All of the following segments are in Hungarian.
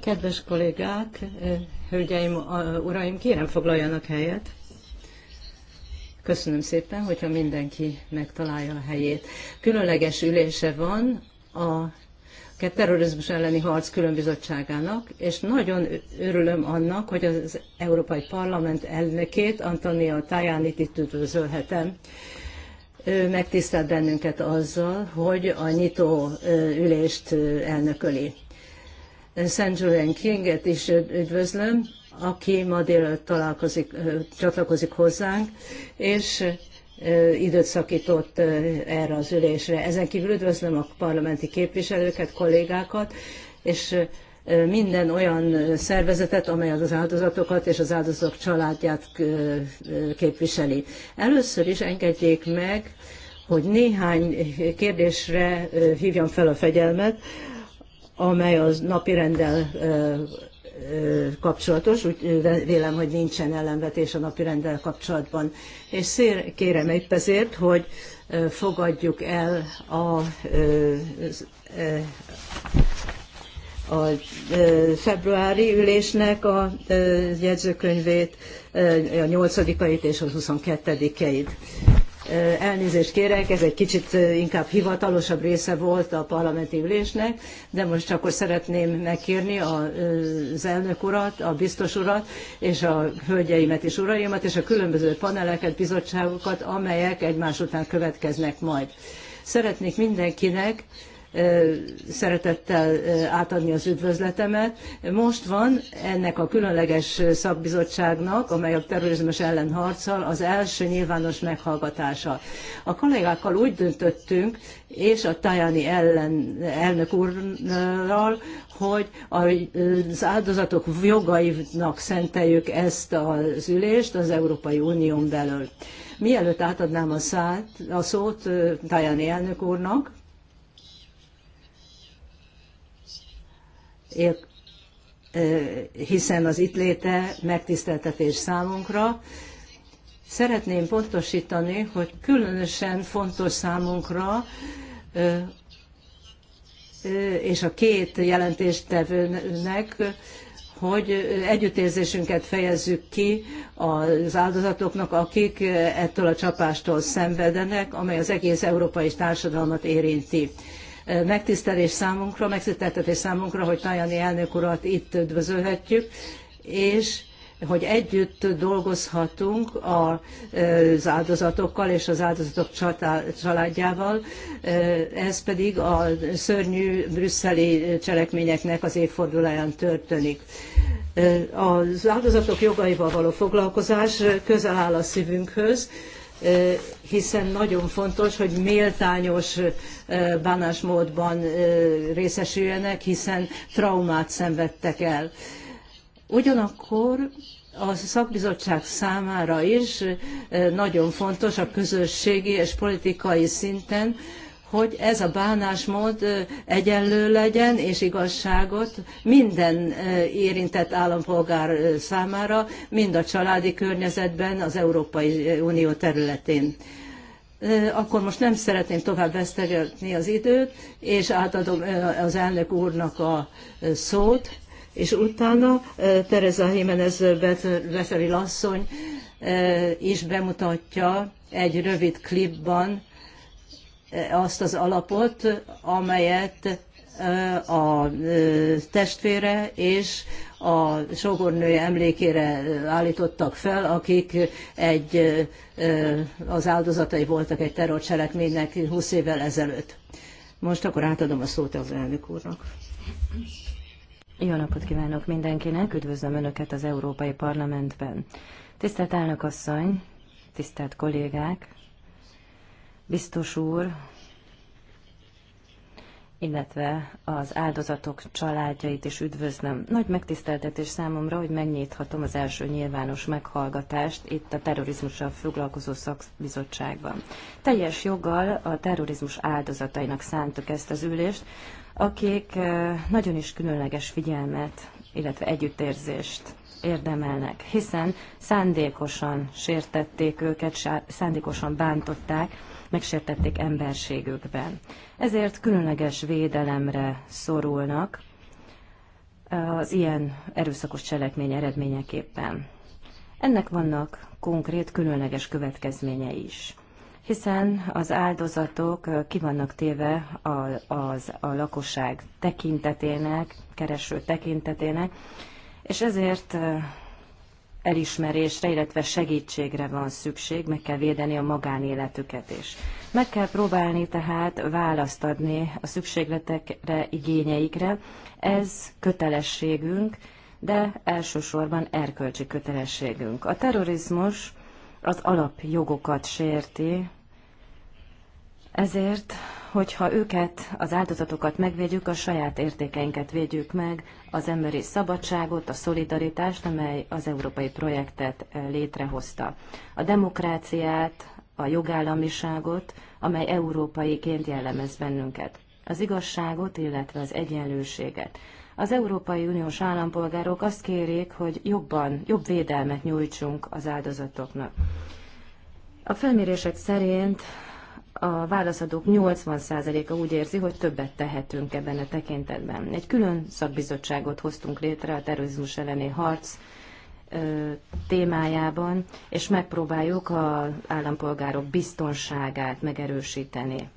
Kedves kollégák, eh, hölgyeim, uraim, kérem foglaljanak helyet. Köszönöm szépen, hogyha mindenki megtalálja a helyét. Különleges ülése van a terrorizmus elleni harc különbizottságának, és nagyon örülöm annak, hogy az Európai Parlament elnökét, Antonia Tajánit itt üdvözölhetem ő megtisztelt bennünket azzal, hogy a nyitó ülést elnököli. Szent Julian Kinget is üdvözlöm, aki ma délőtt találkozik, csatlakozik hozzánk, és időt szakított erre az ülésre. Ezen kívül üdvözlöm a parlamenti képviselőket, kollégákat, és minden olyan szervezetet, amely az áldozatokat és az áldozatok családját képviseli. Először is engedjék meg, hogy néhány kérdésre hívjam fel a fegyelmet, amely az napi rendel kapcsolatos, úgy vélem, hogy nincsen ellenvetés a napi rendel kapcsolatban. És szér, kérem épp ezért, hogy fogadjuk el a, a februári ülésnek a jegyzőkönyvét, a 8 és a 22-eit. Elnézést kérek, ez egy kicsit inkább hivatalosabb része volt a parlamenti ülésnek, de most csak akkor szeretném megkérni az elnök urat, a biztos urat, és a hölgyeimet és uraimat, és a különböző paneleket, bizottságokat, amelyek egymás után következnek majd. Szeretnék mindenkinek szeretettel átadni az üdvözletemet. Most van ennek a különleges szakbizottságnak, amely a terrorizmus ellen harcol, az első nyilvános meghallgatása. A kollégákkal úgy döntöttünk, és a Tajani ellen, elnök úrral, hogy az áldozatok jogainak szenteljük ezt az ülést az Európai Unión belül. Mielőtt átadnám a, szát, a szót Tajani elnök úrnak, hiszen az itt léte megtiszteltetés számunkra. Szeretném pontosítani, hogy különösen fontos számunkra, és a két jelentéstevőnek, hogy együttérzésünket fejezzük ki az áldozatoknak, akik ettől a csapástól szenvedenek, amely az egész európai társadalmat érinti megtisztelés számunkra, megtiszteltetés számunkra, hogy Tajani elnök urat itt üdvözölhetjük, és hogy együtt dolgozhatunk az áldozatokkal és az áldozatok családjával, ez pedig a szörnyű brüsszeli cselekményeknek az évfordulóján történik. Az áldozatok jogaival való foglalkozás közel áll a szívünkhöz, hiszen nagyon fontos, hogy méltányos bánásmódban részesüljenek, hiszen traumát szenvedtek el. Ugyanakkor a szakbizottság számára is nagyon fontos a közösségi és politikai szinten, hogy ez a bánásmód egyenlő legyen és igazságot minden érintett állampolgár számára, mind a családi környezetben, az Európai Unió területén. Akkor most nem szeretném tovább vesztegetni az időt, és átadom az elnök úrnak a szót, és utána Teresa Jiménez Beferi asszony is bemutatja egy rövid klipban, Eh, azt az alapot, amelyet eh, a eh, testvére és a sogornő emlékére állítottak fel, akik egy, az áldozatai voltak egy terrorcselekménynek 20 évvel ezelőtt. Most akkor átadom a szót az elnök úrnak. Jó napot kívánok mindenkinek, üdvözlöm Önöket az Európai Parlamentben. Tisztelt elnök asszony, tisztelt kollégák, biztos úr, illetve az áldozatok családjait is üdvözlöm. Nagy megtiszteltetés számomra, hogy megnyithatom az első nyilvános meghallgatást itt a terrorizmussal foglalkozó szakbizottságban. Teljes joggal a terrorizmus áldozatainak szántuk ezt az ülést, akik eh, nagyon is különleges figyelmet, illetve együttérzést érdemelnek, hiszen szándékosan sértették őket, szándékosan bántották, megsértették emberségükben. Ezért különleges védelemre szorulnak az ilyen erőszakos cselekmény eredményeképpen. Ennek vannak konkrét, különleges következményei is hiszen az áldozatok ki vannak téve a, az, a lakosság tekintetének, kereső tekintetének, és ezért elismerésre, illetve segítségre van szükség, meg kell védeni a magánéletüket is. Meg kell próbálni tehát választ adni a szükségletekre, igényeikre. Ez kötelességünk, de elsősorban erkölcsi kötelességünk. A terrorizmus az alapjogokat sérti, ezért hogyha őket, az áldozatokat megvédjük, a saját értékeinket védjük meg, az emberi szabadságot, a szolidaritást, amely az európai projektet eh, létrehozta. A demokráciát, a jogállamiságot, amely európaiként jellemez bennünket. Az igazságot, illetve az egyenlőséget. Az Európai Uniós állampolgárok azt kérik, hogy jobban, jobb védelmet nyújtsunk az áldozatoknak. A felmérések szerint a válaszadók 80%-a úgy érzi, hogy többet tehetünk ebben a tekintetben. Egy külön szakbizottságot hoztunk létre a terrorizmus elleni harc témájában, és megpróbáljuk az állampolgárok biztonságát megerősíteni.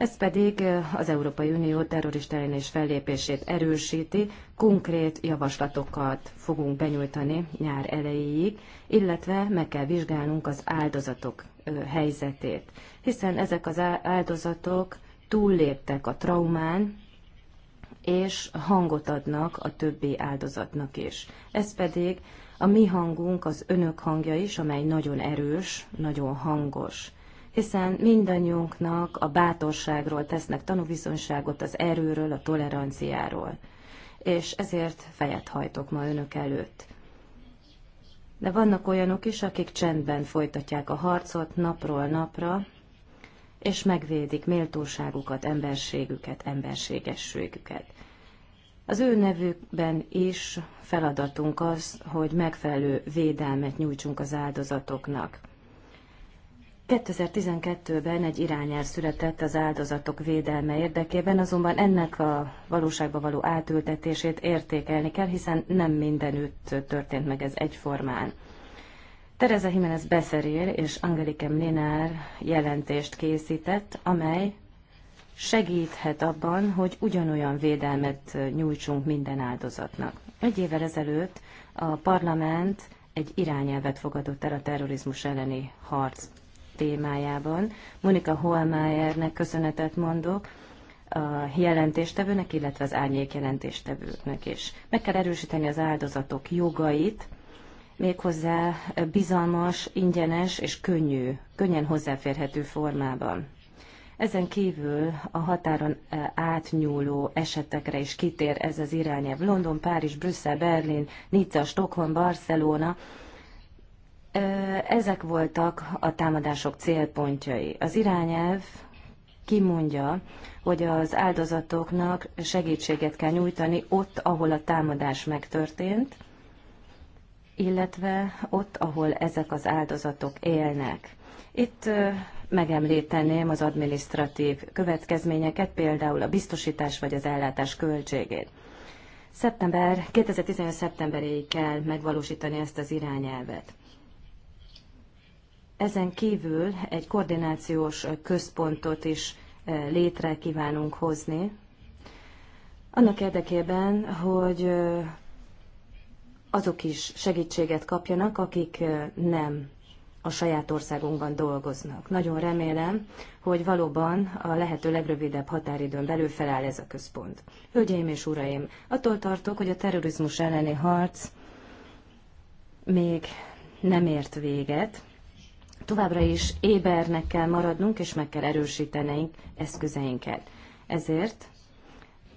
Ez pedig az Európai Unió terrorista ellenes fellépését erősíti, konkrét javaslatokat fogunk benyújtani nyár elejéig, illetve meg kell vizsgálnunk az áldozatok helyzetét, hiszen ezek az áldozatok túlléptek a traumán, és hangot adnak a többi áldozatnak is. Ez pedig a mi hangunk, az önök hangja is, amely nagyon erős, nagyon hangos hiszen mindannyiunknak a bátorságról tesznek tanúbizonyságot, az erőről, a toleranciáról. És ezért fejet hajtok ma önök előtt. De vannak olyanok is, akik csendben folytatják a harcot napról napra, és megvédik méltóságukat, emberségüket, emberségességüket. Az ő nevükben is feladatunk az, hogy megfelelő védelmet nyújtsunk az áldozatoknak. 2012-ben egy irányár született az áldozatok védelme érdekében, azonban ennek a valóságba való átültetését értékelni kell, hiszen nem mindenütt történt meg ez egyformán. Tereza Jiménez Beszerél és Angelike Mlinár jelentést készített, amely segíthet abban, hogy ugyanolyan védelmet nyújtsunk minden áldozatnak. Egy évvel ezelőtt a parlament egy irányelvet fogadott el a terrorizmus elleni harc témájában. Monika Holmájernek köszönetet mondok, a jelentéstevőnek, illetve az árnyék jelentéstevőknek is. Meg kell erősíteni az áldozatok jogait, méghozzá bizalmas, ingyenes és könnyű, könnyen hozzáférhető formában. Ezen kívül a határon e, átnyúló esetekre is kitér ez az irányelv. London, Párizs, Brüsszel, Berlin, Nizza, Stockholm, Barcelona, ezek voltak a támadások célpontjai. Az irányelv kimondja, hogy az áldozatoknak segítséget kell nyújtani ott, ahol a támadás megtörtént, illetve ott, ahol ezek az áldozatok élnek. Itt megemlíteném az administratív következményeket, például a biztosítás vagy az ellátás költségét. Szeptember, 2011. szeptemberéig kell megvalósítani ezt az irányelvet. Ezen kívül egy koordinációs központot is e, létre kívánunk hozni, annak érdekében, hogy e, azok is segítséget kapjanak, akik e, nem a saját országunkban dolgoznak. Nagyon remélem, hogy valóban a lehető legrövidebb határidőn belül feláll ez a központ. Hölgyeim és uraim, attól tartok, hogy a terrorizmus elleni harc még nem ért véget, továbbra is ébernek kell maradnunk, és meg kell erősítenünk eszközeinket. Ezért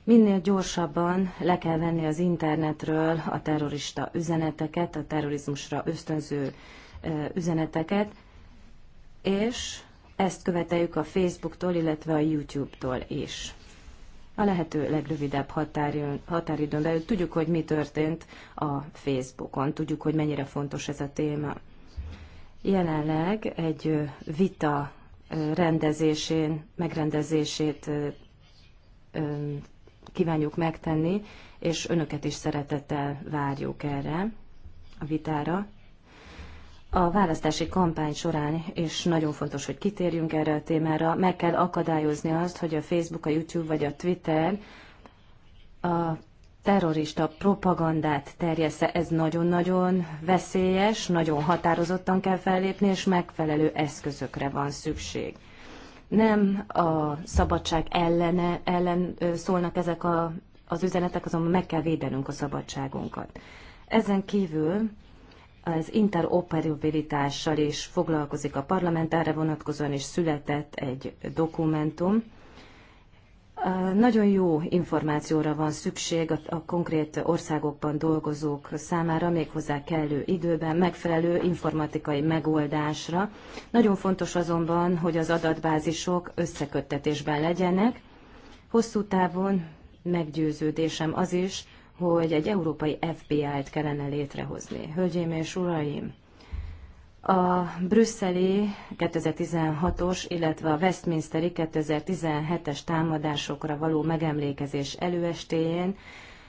minél gyorsabban le kell venni az internetről a terrorista üzeneteket, a terrorizmusra ösztönző üzeneteket, és ezt követeljük a Facebooktól, illetve a YouTube-tól is. A lehető legrövidebb határidőn, határidőn belül tudjuk, hogy mi történt a Facebookon, tudjuk, hogy mennyire fontos ez a téma jelenleg egy vita rendezésén, megrendezését kívánjuk megtenni, és önöket is szeretettel várjuk erre a vitára. A választási kampány során és nagyon fontos, hogy kitérjünk erre a témára. Meg kell akadályozni azt, hogy a Facebook, a YouTube vagy a Twitter a terrorista propagandát terjesze, Ez nagyon-nagyon veszélyes, nagyon határozottan kell fellépni, és megfelelő eszközökre van szükség. Nem a szabadság ellene, ellen szólnak ezek a, az üzenetek, azonban meg kell védenünk a szabadságunkat. Ezen kívül az interoperabilitással is foglalkozik a parlament, erre vonatkozóan is született egy dokumentum, nagyon jó információra van szükség a, a konkrét országokban dolgozók számára, méghozzá kellő időben, megfelelő informatikai megoldásra. Nagyon fontos azonban, hogy az adatbázisok összeköttetésben legyenek. Hosszú távon meggyőződésem az is, hogy egy európai FBI-t kellene létrehozni. Hölgyeim és uraim, a brüsszeli 2016-os, illetve a Westminsteri 2017-es támadásokra való megemlékezés előestéjén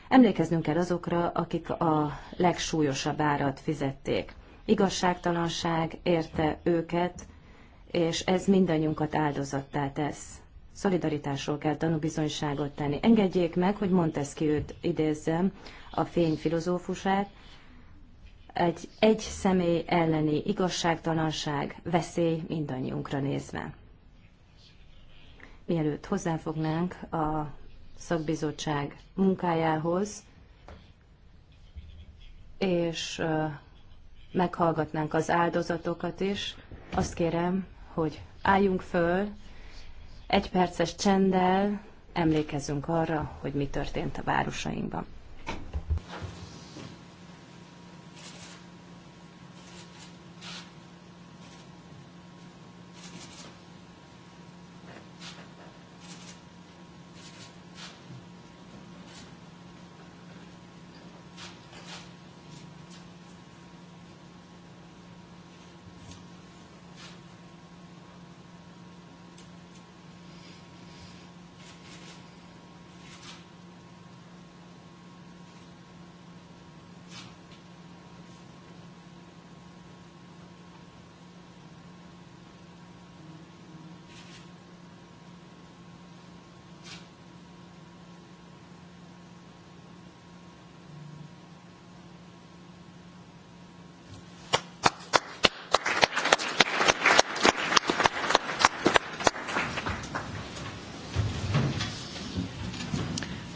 emlékeznünk kell azokra, akik a legsúlyosabb árat fizették. Igazságtalanság érte őket, és ez mindannyiunkat áldozattá tesz. Szolidaritásról kell tanúbizonyságot tenni. Engedjék meg, hogy Montesquieu-t idézzem, a fény filozófusát, egy egy személy elleni igazságtalanság, veszély mindannyiunkra nézve. Mielőtt hozzáfognánk a szakbizottság munkájához, és meghallgatnánk az áldozatokat is, azt kérem, hogy álljunk föl, egy perces csenddel emlékezzünk arra, hogy mi történt a városainkban.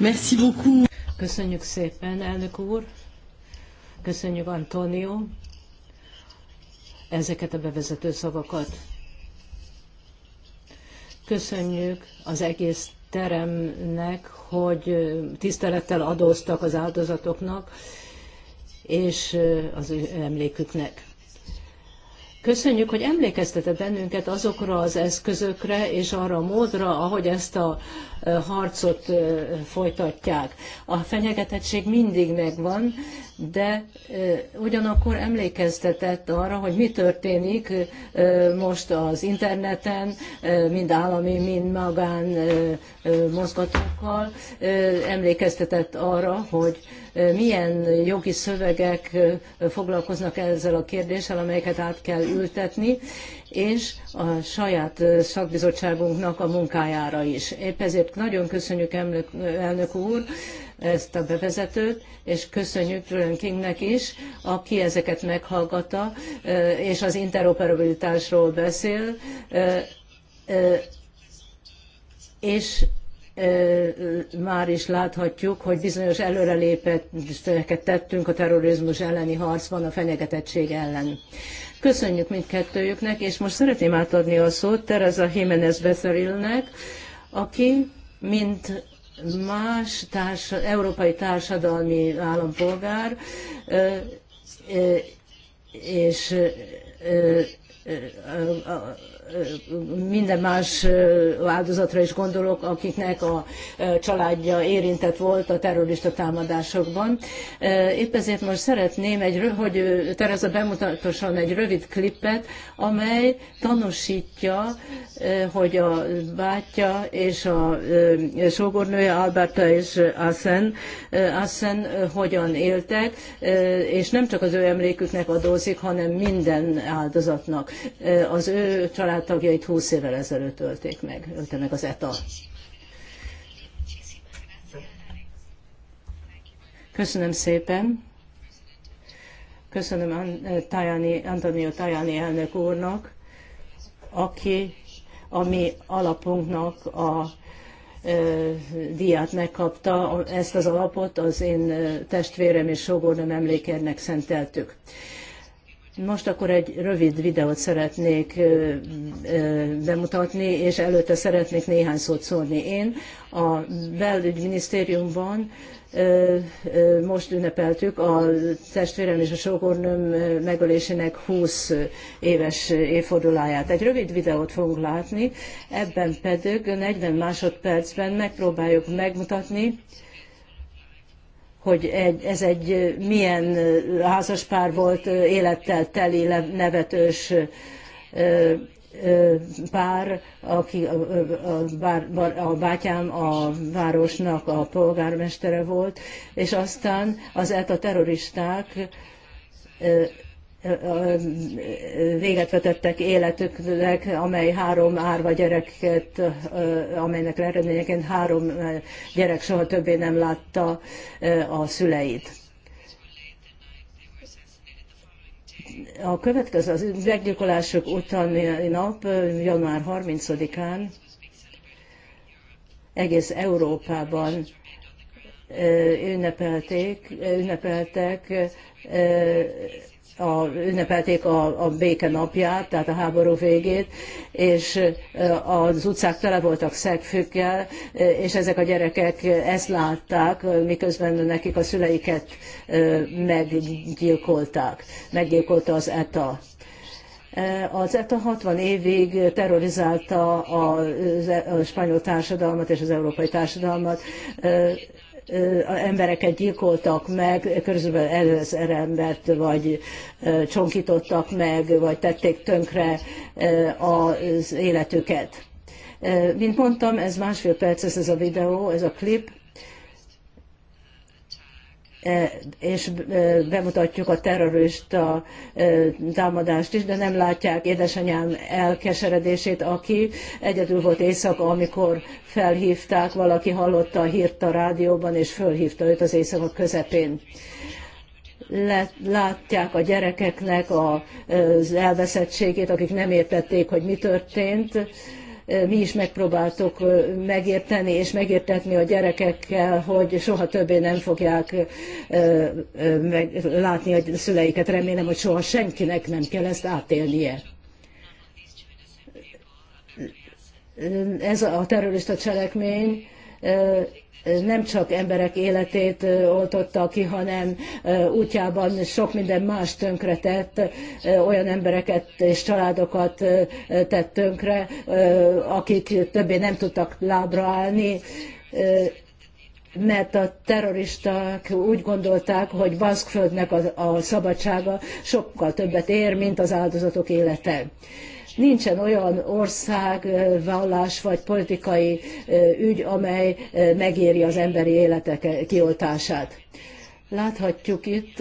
Merci beaucoup. Köszönjük szépen, elnök úr. Köszönjük, Antonio, ezeket a bevezető szavakat. Köszönjük az egész teremnek, hogy tisztelettel adóztak az áldozatoknak és az ő emléküknek. Köszönjük, hogy emlékeztetett bennünket azokra az eszközökre és arra a módra, ahogy ezt a harcot folytatják. A fenyegetettség mindig megvan, de ugyanakkor emlékeztetett arra, hogy mi történik most az interneten, mind állami, mind magán mozgatókkal. Emlékeztetett arra, hogy milyen jogi szövegek foglalkoznak ezzel a kérdéssel, amelyeket át kell ültetni, és a saját szakbizottságunknak a munkájára is. Épp ezért nagyon köszönjük elnök, elnök úr ezt a bevezetőt, és köszönjük Julian Kingnek is, aki ezeket meghallgatta, és az interoperabilitásról beszél, és már is láthatjuk, hogy bizonyos előrelépéseket tettünk a terrorizmus elleni harcban, a fenyegetettség ellen. Köszönjük mindkettőjüknek, és most szeretném átadni a szót Tereza Jiménez Beszerilnek, aki, mint más társa, európai társadalmi állampolgár, és minden más áldozatra is gondolok, akiknek a családja érintett volt a terrorista támadásokban. Épp ezért most szeretném, egy, hogy Tereza bemutatosan egy rövid klippet, amely tanúsítja, hogy a bátyja és a sógornője Alberta és Assen, Assen hogyan éltek, és nem csak az ő emléküknek adózik, hanem minden áldozatnak. Az ő család család tagjait 20 évvel ezelőtt ölték meg, ölte meg az ETA. Köszönöm szépen. Köszönöm Tajani, Antonio Tajani elnök úrnak, aki a mi alapunknak a díját megkapta. Ezt az alapot az én testvérem és sógornőm emlékernek szenteltük. Most akkor egy rövid videót szeretnék bemutatni, és előtte szeretnék néhány szót szólni. Én a belügyminisztériumban most ünnepeltük a testvérem és a sógornőm megölésének 20 éves évfordulóját. Egy rövid videót fogunk látni, ebben pedig 40 másodpercben megpróbáljuk megmutatni, hogy egy, ez egy milyen házaspár volt, élettel teli, nevetős pár, aki a, bátyám a városnak a polgármestere volt, és aztán az ETA terroristák véget vetettek életüknek, amely három árva gyereket, amelynek eredményeként három gyerek soha többé nem látta a szüleit. A következő, az meggyilkolások utáni nap, január 30-án egész Európában ünnepelték, ünnepeltek a, ünnepelték a, a béke napját, tehát a háború végét, és az utcák tele voltak szegfőkkel, és ezek a gyerekek ezt látták, miközben nekik a szüleiket meggyilkolták. Meggyilkolta az ETA. Az ETA 60 évig terrorizálta e, a, spanyol társadalmat és az európai társadalmat, embereket gyilkoltak meg, körülbelül ezer embert, vagy csonkítottak meg, vagy tették tönkre az életüket. Mint mondtam, ez másfél perces ez a videó, ez a klip, E, és e, bemutatjuk a terrorista e, támadást is, de nem látják édesanyám elkeseredését, aki egyedül volt éjszaka, amikor felhívták, valaki hallotta a hírt a rádióban, és fölhívta őt az éjszaka közepén látják a gyerekeknek az elveszettségét, akik nem értették, hogy mi történt, mi is megpróbáltuk megérteni és megértetni a gyerekekkel, hogy soha többé nem fogják látni a szüleiket. Remélem, hogy soha senkinek nem kell ezt átélnie. Ez a terrorista cselekmény nem csak emberek életét oltotta ki, hanem útjában sok minden más tönkretett, olyan embereket és családokat tett tönkre, akik többé nem tudtak lábra állni mert a terroristák úgy gondolták, hogy Baszkföldnek a, a szabadsága sokkal többet ér, mint az áldozatok élete Nincsen olyan ország, vallás vagy politikai ügy, amely megéri az emberi életek kioltását. Láthatjuk itt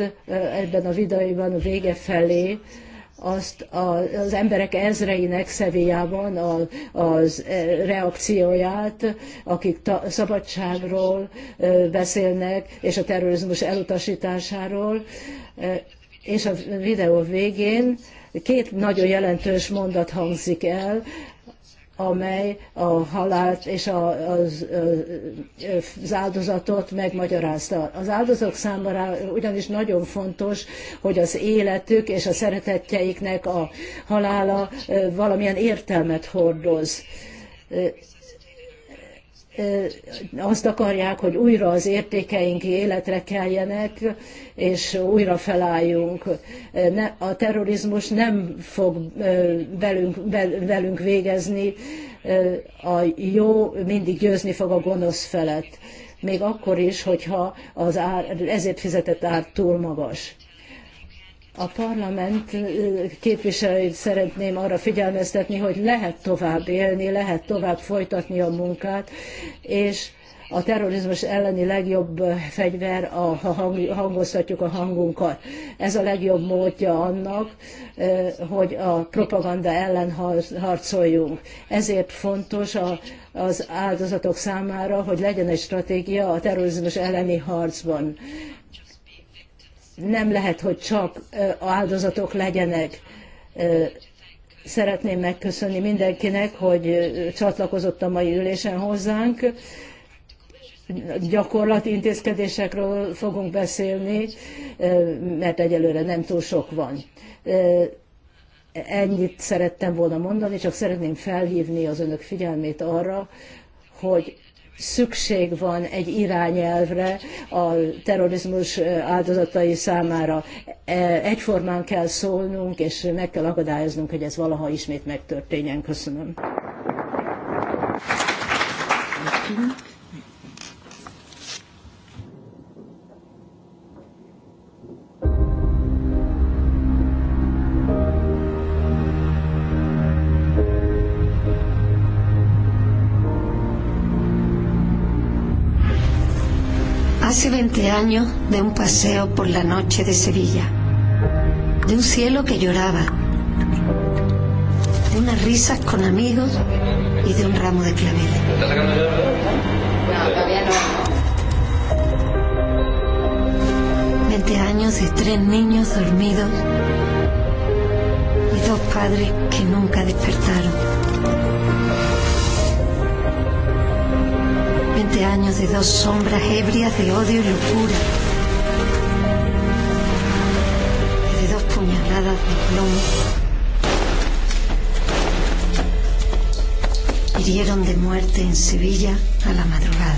ebben a videóban a vége felé, azt az emberek ezreinek Szevélyában a, az reakcióját, akik szabadságról beszélnek, és a terrorizmus elutasításáról. És a videó végén Két nagyon jelentős mondat hangzik el, amely a halált és a, az, az áldozatot megmagyarázta. Az áldozatok számára ugyanis nagyon fontos, hogy az életük és a szeretetjeiknek a halála valamilyen értelmet hordoz azt akarják, hogy újra az értékeink életre keljenek, és újra felálljunk. A terrorizmus nem fog velünk, velünk végezni, a jó mindig győzni fog a gonosz felett. Még akkor is, hogyha az ár, ezért fizetett ár túl magas a parlament képviselőit szeretném arra figyelmeztetni, hogy lehet tovább élni, lehet tovább folytatni a munkát, és a terrorizmus elleni legjobb fegyver, a, ha hang, hangoztatjuk a hangunkat. Ez a legjobb módja annak, hogy a propaganda ellen harcoljunk. Ezért fontos a, az áldozatok számára, hogy legyen egy stratégia a terrorizmus elleni harcban nem lehet, hogy csak áldozatok legyenek. Szeretném megköszönni mindenkinek, hogy csatlakozott a mai ülésen hozzánk. Gyakorlati intézkedésekről fogunk beszélni, mert egyelőre nem túl sok van. Ennyit szerettem volna mondani, csak szeretném felhívni az önök figyelmét arra, hogy szükség van egy irányelvre a terrorizmus áldozatai számára. E, egyformán kell szólnunk, és meg kell akadályoznunk, hogy ez valaha ismét megtörténjen. Köszönöm. 20 años de un paseo por la noche de Sevilla, de un cielo que lloraba, de unas risas con amigos y de un ramo de clavel. ¿Estás sacando No, todavía no. 20 años de tres niños dormidos y dos padres que nunca despertaron. 20 años de dos sombras ebrias de odio y locura. de dos puñaladas de plomo. Hirieron de muerte en Sevilla a la madrugada.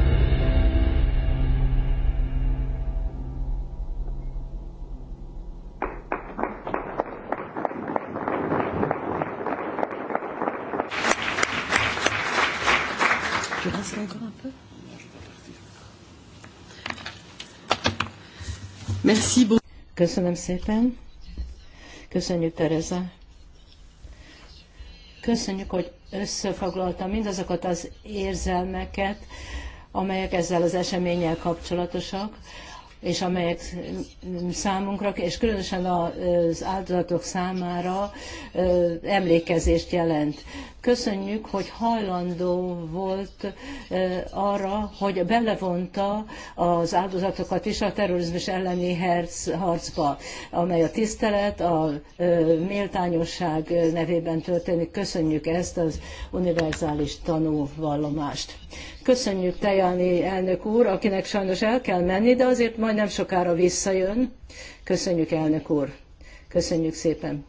Köszönöm szépen. Köszönjük, Tereza. Köszönjük, hogy összefoglalta mindazokat az érzelmeket, amelyek ezzel az eseménnyel kapcsolatosak és amelyek számunkra, és különösen az áldozatok számára emlékezést jelent. Köszönjük, hogy hajlandó volt arra, hogy belevonta az áldozatokat is a terrorizmus elleni herc, harcba, amely a tisztelet, a méltányosság nevében történik. Köszönjük ezt az univerzális tanúvallomást. Köszönjük Tejani elnök úr, akinek sajnos el kell menni, de azért majd nem sokára visszajön. Köszönjük elnök úr. Köszönjük szépen.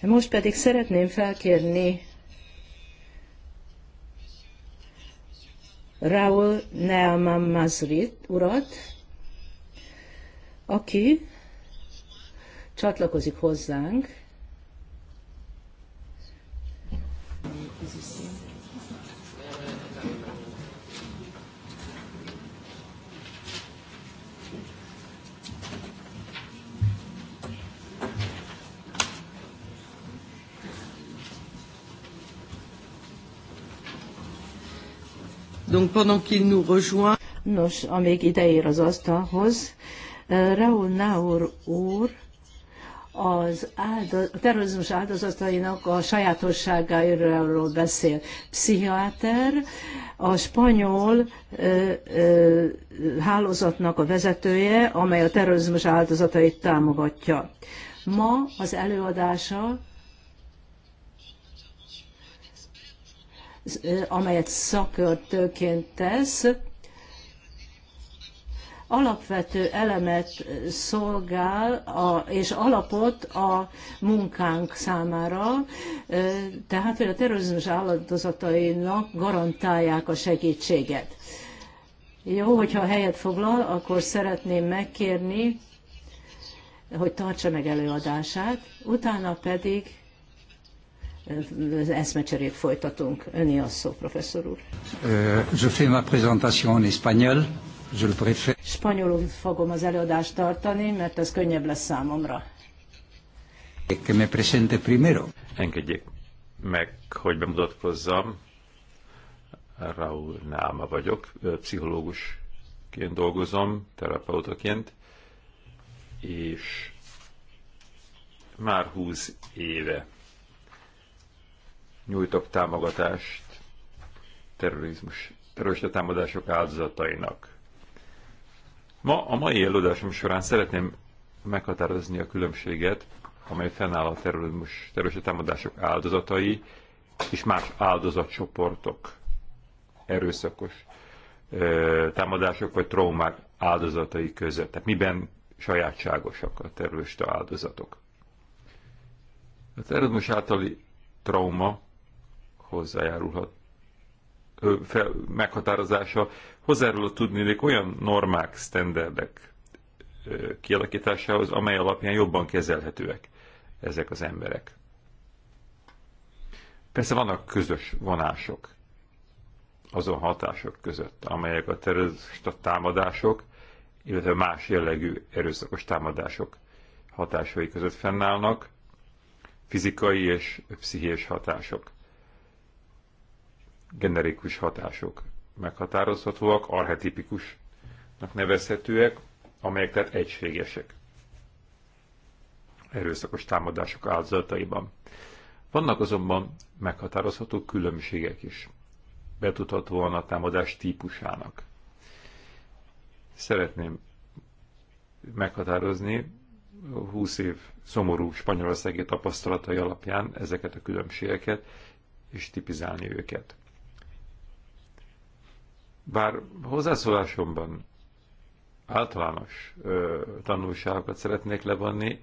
Most pedig szeretném felkérni Raúl Nealman Mazrit urat, aki csatlakozik hozzánk, Donc pendant qu'il nous rejoint... Nos, amíg ideér az asztalhoz, eh, Raúl Naur úr az áldoz, a terrorizmus áldozatainak a sajátosságairól beszél. Pszichiáter, a spanyol ö, eh, ö, eh, hálózatnak a vezetője, amely a terrorizmus áldozatait támogatja. Ma az előadása amelyet szakértőként tesz, alapvető elemet szolgál a, és alapot a munkánk számára, tehát hogy a terrorizmus áldozatainak garantálják a segítséget. Jó, hogyha helyet foglal, akkor szeretném megkérni, hogy tartsa meg előadását, utána pedig eszmecserét folytatunk. Öni a szó, professzor úr. Euh, je fais ma présentation en espagnol. Je le préfère. Spanyolul fogom az előadást tartani, mert ez könnyebb lesz számomra. Que me presente primero. Engedjék meg, hogy bemutatkozzam. Raúl Náma vagyok, pszichológusként dolgozom, terapeutaként, és már húsz éve nyújtok támogatást terrorizmus, terrorista támadások áldozatainak. Ma a mai előadásom során szeretném meghatározni a különbséget, amely fennáll a terrorizmus, terrorista támadások áldozatai és más áldozatcsoportok, erőszakos ö, támadások vagy traumák áldozatai között. Tehát miben sajátságosak a terrorista áldozatok. A terrorizmus általi trauma hozzájárulhat ö, fel, meghatározása hozzárul tudni olyan normák, sztenderdek ö, kialakításához, amely alapján jobban kezelhetőek ezek az emberek. Persze vannak közös vonások azon hatások között, amelyek a terrorista támadások, illetve más jellegű erőszakos támadások hatásai között fennállnak, fizikai és pszichés hatások generikus hatások meghatározhatóak, arhetipikusnak nevezhetőek, amelyek tehát egységesek erőszakos támadások áldozataiban. Vannak azonban meghatározható különbségek is, betudhatóan a támadás típusának. Szeretném meghatározni 20 év szomorú spanyolországi tapasztalatai alapján ezeket a különbségeket, és tipizálni őket. Bár hozzászólásomban általános ö, tanulságokat szeretnék levonni,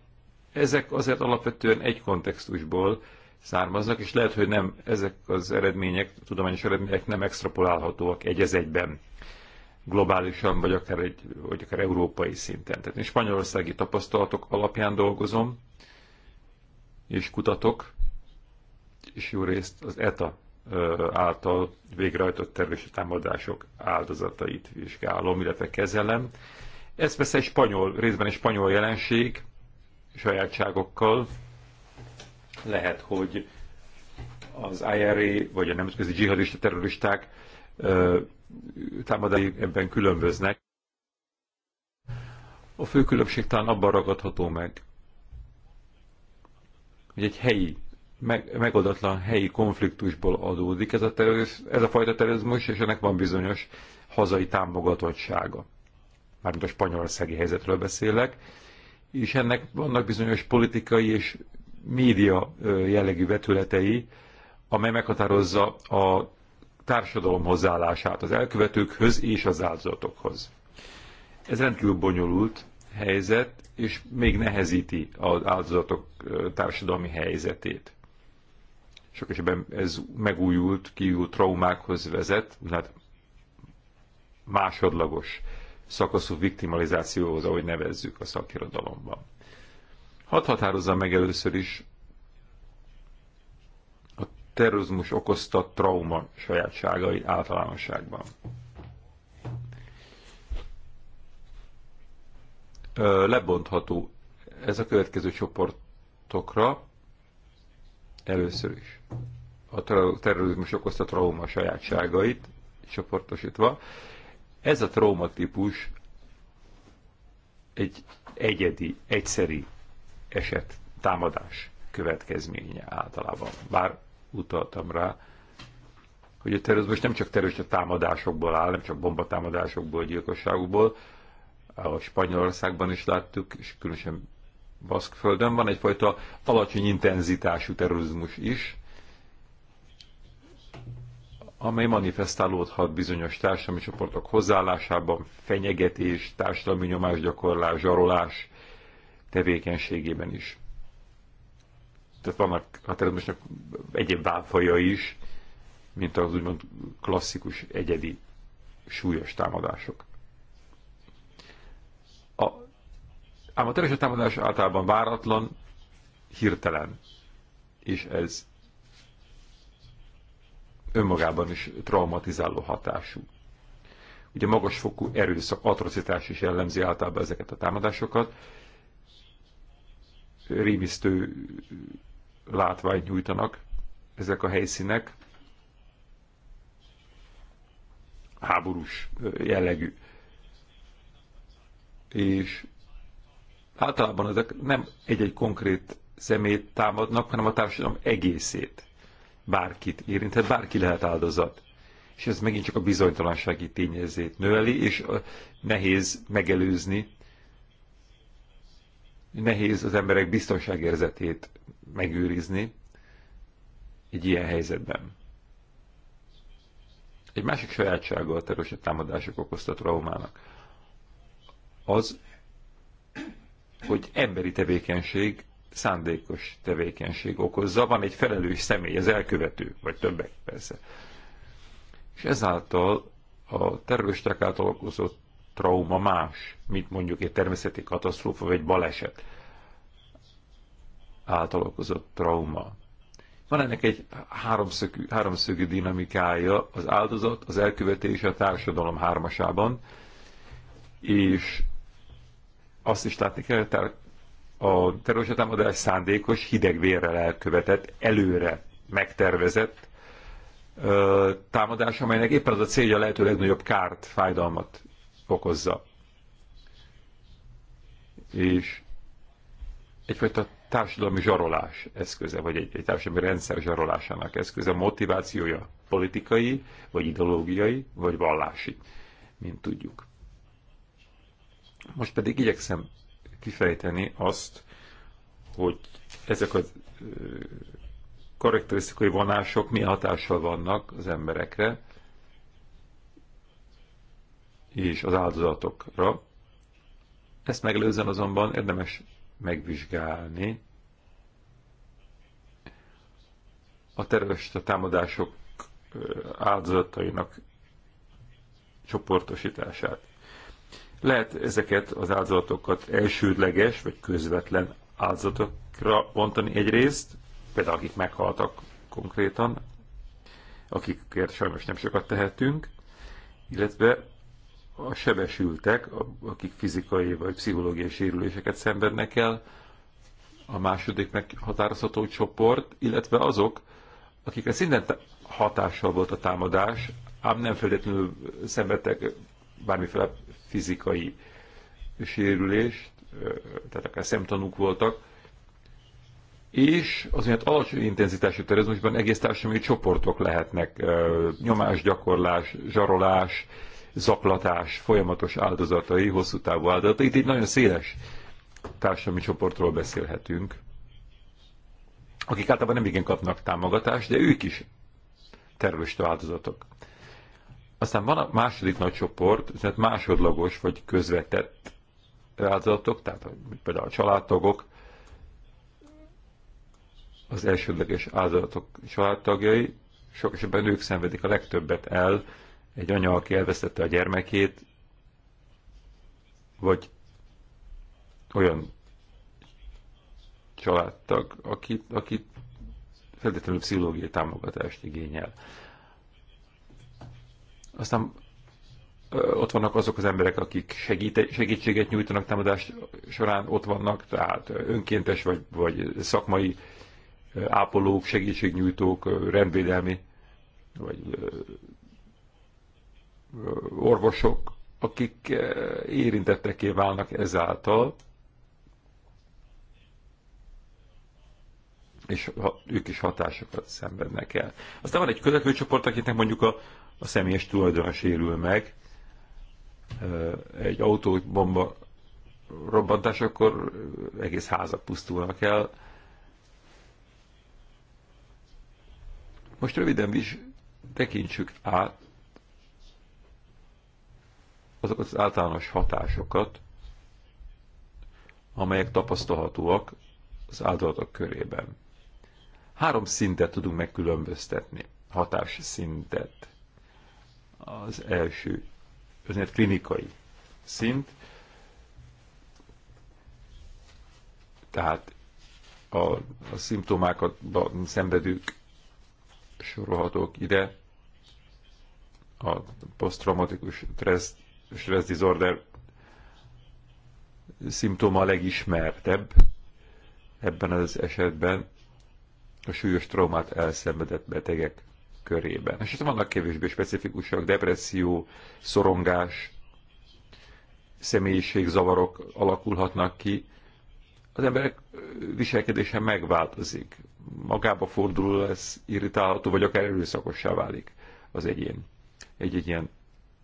ezek azért alapvetően egy kontextusból származnak, és lehet, hogy nem ezek az eredmények, tudományos eredmények nem extrapolálhatóak egy az egyben globálisan, vagy akár, egy, vagy akár európai szinten. Tehát én spanyolországi tapasztalatok alapján dolgozom, és kutatok, és jó részt az ETA által végrehajtott terrorista támadások áldozatait vizsgálom, illetve kezelem. Ez persze egy spanyol, részben egy spanyol jelenség, sajátságokkal. Lehet, hogy az IRA vagy a nemzetközi dzsihadista terroristák támadai ebben különböznek. A fő különbség talán abban ragadható meg, hogy egy helyi meg, megoldatlan helyi konfliktusból adódik ez a, terroriz, ez a fajta terrorizmus, és ennek van bizonyos hazai támogatottsága. Mármint a spanyolországi helyzetről beszélek, és ennek vannak bizonyos politikai és média jellegű vetületei, amely meghatározza a társadalom hozzáállását az elkövetőkhöz és az áldozatokhoz. Ez rendkívül bonyolult helyzet, és még nehezíti az áldozatok társadalmi helyzetét sok esetben ez megújult, kiújult traumákhoz vezet, tehát másodlagos szakaszú viktimalizációhoz, ahogy nevezzük a szakirodalomban. Hadd határozza meg először is a terrorizmus okozta trauma sajátságai általánosságban. Lebontható ez a következő csoportokra, Először is a terrorizmus okozta trauma sajátságait csoportosítva. Ez a traumatípus egy egyedi, egyszeri eset, támadás következménye általában. Bár utaltam rá, hogy a terrorizmus nem csak terrorista támadásokból áll, nem csak bombatámadásokból, gyilkosságokból, a Spanyolországban is láttuk, és különösen Baszkföldön van egyfajta alacsony intenzitású terrorizmus is, amely manifestálódhat bizonyos társadalmi csoportok hozzáállásában, fenyegetés, társadalmi gyakorlás zsarolás tevékenységében is. Tehát vannak a terrorizmusnak egyéb válfaja is, mint az úgymond klasszikus, egyedi, súlyos támadások. Ám a terrorista támadás általában váratlan, hirtelen. És ez önmagában is traumatizáló hatású. Ugye magas fokú erőszak, atrocitás is jellemzi általában ezeket a támadásokat. Rémisztő látványt nyújtanak ezek a helyszínek. Háborús jellegű. És Általában ezek nem egy-egy konkrét szemét támadnak, hanem a társadalom egészét. Bárkit érinthet, bárki lehet áldozat. És ez megint csak a bizonytalansági tényezét növeli, és nehéz megelőzni, nehéz az emberek biztonságérzetét megőrizni egy ilyen helyzetben. Egy másik sajátsága a terrorista támadások okozta traumának az, hogy emberi tevékenység, szándékos tevékenység okozza, van egy felelős személy, az elkövető, vagy többek persze. És ezáltal a terroristák által okozott trauma más, mint mondjuk egy természeti katasztrófa vagy baleset által okozott trauma. Van ennek egy háromszögű, háromszögű dinamikája, az áldozat, az elkövetés a társadalom hármasában, és azt is látni kell, hogy a terrorista szándékos, hideg vérrel elkövetett, előre megtervezett ö, támadás, amelynek éppen az a célja a lehető legnagyobb kárt, fájdalmat okozza. És egyfajta társadalmi zsarolás eszköze, vagy egy, egy társadalmi rendszer zsarolásának eszköze, motivációja politikai, vagy ideológiai, vagy vallási, mint tudjuk. Most pedig igyekszem kifejteni azt, hogy ezek a karakterisztikai vonások milyen hatással vannak az emberekre és az áldozatokra. Ezt megelőzően azonban érdemes megvizsgálni a terrorista támadások áldozatainak csoportosítását. Lehet ezeket az áldozatokat elsődleges vagy közvetlen áldozatokra bontani egyrészt, például akik meghaltak konkrétan, akikért sajnos nem sokat tehetünk, illetve a sebesültek, akik fizikai vagy pszichológiai sérüléseket szenvednek el, a második meghatározható csoport, illetve azok, akikre szinten hatással volt a támadás, ám nem feltétlenül szenvedtek bármiféle fizikai sérülést, tehát akár szemtanúk voltak, és az alacsony intenzitású terrorizmusban egész társadalmi csoportok lehetnek, nyomásgyakorlás, zsarolás, zaklatás folyamatos áldozatai, hosszú távú áldozatai. Itt egy nagyon széles társadalmi csoportról beszélhetünk, akik általában nem igen kapnak támogatást, de ők is terrorista áldozatok. Aztán van a második nagy csoport, tehát másodlagos vagy közvetett áldozatok, tehát például a családtagok, az elsődleges áldozatok családtagjai, sok esetben ők szenvedik a legtöbbet el, egy anya, aki elvesztette a gyermekét, vagy olyan családtag, aki, aki feltétlenül pszichológiai támogatást igényel. Aztán ott vannak azok az emberek, akik segít, segítséget nyújtanak támadás során, ott vannak, tehát önkéntes vagy, vagy szakmai ápolók, segítségnyújtók, rendvédelmi, vagy orvosok, akik érintetteké válnak ezáltal, és ők is hatásokat szenvednek el. Aztán van egy csoport, akiknek mondjuk a, a személyes tulajdon sérül meg. Egy autóbomba robbantás, akkor egész házak pusztulnak el. Most röviden is tekintsük át azokat az általános hatásokat, amelyek tapasztalhatóak az áldozatok körében. Három szintet tudunk megkülönböztetni. szintet az első, az klinikai szint, tehát a, a szimptomákat szenvedők sorolhatók ide, a posztraumatikus stressz, stressz disorder szimptoma legismertebb ebben az esetben a súlyos traumát elszenvedett betegek körében. És itt hát vannak kevésbé specifikusak, depresszió, szorongás, személyiségzavarok alakulhatnak ki. Az emberek viselkedése megváltozik, magába fordul, lesz irritálható, vagy akár erőszakossá válik az egyén egy-egy ilyen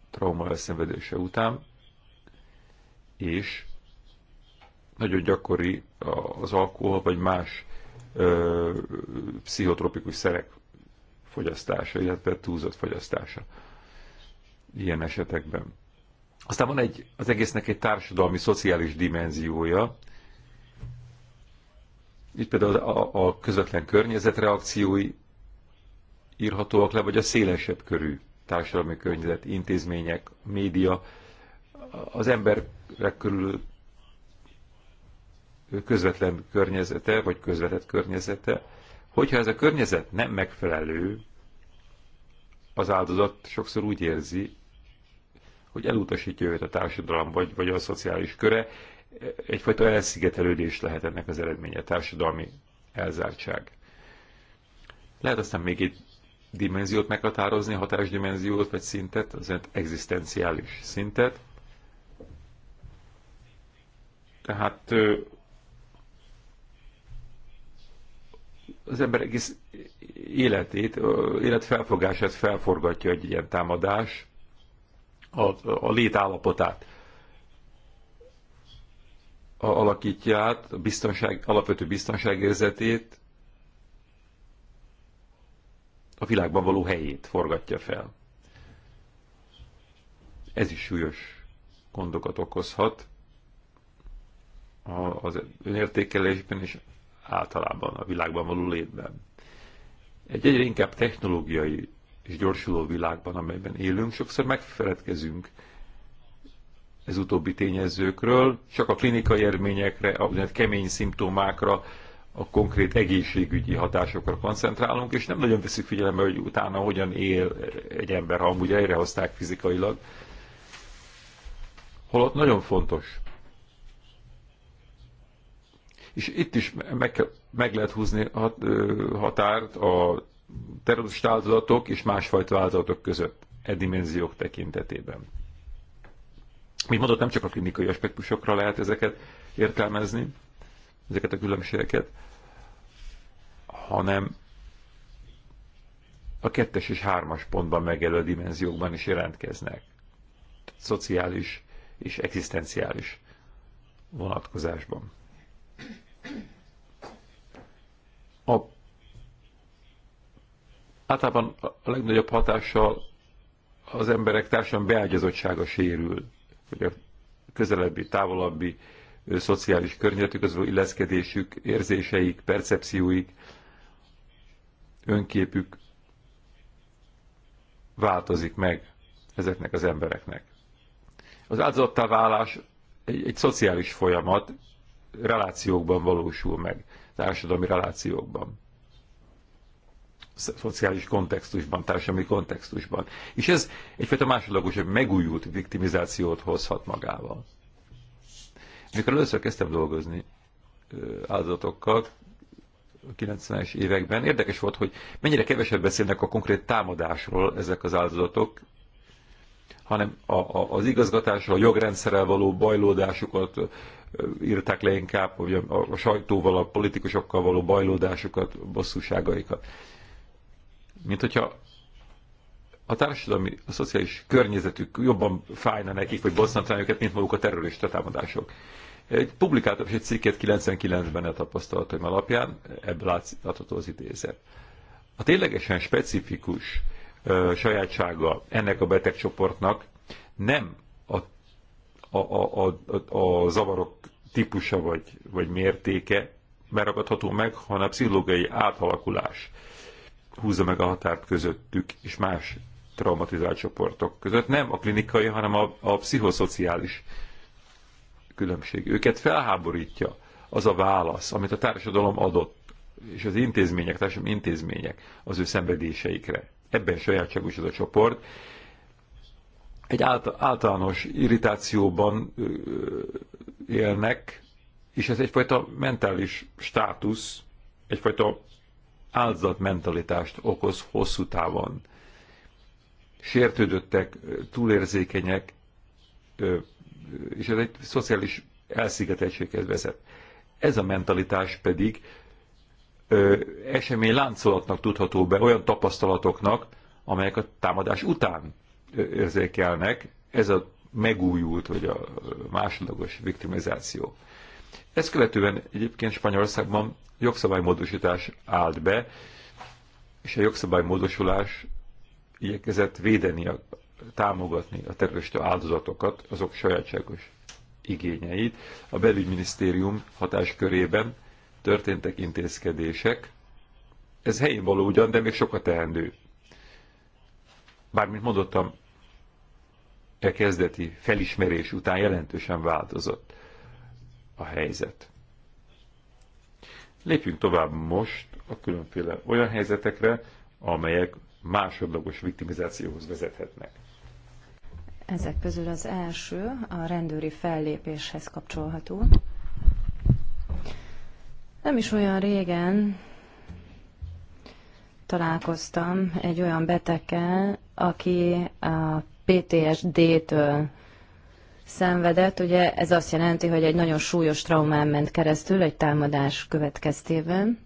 trauma elszenvedése után, és nagyon gyakori az alkohol vagy más ö, pszichotropikus szerek fogyasztása, illetve túlzott fogyasztása ilyen esetekben. Aztán van egy, az egésznek egy társadalmi, szociális dimenziója. Itt például a, a közvetlen környezetreakciói írhatóak le, vagy a szélesebb körű társadalmi környezet, intézmények, média, az emberek körül közvetlen környezete, vagy közvetett környezete, Hogyha ez a környezet nem megfelelő, az áldozat sokszor úgy érzi, hogy elutasítja őt a társadalom vagy, vagy a szociális köre, egyfajta elszigetelődés lehet ennek az eredménye, társadalmi elzártság. Lehet aztán még egy dimenziót meghatározni, hatásdimenziót vagy szintet, az egzisztenciális szintet. Tehát az ember egész életét, életfelfogását felforgatja egy ilyen támadás, a, a létállapotát a, alakítja át, a biztonság, alapvető biztonságérzetét, a világban való helyét forgatja fel. Ez is súlyos gondokat okozhat az önértékelésben és általában a világban való létben. Egy egyre inkább technológiai és gyorsuló világban, amelyben élünk, sokszor megfeledkezünk ez utóbbi tényezőkről, csak a klinikai eredményekre, a kemény szimptomákra, a konkrét egészségügyi hatásokra koncentrálunk, és nem nagyon veszük figyelembe, hogy utána hogyan él egy ember, ha amúgy elrehozták fizikailag. Holott nagyon fontos és itt is meg, kell, meg lehet húzni hat, határt a terrorista áldozatok és másfajta áldozatok között e dimenziók tekintetében. Mint mondott, nem csak a klinikai aspektusokra lehet ezeket értelmezni, ezeket a különbségeket, hanem a kettes és hármas pontban megjelölt dimenziókban is jelentkeznek. Szociális és egzisztenciális vonatkozásban. a, általában a legnagyobb hatással az emberek társadalmi beágyazottsága sérül, hogy a közelebbi, távolabbi szociális környezetük, az illeszkedésük, érzéseik, percepcióik, önképük változik meg ezeknek az embereknek. Az áldozattá válás egy, egy szociális folyamat, relációkban valósul meg társadalmi relációkban, szociális kontextusban, társadalmi kontextusban. És ez egyfajta másodlagos, hogy megújult viktimizációt hozhat magával. Mikor először kezdtem dolgozni áldozatokkal, 90-es években. Érdekes volt, hogy mennyire keveset beszélnek a konkrét támadásról ezek az áldozatok, hanem a, a, az igazgatásról, a jogrendszerrel való bajlódásukat, írták le inkább hogy a sajtóval, a politikusokkal való bajlódásukat, bosszúságaikat. Mint hogyha a társadalmi, a szociális környezetük jobban fájna nekik, vagy bosszantaná őket, mint maguk a terrorista támadások. Egy publikáltam egy cikket 99-ben a tapasztalataim alapján, ebből látható az idézet. A ténylegesen specifikus ö, sajátsága ennek a betegcsoportnak nem a, a, a, a zavarok típusa vagy, vagy mértéke meragadható meg, hanem a pszichológiai átalakulás húzza meg a határt közöttük és más traumatizált csoportok között. Nem a klinikai, hanem a, a pszichoszociális különbség. Őket felháborítja az a válasz, amit a társadalom adott, és az intézmények, társadalom intézmények az ő szenvedéseikre. Ebben sajátságos az a csoport, egy általános irritációban élnek, és ez egyfajta mentális státusz, egyfajta áldozatmentalitást okoz hosszú távon. Sértődöttek, túlérzékenyek, és ez egy szociális elszigeteltséghez vezet. Ez a mentalitás pedig ö, esemény láncolatnak tudható be olyan tapasztalatoknak, amelyek a támadás után érzékelnek, ez a megújult, vagy a másodlagos viktimizáció. Ezt követően egyébként Spanyolországban jogszabálymódosítás állt be, és a jogszabálymódosulás igyekezett védeni, a, támogatni a terrorista áldozatokat, azok sajátságos igényeit. A belügyminisztérium hatáskörében történtek intézkedések. Ez helyén való ugyan, de még sokat teendő bármint mondottam, a e kezdeti felismerés után jelentősen változott a helyzet. Lépjünk tovább most a különféle olyan helyzetekre, amelyek másodlagos viktimizációhoz vezethetnek. Ezek közül az első a rendőri fellépéshez kapcsolható. Nem is olyan régen találkoztam egy olyan beteggel, aki a PTSD-től szenvedett. Ugye ez azt jelenti, hogy egy nagyon súlyos traumán ment keresztül egy támadás következtében.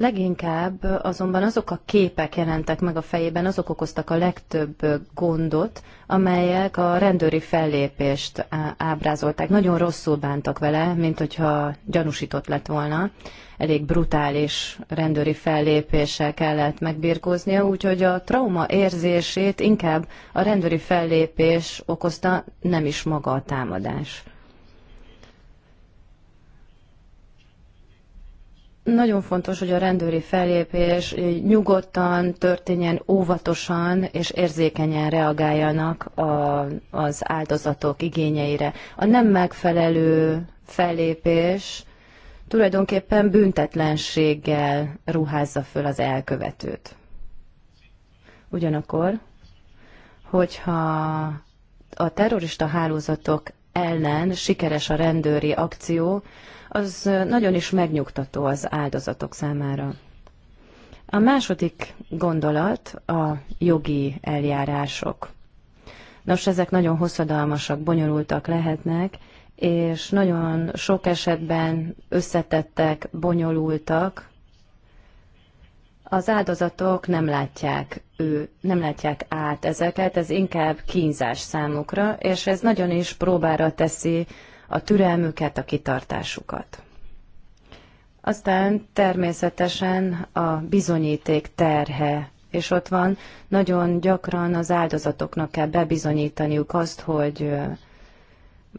Leginkább azonban azok a képek jelentek meg a fejében, azok okoztak a legtöbb gondot, amelyek a rendőri fellépést ábrázolták. Nagyon rosszul bántak vele, mint hogyha gyanúsított lett volna. Elég brutális rendőri fellépéssel kellett megbirkóznia, úgyhogy a trauma érzését inkább a rendőri fellépés okozta, nem is maga a támadás. Nagyon fontos, hogy a rendőri fellépés nyugodtan történjen, óvatosan és érzékenyen reagáljanak a, az áldozatok igényeire. A nem megfelelő fellépés tulajdonképpen büntetlenséggel ruházza föl az elkövetőt. Ugyanakkor, hogyha a terrorista hálózatok ellen sikeres a rendőri akció, az nagyon is megnyugtató az áldozatok számára. A második gondolat a jogi eljárások. Nos, ezek nagyon hosszadalmasak, bonyolultak lehetnek, és nagyon sok esetben összetettek, bonyolultak. Az áldozatok nem látják ő, nem látják át ezeket, ez inkább kínzás számukra, és ez nagyon is próbára teszi a türelmüket, a kitartásukat. Aztán természetesen a bizonyíték terhe, és ott van, nagyon gyakran az áldozatoknak kell bebizonyítaniuk azt, hogy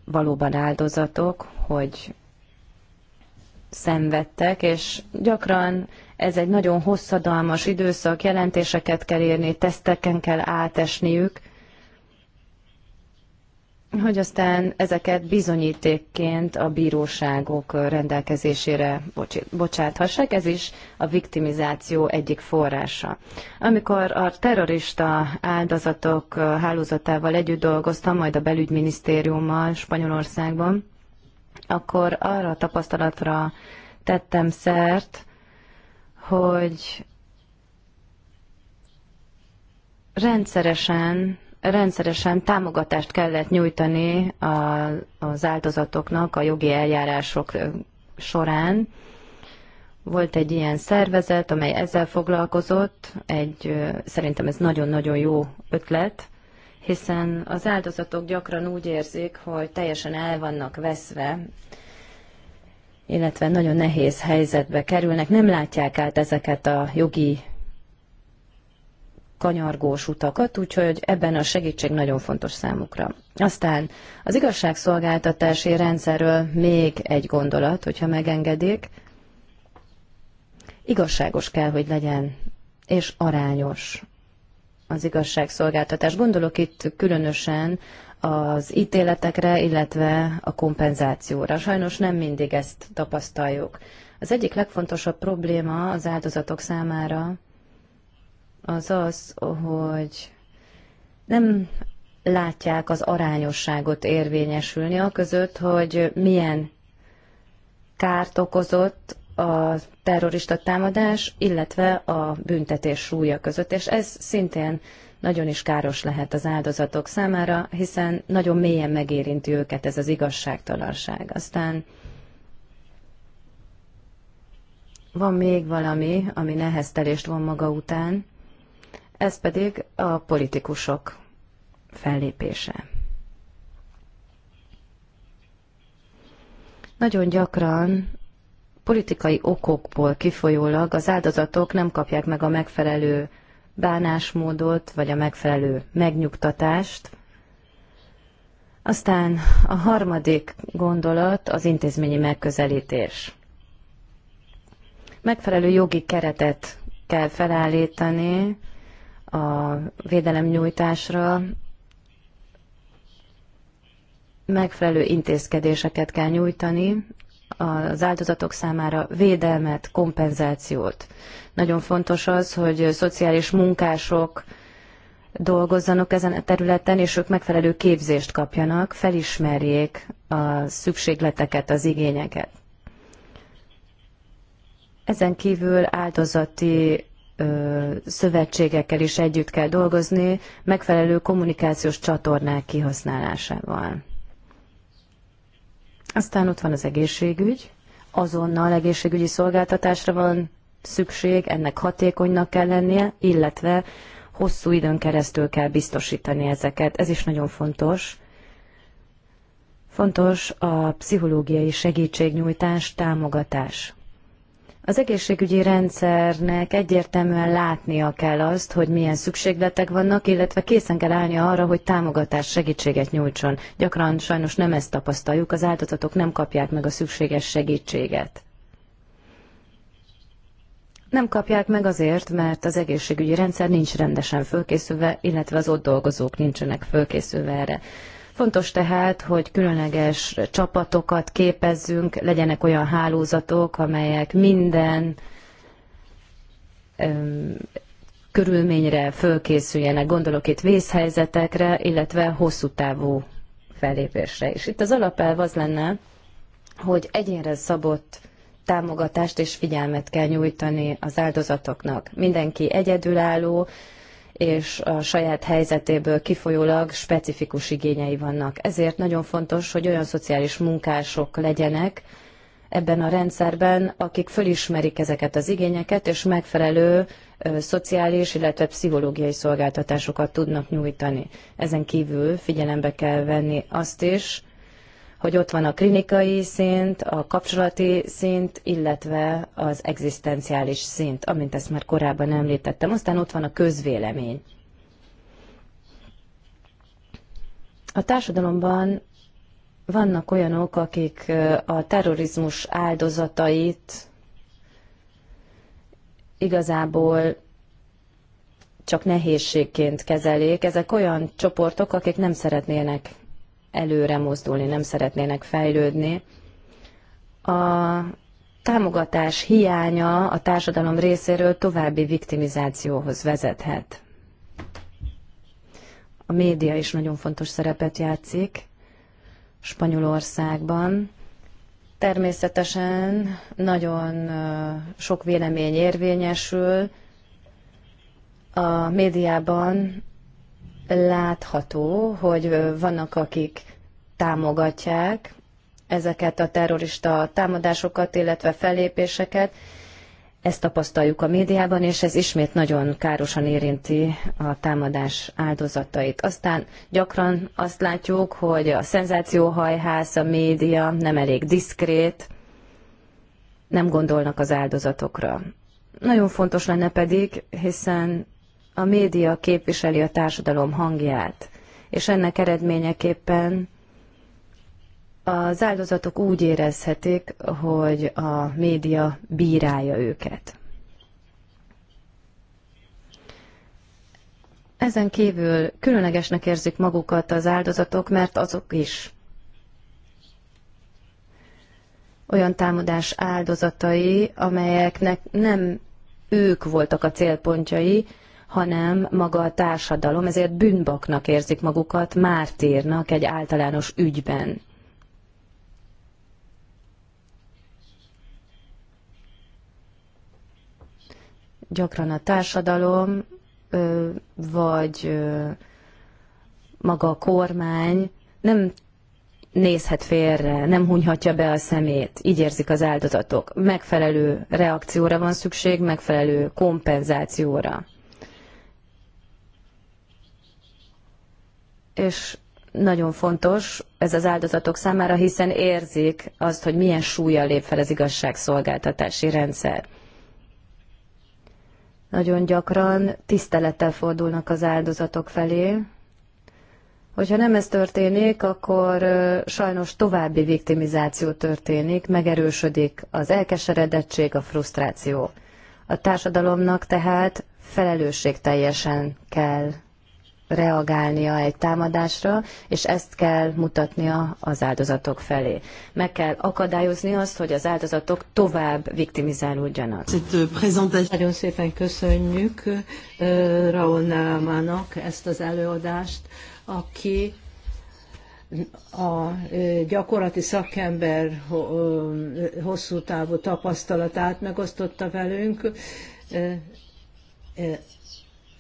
valóban áldozatok, hogy szenvedtek, és gyakran ez egy nagyon hosszadalmas időszak, jelentéseket kell írni, teszteken kell átesniük, hogy aztán ezeket bizonyítékként a bíróságok rendelkezésére bocsáthassák, ez is a viktimizáció egyik forrása. Amikor a terrorista áldozatok hálózatával együtt dolgoztam, majd a belügyminisztériummal Spanyolországban, akkor arra a tapasztalatra tettem szert, hogy rendszeresen rendszeresen támogatást kellett nyújtani az áldozatoknak a jogi eljárások során. Volt egy ilyen szervezet, amely ezzel foglalkozott, egy, szerintem ez nagyon-nagyon jó ötlet, hiszen az áldozatok gyakran úgy érzik, hogy teljesen el vannak veszve, illetve nagyon nehéz helyzetbe kerülnek, nem látják át ezeket a jogi kanyargós utakat, úgyhogy ebben a segítség nagyon fontos számukra. Aztán az igazságszolgáltatási rendszerről még egy gondolat, hogyha megengedik. Igazságos kell, hogy legyen, és arányos az igazságszolgáltatás. Gondolok itt különösen az ítéletekre, illetve a kompenzációra. Sajnos nem mindig ezt tapasztaljuk. Az egyik legfontosabb probléma az áldozatok számára az az, hogy nem látják az arányosságot érvényesülni a között, hogy milyen kárt okozott a terrorista támadás, illetve a büntetés súlya között, és ez szintén nagyon is káros lehet az áldozatok számára, hiszen nagyon mélyen megérinti őket ez az igazságtalanság. Aztán van még valami, ami neheztelést von maga után, ez pedig a politikusok fellépése. Nagyon gyakran politikai okokból kifolyólag az áldozatok nem kapják meg a megfelelő bánásmódot, vagy a megfelelő megnyugtatást. Aztán a harmadik gondolat az intézményi megközelítés. Megfelelő jogi keretet kell felállítani, a védelemnyújtásra megfelelő intézkedéseket kell nyújtani az áldozatok számára védelmet, kompenzációt. Nagyon fontos az, hogy szociális munkások dolgozzanak ezen a területen, és ők megfelelő képzést kapjanak, felismerjék a szükségleteket, az igényeket. Ezen kívül áldozati szövetségekkel is együtt kell dolgozni, megfelelő kommunikációs csatornák kihasználásával. Aztán ott van az egészségügy. Azonnal egészségügyi szolgáltatásra van szükség, ennek hatékonynak kell lennie, illetve hosszú időn keresztül kell biztosítani ezeket. Ez is nagyon fontos. Fontos a pszichológiai segítségnyújtás, támogatás. Az egészségügyi rendszernek egyértelműen látnia kell azt, hogy milyen szükségletek vannak, illetve készen kell állnia arra, hogy támogatás, segítséget nyújtson. Gyakran sajnos nem ezt tapasztaljuk, az áldozatok nem kapják meg a szükséges segítséget. Nem kapják meg azért, mert az egészségügyi rendszer nincs rendesen fölkészülve, illetve az ott dolgozók nincsenek fölkészülve erre. Fontos tehát, hogy különleges csapatokat képezzünk, legyenek olyan hálózatok, amelyek minden öm, körülményre fölkészüljenek, gondolok itt vészhelyzetekre, illetve hosszú távú fellépésre is. Itt az alapelv az lenne, hogy egyénre szabott támogatást és figyelmet kell nyújtani az áldozatoknak. Mindenki egyedülálló, és a saját helyzetéből kifolyólag specifikus igényei vannak. Ezért nagyon fontos, hogy olyan szociális munkások legyenek ebben a rendszerben, akik fölismerik ezeket az igényeket, és megfelelő szociális, illetve pszichológiai szolgáltatásokat tudnak nyújtani. Ezen kívül figyelembe kell venni azt is, hogy ott van a klinikai szint, a kapcsolati szint, illetve az egzisztenciális szint, amint ezt már korábban említettem. Aztán ott van a közvélemény. A társadalomban vannak olyanok, akik a terrorizmus áldozatait igazából csak nehézségként kezelik. Ezek olyan csoportok, akik nem szeretnének előre mozdulni, nem szeretnének fejlődni. A támogatás hiánya a társadalom részéről további viktimizációhoz vezethet. A média is nagyon fontos szerepet játszik Spanyolországban. Természetesen nagyon sok vélemény érvényesül. A médiában látható, hogy vannak, akik támogatják ezeket a terrorista támadásokat, illetve fellépéseket. Ezt tapasztaljuk a médiában, és ez ismét nagyon károsan érinti a támadás áldozatait. Aztán gyakran azt látjuk, hogy a szenzációhajház, a média nem elég diszkrét, nem gondolnak az áldozatokra. Nagyon fontos lenne pedig, hiszen a média képviseli a társadalom hangját, és ennek eredményeképpen az áldozatok úgy érezhetik, hogy a média bírálja őket. Ezen kívül különlegesnek érzik magukat az áldozatok, mert azok is olyan támadás áldozatai, amelyeknek nem ők voltak a célpontjai, hanem maga a társadalom, ezért bűnbaknak érzik magukat, mártírnak egy általános ügyben. Gyakran a társadalom, vagy maga a kormány nem nézhet félre, nem hunyhatja be a szemét, így érzik az áldozatok. Megfelelő reakcióra van szükség, megfelelő kompenzációra. és nagyon fontos ez az áldozatok számára, hiszen érzik azt, hogy milyen súlya lép fel az igazságszolgáltatási rendszer. Nagyon gyakran tisztelettel fordulnak az áldozatok felé. Hogyha nem ez történik, akkor sajnos további viktimizáció történik, megerősödik az elkeseredettség, a frusztráció. A társadalomnak tehát felelősségteljesen kell reagálnia egy támadásra, és ezt kell mutatnia az áldozatok felé. Meg kell akadályozni azt, hogy az áldozatok tovább viktimizálódjanak. Nagyon szépen köszönjük Raúl Námának ezt az előadást, aki a gyakorlati szakember hosszú távú tapasztalatát megosztotta velünk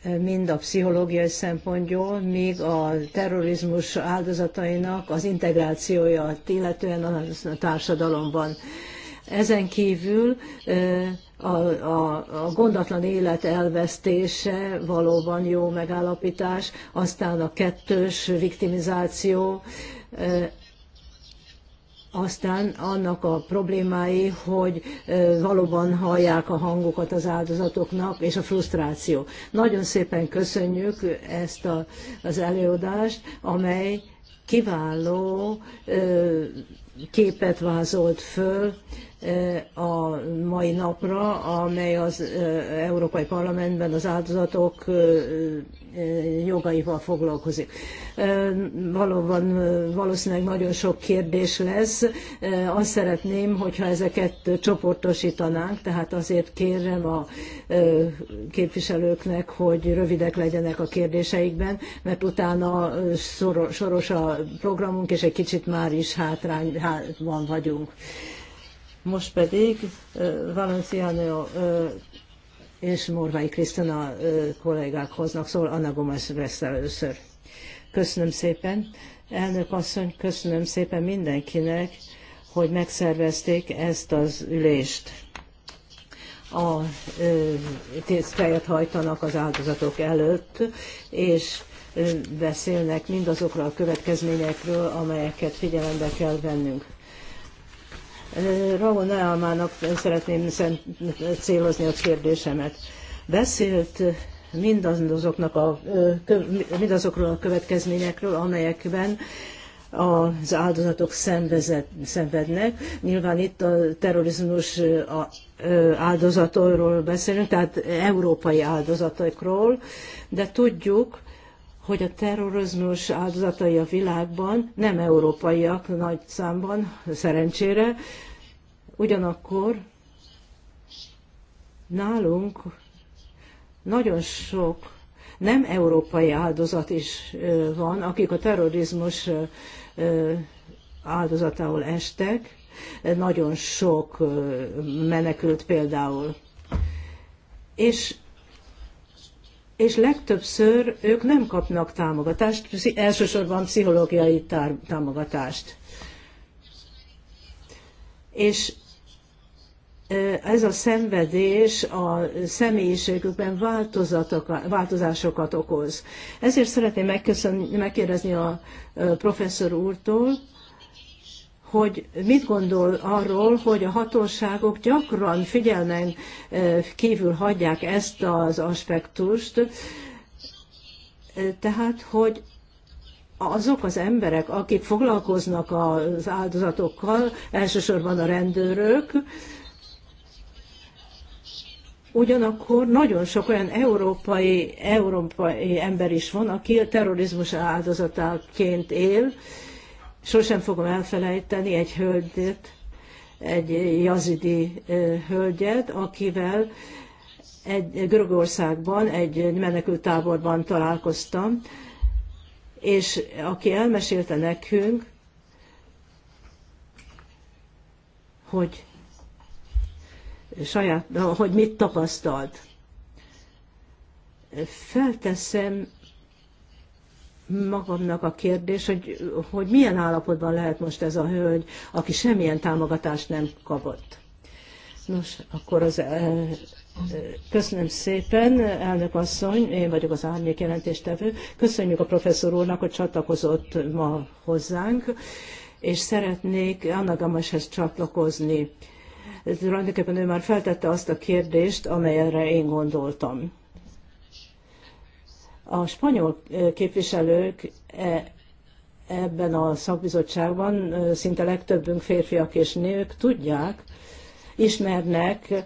mind a pszichológiai szempontból, míg a terrorizmus áldozatainak az integrációja, illetően a társadalomban. Ezen kívül a, a, a gondatlan élet elvesztése valóban jó megállapítás, aztán a kettős viktimizáció, aztán annak a problémái, hogy valóban hallják a hangokat az áldozatoknak, és a frusztráció. Nagyon szépen köszönjük ezt a, az előadást, amely kiváló képet vázolt föl a mai napra, amely az Európai Parlamentben az áldozatok jogaival foglalkozik. Valóban valószínűleg nagyon sok kérdés lesz. Azt szeretném, hogyha ezeket csoportosítanánk, tehát azért kérem a képviselőknek, hogy rövidek legyenek a kérdéseikben, mert utána soros a programunk, és egy kicsit már is hátrányban vagyunk. Most pedig Valenciano és Morvai Krisztina kollégák hoznak szól, Anna Gomes lesz először. Köszönöm szépen. Elnök asszony, köszönöm szépen mindenkinek, hogy megszervezték ezt az ülést. A fejet hajtanak az áldozatok előtt, és beszélnek mindazokról a következményekről, amelyeket figyelembe kell vennünk Ravon Nealmának szeretném célozni a kérdésemet. Beszélt mindazoknak a, mindazokról a következményekről, amelyekben az áldozatok szenvezet, szenvednek. Nyilván itt a terrorizmus áldozatokról beszélünk, tehát európai áldozatokról, de tudjuk, hogy a terrorizmus áldozatai a világban nem európaiak nagy számban, szerencsére, ugyanakkor nálunk nagyon sok nem európai áldozat is van, akik a terrorizmus áldozatául estek, nagyon sok menekült például. És és legtöbbször ők nem kapnak támogatást, elsősorban pszichológiai támogatást. És ez a szenvedés a személyiségükben változásokat okoz. Ezért szeretném megkérdezni a professzor úrtól, hogy mit gondol arról, hogy a hatóságok gyakran figyelmen kívül hagyják ezt az aspektust, tehát, hogy azok az emberek, akik foglalkoznak az áldozatokkal, elsősorban a rendőrök, Ugyanakkor nagyon sok olyan európai, európai ember is van, aki a terrorizmus áldozatáként él, Sosem fogom elfelejteni egy hölgyet, egy jazidi hölgyet, akivel egy Görögországban, egy menekültáborban találkoztam, és aki elmesélte nekünk, hogy saját, hogy mit tapasztalt. Felteszem magamnak a kérdés, hogy, hogy milyen állapotban lehet most ez a hölgy, aki semmilyen támogatást nem kapott. Nos, akkor az, eh, eh, köszönöm szépen, elnök asszony, én vagyok az árnyék jelentéstevő. Köszönjük a professzor úrnak, hogy csatlakozott ma hozzánk, és szeretnék Anna Gameshez csatlakozni. Tulajdonképpen ő már feltette azt a kérdést, amelyre én gondoltam a spanyol képviselők e, ebben a szakbizottságban szinte legtöbbünk férfiak és nők tudják, ismernek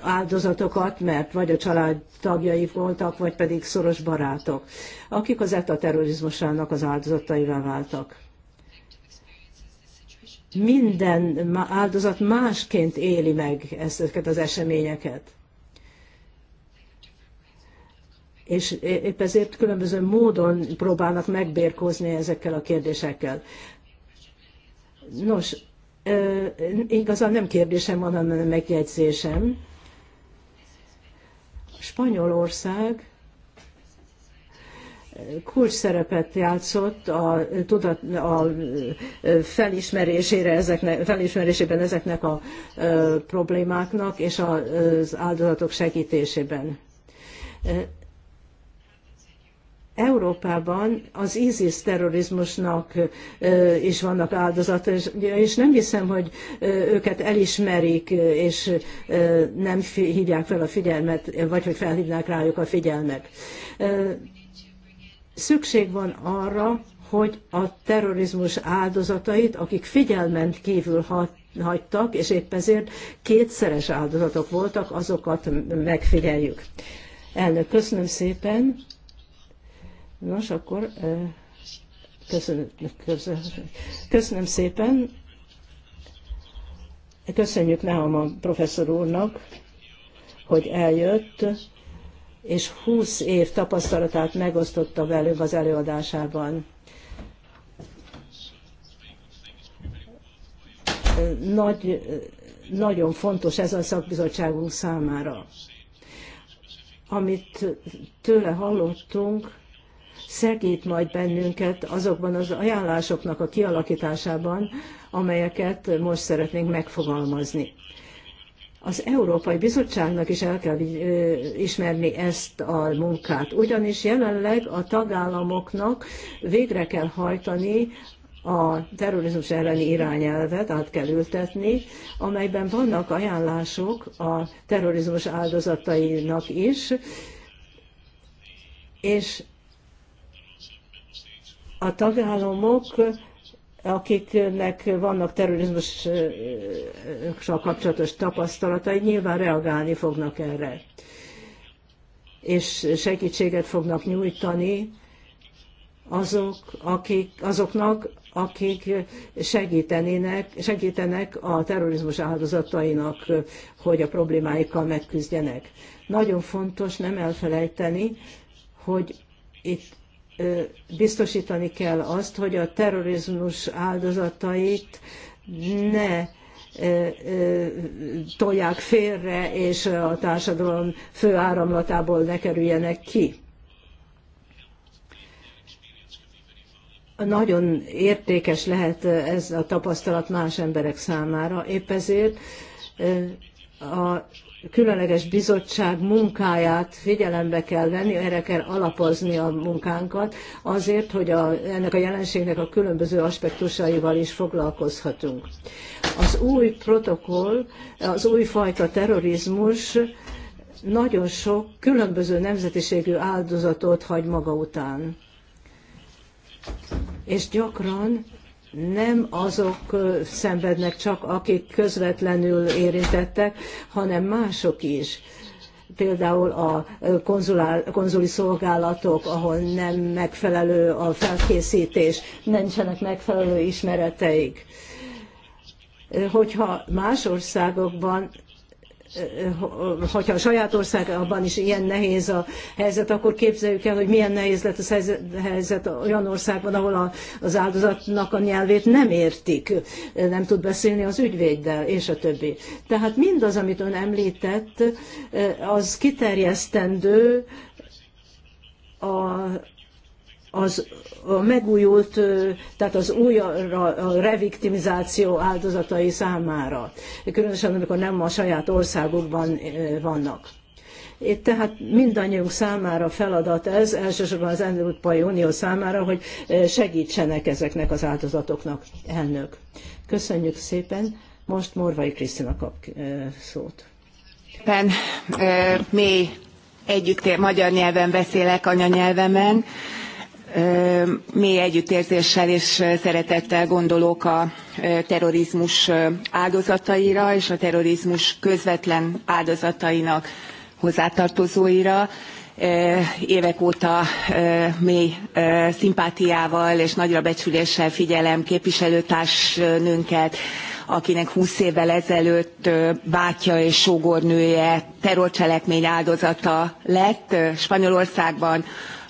áldozatokat, mert vagy a család tagjai voltak, vagy pedig szoros barátok, akik az ETA terrorizmusának az áldozataival váltak. Minden áldozat másként éli meg ezeket az eseményeket és épp ezért különböző módon próbálnak megbérkózni ezekkel a kérdésekkel. Nos, igazán nem kérdésem van, hanem megjegyzésem. Spanyolország kulcs szerepet játszott a, tudat, a felismerésére ezeknek, felismerésében ezeknek a problémáknak és az áldozatok segítésében Európában az ISIS terrorizmusnak is vannak áldozata, és nem hiszem, hogy őket elismerik, és nem hívják fel a figyelmet, vagy hogy felhívnák rájuk a figyelmet. Szükség van arra, hogy a terrorizmus áldozatait, akik figyelmen kívül hagytak, és épp ezért kétszeres áldozatok voltak, azokat megfigyeljük. Elnök, köszönöm szépen! Nos, akkor köszönöm, köszönöm szépen. Köszönjük Nehama professzor úrnak, hogy eljött, és 20 év tapasztalatát megosztotta velünk az előadásában. Nagy, nagyon fontos ez a szakbizottságunk számára. Amit tőle hallottunk, segít majd bennünket azokban az ajánlásoknak a kialakításában, amelyeket most szeretnénk megfogalmazni. Az Európai Bizottságnak is el kell ismerni ezt a munkát, ugyanis jelenleg a tagállamoknak végre kell hajtani a terrorizmus elleni irányelvet át kell ültetni, amelyben vannak ajánlások a terrorizmus áldozatainak is, és a tagállamok, akiknek vannak terrorizmussal kapcsolatos tapasztalatai, nyilván reagálni fognak erre, és segítséget fognak nyújtani azok, akik, azoknak, akik segítenének, segítenek a terrorizmus áldozatainak, hogy a problémáikkal megküzdjenek. Nagyon fontos nem elfelejteni, hogy itt biztosítani kell azt, hogy a terrorizmus áldozatait ne tolják félre, és a társadalom fő áramlatából ne kerüljenek ki. Nagyon értékes lehet ez a tapasztalat más emberek számára. Épp ezért a különleges bizottság munkáját figyelembe kell venni, erre kell alapozni a munkánkat, azért, hogy a, ennek a jelenségnek a különböző aspektusaival is foglalkozhatunk. Az új protokoll, az új fajta terrorizmus nagyon sok különböző nemzetiségű áldozatot hagy maga után. És gyakran nem azok szenvednek csak, akik közvetlenül érintettek, hanem mások is például a konzulál, konzuli szolgálatok, ahol nem megfelelő a felkészítés, nincsenek megfelelő ismereteik. Hogyha más országokban hogyha a saját országában is ilyen nehéz a helyzet, akkor képzeljük el, hogy milyen nehéz lett a helyzet olyan országban, ahol az áldozatnak a nyelvét nem értik, nem tud beszélni az ügyvéddel, és a többi. Tehát mindaz, amit ön említett, az kiterjesztendő a, az a megújult, tehát az új reviktimizáció áldozatai számára, különösen amikor nem a saját országukban vannak. Itt tehát mindannyiunk számára feladat ez, elsősorban az Európai Unió számára, hogy segítsenek ezeknek az áldozatoknak, elnök. Köszönjük szépen. Most Morvai Krisztina kap szót. Éppen mély együtt magyar nyelven beszélek anyanyelvemen mély együttérzéssel és szeretettel gondolok a terrorizmus áldozataira és a terrorizmus közvetlen áldozatainak hozzátartozóira évek óta mély szimpátiával és nagyra becsüléssel figyelem képviselőtársnőnket akinek húsz évvel ezelőtt bátyja és sógornője terrorcselekmény áldozata lett spanyolországban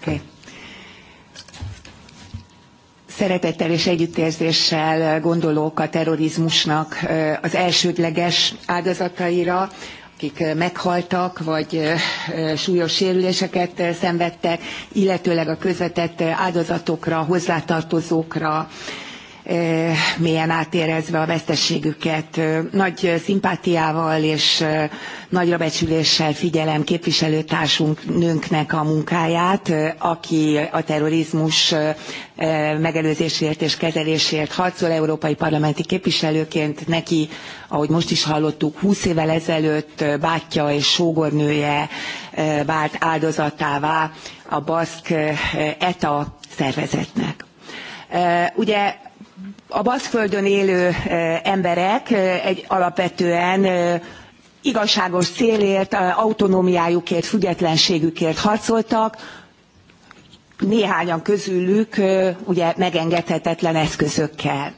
Okay. Szeretettel és együttérzéssel gondolok a terrorizmusnak az elsődleges áldozataira, akik meghaltak, vagy súlyos sérüléseket szenvedtek, illetőleg a közvetett áldozatokra, hozzátartozókra, mélyen átérezve a veszteségüket. Nagy szimpátiával és nagyra becsüléssel figyelem képviselőtársunk nőnknek a munkáját, aki a terrorizmus megelőzéséért és kezeléséért harcol európai parlamenti képviselőként. Neki, ahogy most is hallottuk, 20 évvel ezelőtt bátyja és sógornője vált áldozatává a baszk ETA szervezetnek. Ugye a baszkföldön élő emberek egy alapvetően igazságos célért autonómiájukért függetlenségükért harcoltak néhányan közülük ugye megengedhetetlen eszközökkel.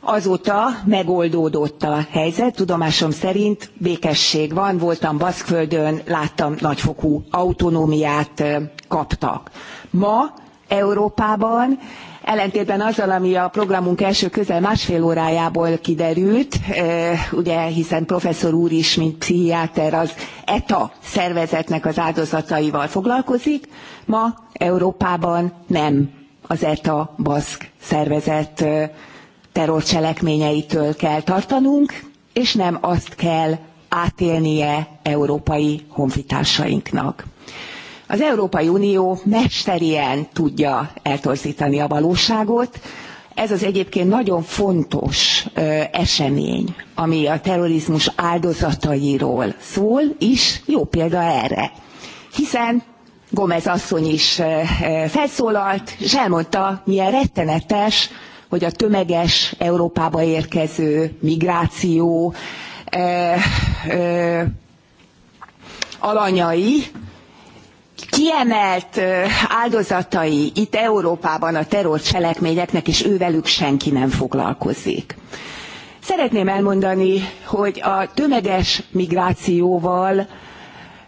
Azóta megoldódott a helyzet, tudomásom szerint békesség van, voltam Baszkföldön, láttam nagyfokú autonómiát kaptak. Ma Európában ellentétben azzal ami a programunk első közel másfél órájából kiderült ugye hiszen professzor úr is mint pszichiáter az eta szervezetnek az áldozataival foglalkozik ma európában nem az eta baszk szervezet terrorcselekményeitől kell tartanunk és nem azt kell átélnie európai honfitársainknak az európai unió mesterien tudja eltorzítani a valóságot ez az egyébként nagyon fontos ö, esemény ami a terrorizmus áldozatairól szól is jó példa erre hiszen gomez asszony is ö, felszólalt és elmondta milyen rettenetes hogy a tömeges európába érkező migráció alanyai kiemelt áldozatai itt Európában a terrorcselekményeknek, és ővelük senki nem foglalkozik. Szeretném elmondani, hogy a tömeges migrációval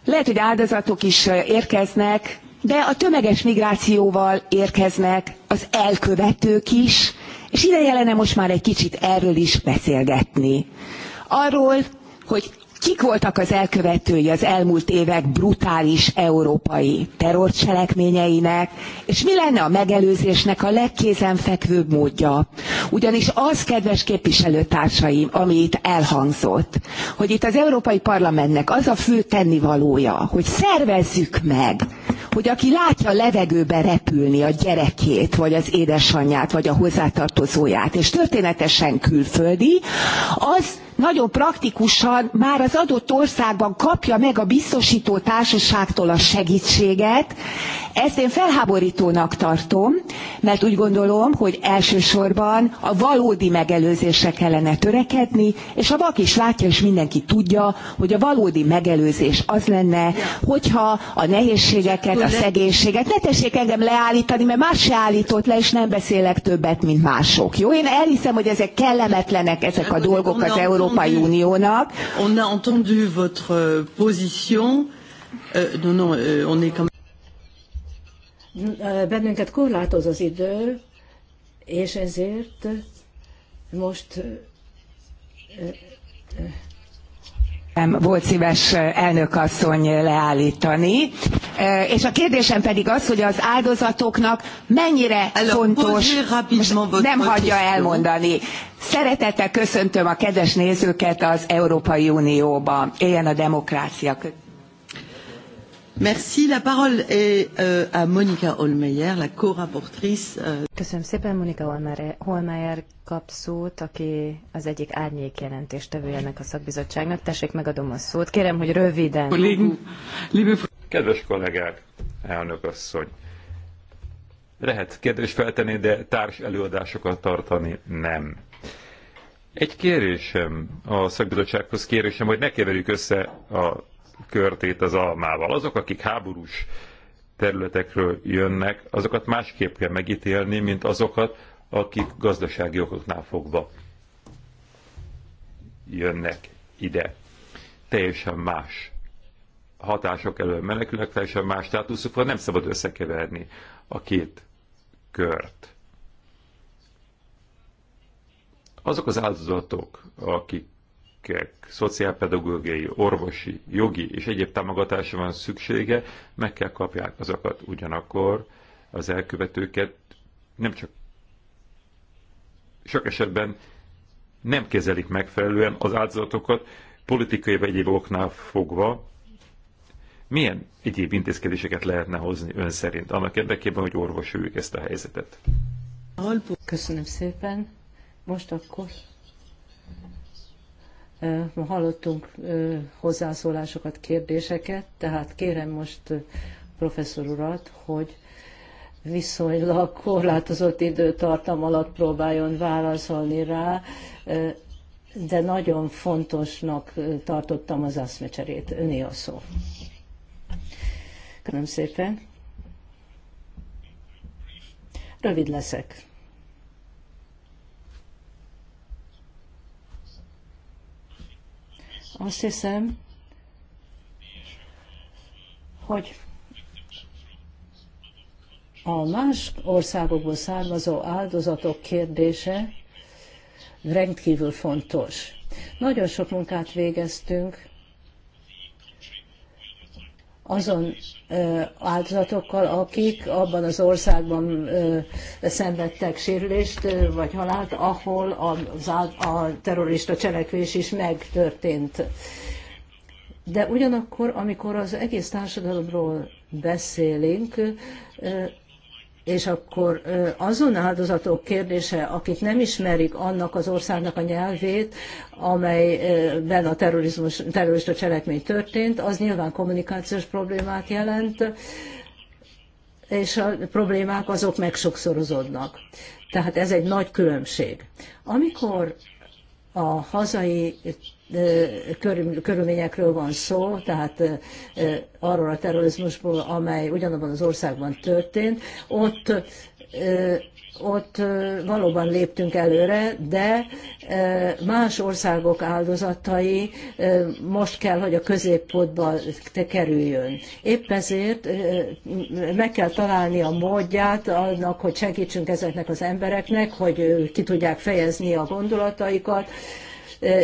lehet, hogy áldozatok is érkeznek, de a tömeges migrációval érkeznek az elkövetők is, és ideje lenne most már egy kicsit erről is beszélgetni. Arról, hogy kik voltak az elkövetői az elmúlt évek brutális európai terrorcselekményeinek, és mi lenne a megelőzésnek a legkézenfekvőbb módja. Ugyanis az, kedves képviselőtársaim, ami itt elhangzott, hogy itt az Európai Parlamentnek az a fő tennivalója, hogy szervezzük meg, hogy aki látja a levegőbe repülni a gyerekét, vagy az édesanyját, vagy a hozzátartozóját, és történetesen külföldi, az nagyon praktikusan már az adott országban kapja meg a biztostó társaságtól a segtséget ezt én felhábortónak tartom mert úgy gondolom hogy elsősorban a valódi megelőzésre kellene törekedni és a vak is látja és mindenki tudja hogy a valódi megelőzés az lenne hogyha a nehézségeket a szegénységet ne tessék engem leálltani mert más se álltott le és nem beszélek többet mint mások jó én elhiszem hogy ezek kellemetlenek ezek a dolgok az Európában. Európai Uniónak. Bennünket korlátoz az idő, és ezért most euh, euh, volt szíves elnökasszony leállítani. És a kérdésem pedig az, hogy az áldozatoknak mennyire Alors, fontos, nem hagyja elmondani. Szeretettel köszöntöm a kedves nézőket az Európai Unióba. Éljen a demokrácia. Köszönöm szépen, Monika Holmeyer, Holmeyer kap szót, aki az egyik árnyék jelentéstevője ennek a szakbizottságnak. Tessék, megadom a szót. Kérem, hogy röviden. Kedves kollégák, elnök asszony, lehet kérdés feltenni, de társ előadásokat tartani nem. Egy kérésem a szakbizottsághoz kérésem, hogy ne keverjük össze a körtét az almával. Azok, akik háborús területekről jönnek, azokat másképp kell megítélni, mint azokat, akik gazdasági okoknál fogva jönnek ide. Teljesen más hatások elől menekülnek, teljesen más státuszuk van, nem szabad összekeverni a két kört. Azok az áldozatok, akik gyerekek szociálpedagógiai, orvosi, jogi és egyéb támogatásra van szüksége, meg kell kapják azokat. Ugyanakkor az elkövetőket nem csak sok esetben nem kezelik megfelelően az áldozatokat, politikai vagy egyéb oknál fogva, milyen egyéb intézkedéseket lehetne hozni ön szerint, annak érdekében, hogy orvosoljuk ezt a helyzetet? Köszönöm szépen. Most akkor Hallottunk hozzászólásokat, kérdéseket, tehát kérem most professzor urat, hogy viszonylag korlátozott időtartam alatt próbáljon válaszolni rá, de nagyon fontosnak tartottam az aszmecserét. Öné a szó. Köszönöm szépen. Rövid leszek. Azt hiszem, hogy a más országokból származó áldozatok kérdése rendkívül fontos. Nagyon sok munkát végeztünk azon áldozatokkal, akik abban az országban szenvedtek sérülést vagy halált, ahol a terrorista cselekvés is megtörtént. De ugyanakkor, amikor az egész társadalomról beszélünk, és akkor azon áldozatok kérdése, akik nem ismerik annak az országnak a nyelvét, amelyben a terrorizmus, terrorista cselekmény történt, az nyilván kommunikációs problémát jelent, és a problémák azok megsokszorozódnak. Tehát ez egy nagy különbség. Amikor a hazai körülményekről van szó, tehát arról a terrorizmusból, amely ugyanabban az országban történt, ott ott valóban léptünk előre, de más országok áldozatai most kell, hogy a középpontba kerüljön. Épp ezért meg kell találni a módját annak, hogy segítsünk ezeknek az embereknek, hogy ki tudják fejezni a gondolataikat,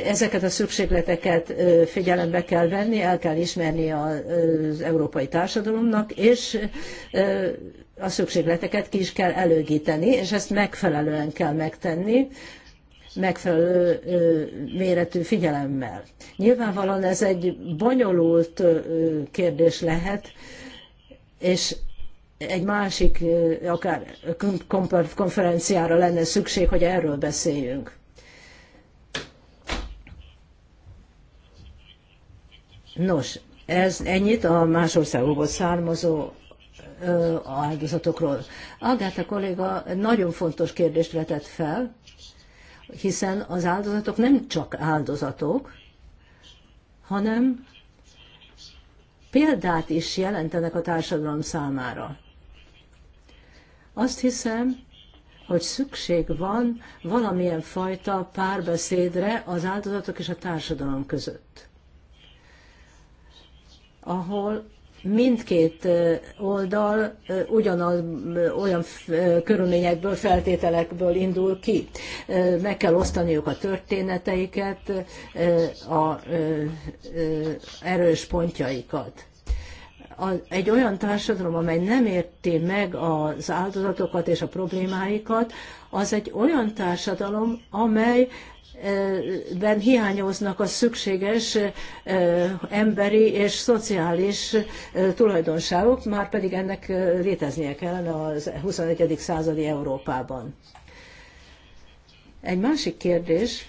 Ezeket a szükségleteket figyelembe kell venni, el kell ismerni az európai társadalomnak, és a szükségleteket ki is kell előgíteni, és ezt megfelelően kell megtenni, megfelelő méretű figyelemmel. Nyilvánvalóan ez egy bonyolult kérdés lehet, és egy másik, akár konferenciára lenne szükség, hogy erről beszéljünk. Nos, ez ennyit a más országokból származó áldozatokról. Agáta kolléga nagyon fontos kérdést vetett fel, hiszen az áldozatok nem csak áldozatok, hanem példát is jelentenek a társadalom számára. Azt hiszem, hogy szükség van valamilyen fajta párbeszédre az áldozatok és a társadalom között ahol mindkét oldal ugyanaz, olyan körülményekből, feltételekből indul ki. Meg kell osztaniuk a történeteiket, a erős pontjaikat egy olyan társadalom, amely nem érti meg az áldozatokat és a problémáikat, az egy olyan társadalom, amely ben hiányoznak a szükséges emberi és szociális tulajdonságok, már pedig ennek léteznie kellene a 21. századi Európában. Egy másik kérdés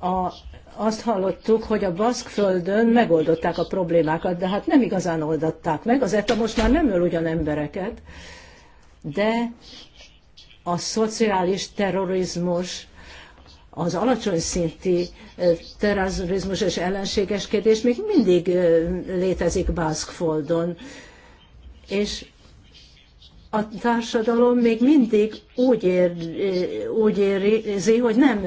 a azt hallottuk, hogy a baszk földön megoldották a problémákat, de hát nem igazán oldották meg. Az ETA most már nem öl ugyan embereket, de a szociális terrorizmus, az alacsony szinti terrorizmus és ellenségeskedés még mindig létezik Baszkfoldon, és a társadalom még mindig úgy, ér, úgy érzi, hogy nem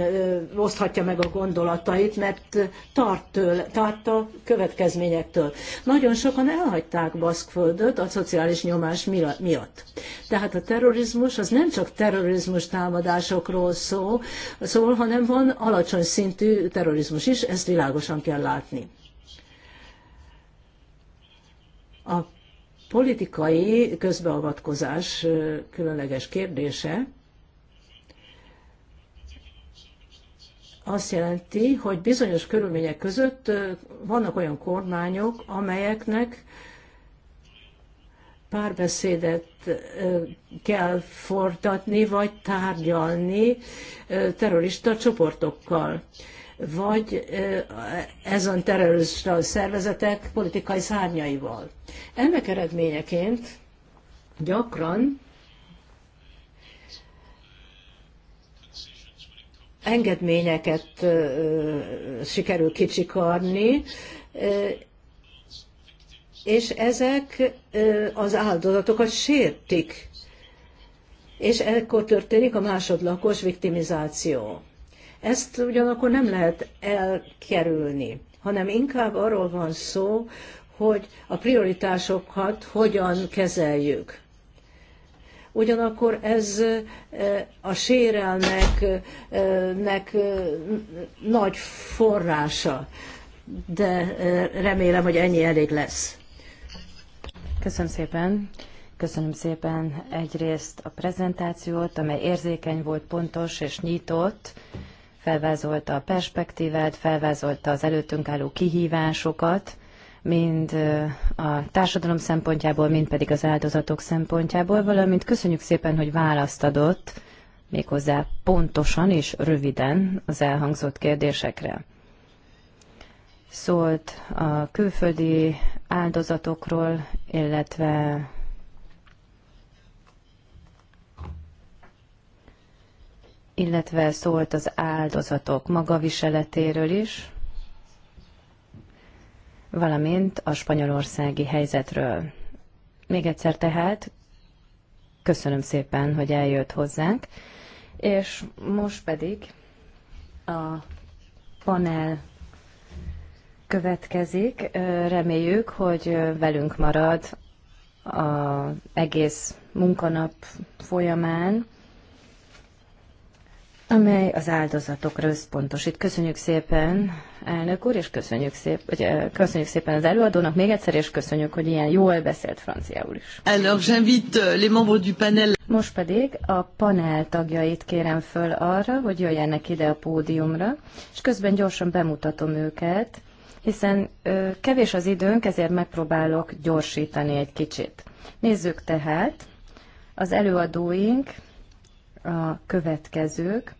oszthatja meg a gondolatait, mert tart, től, tart a következményektől. Nagyon sokan elhagyták Baszkföldöt a szociális nyomás miatt. Tehát a terrorizmus az nem csak terrorizmus támadásokról szól, szól, hanem van alacsony szintű terrorizmus is, ezt világosan kell látni. A politikai közbeavatkozás különleges kérdése azt jelenti, hogy bizonyos körülmények között vannak olyan kormányok, amelyeknek párbeszédet kell fordatni, vagy tárgyalni terrorista csoportokkal vagy ezen terrorista szervezetek politikai szárnyaival. Ennek eredményeként gyakran engedményeket sikerül kicsikarni, és ezek az áldozatokat sértik. És ekkor történik a másodlakos viktimizáció. Ezt ugyanakkor nem lehet elkerülni, hanem inkább arról van szó, hogy a prioritásokat hogyan kezeljük. Ugyanakkor ez a sérelmeknek nagy forrása, de remélem, hogy ennyi elég lesz. Köszönöm szépen. Köszönöm szépen egyrészt a prezentációt, amely érzékeny volt, pontos és nyitott felvázolta a perspektívát, felvázolta az előttünk álló kihívásokat, mind a társadalom szempontjából, mind pedig az áldozatok szempontjából, valamint köszönjük szépen, hogy választ adott méghozzá pontosan és röviden az elhangzott kérdésekre. Szólt a külföldi áldozatokról, illetve illetve szólt az áldozatok magaviseletéről is, valamint a spanyolországi helyzetről. Még egyszer tehát köszönöm szépen, hogy eljött hozzánk, és most pedig a panel következik. Reméljük, hogy velünk marad az egész munkanap folyamán amely az áldozatokra összpontosít. Köszönjük szépen, elnök úr, és köszönjük, szép, hogy, köszönjük szépen az előadónak még egyszer, és köszönjük, hogy ilyen jól beszélt franciául is. Alors, j'invite euh, les membres du panel. Most pedig a panel tagjait kérem föl arra, hogy jöjjenek ide a pódiumra, és közben gyorsan bemutatom őket, hiszen ö, kevés az időnk, ezért megpróbálok gyorsítani egy kicsit. Nézzük tehát, az előadóink a következők.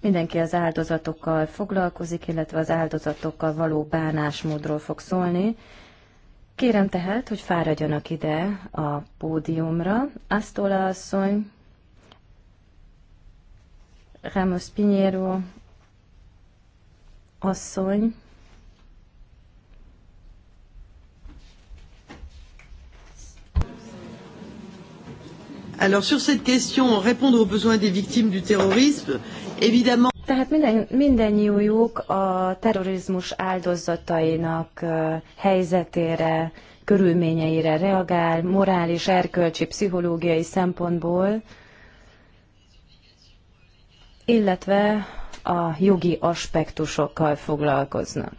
Mindenki az áldozatokkal foglalkozik, illetve az áldozatokkal való bánásmódról fog szólni. Kérem tehát, hogy fáradjanak ide a pódiumra. Asztola asszony, Ramos Pinheiro asszony, Alors sur cette question, répondre aux besoins des victimes du terrorisme, évidemment. Tehát minden, mindennyiójuk a terrorizmus áldozatainak helyzetére, körülményeire reagál, morális, erkölcsi, pszichológiai szempontból, illetve a jogi aspektusokkal foglalkoznak.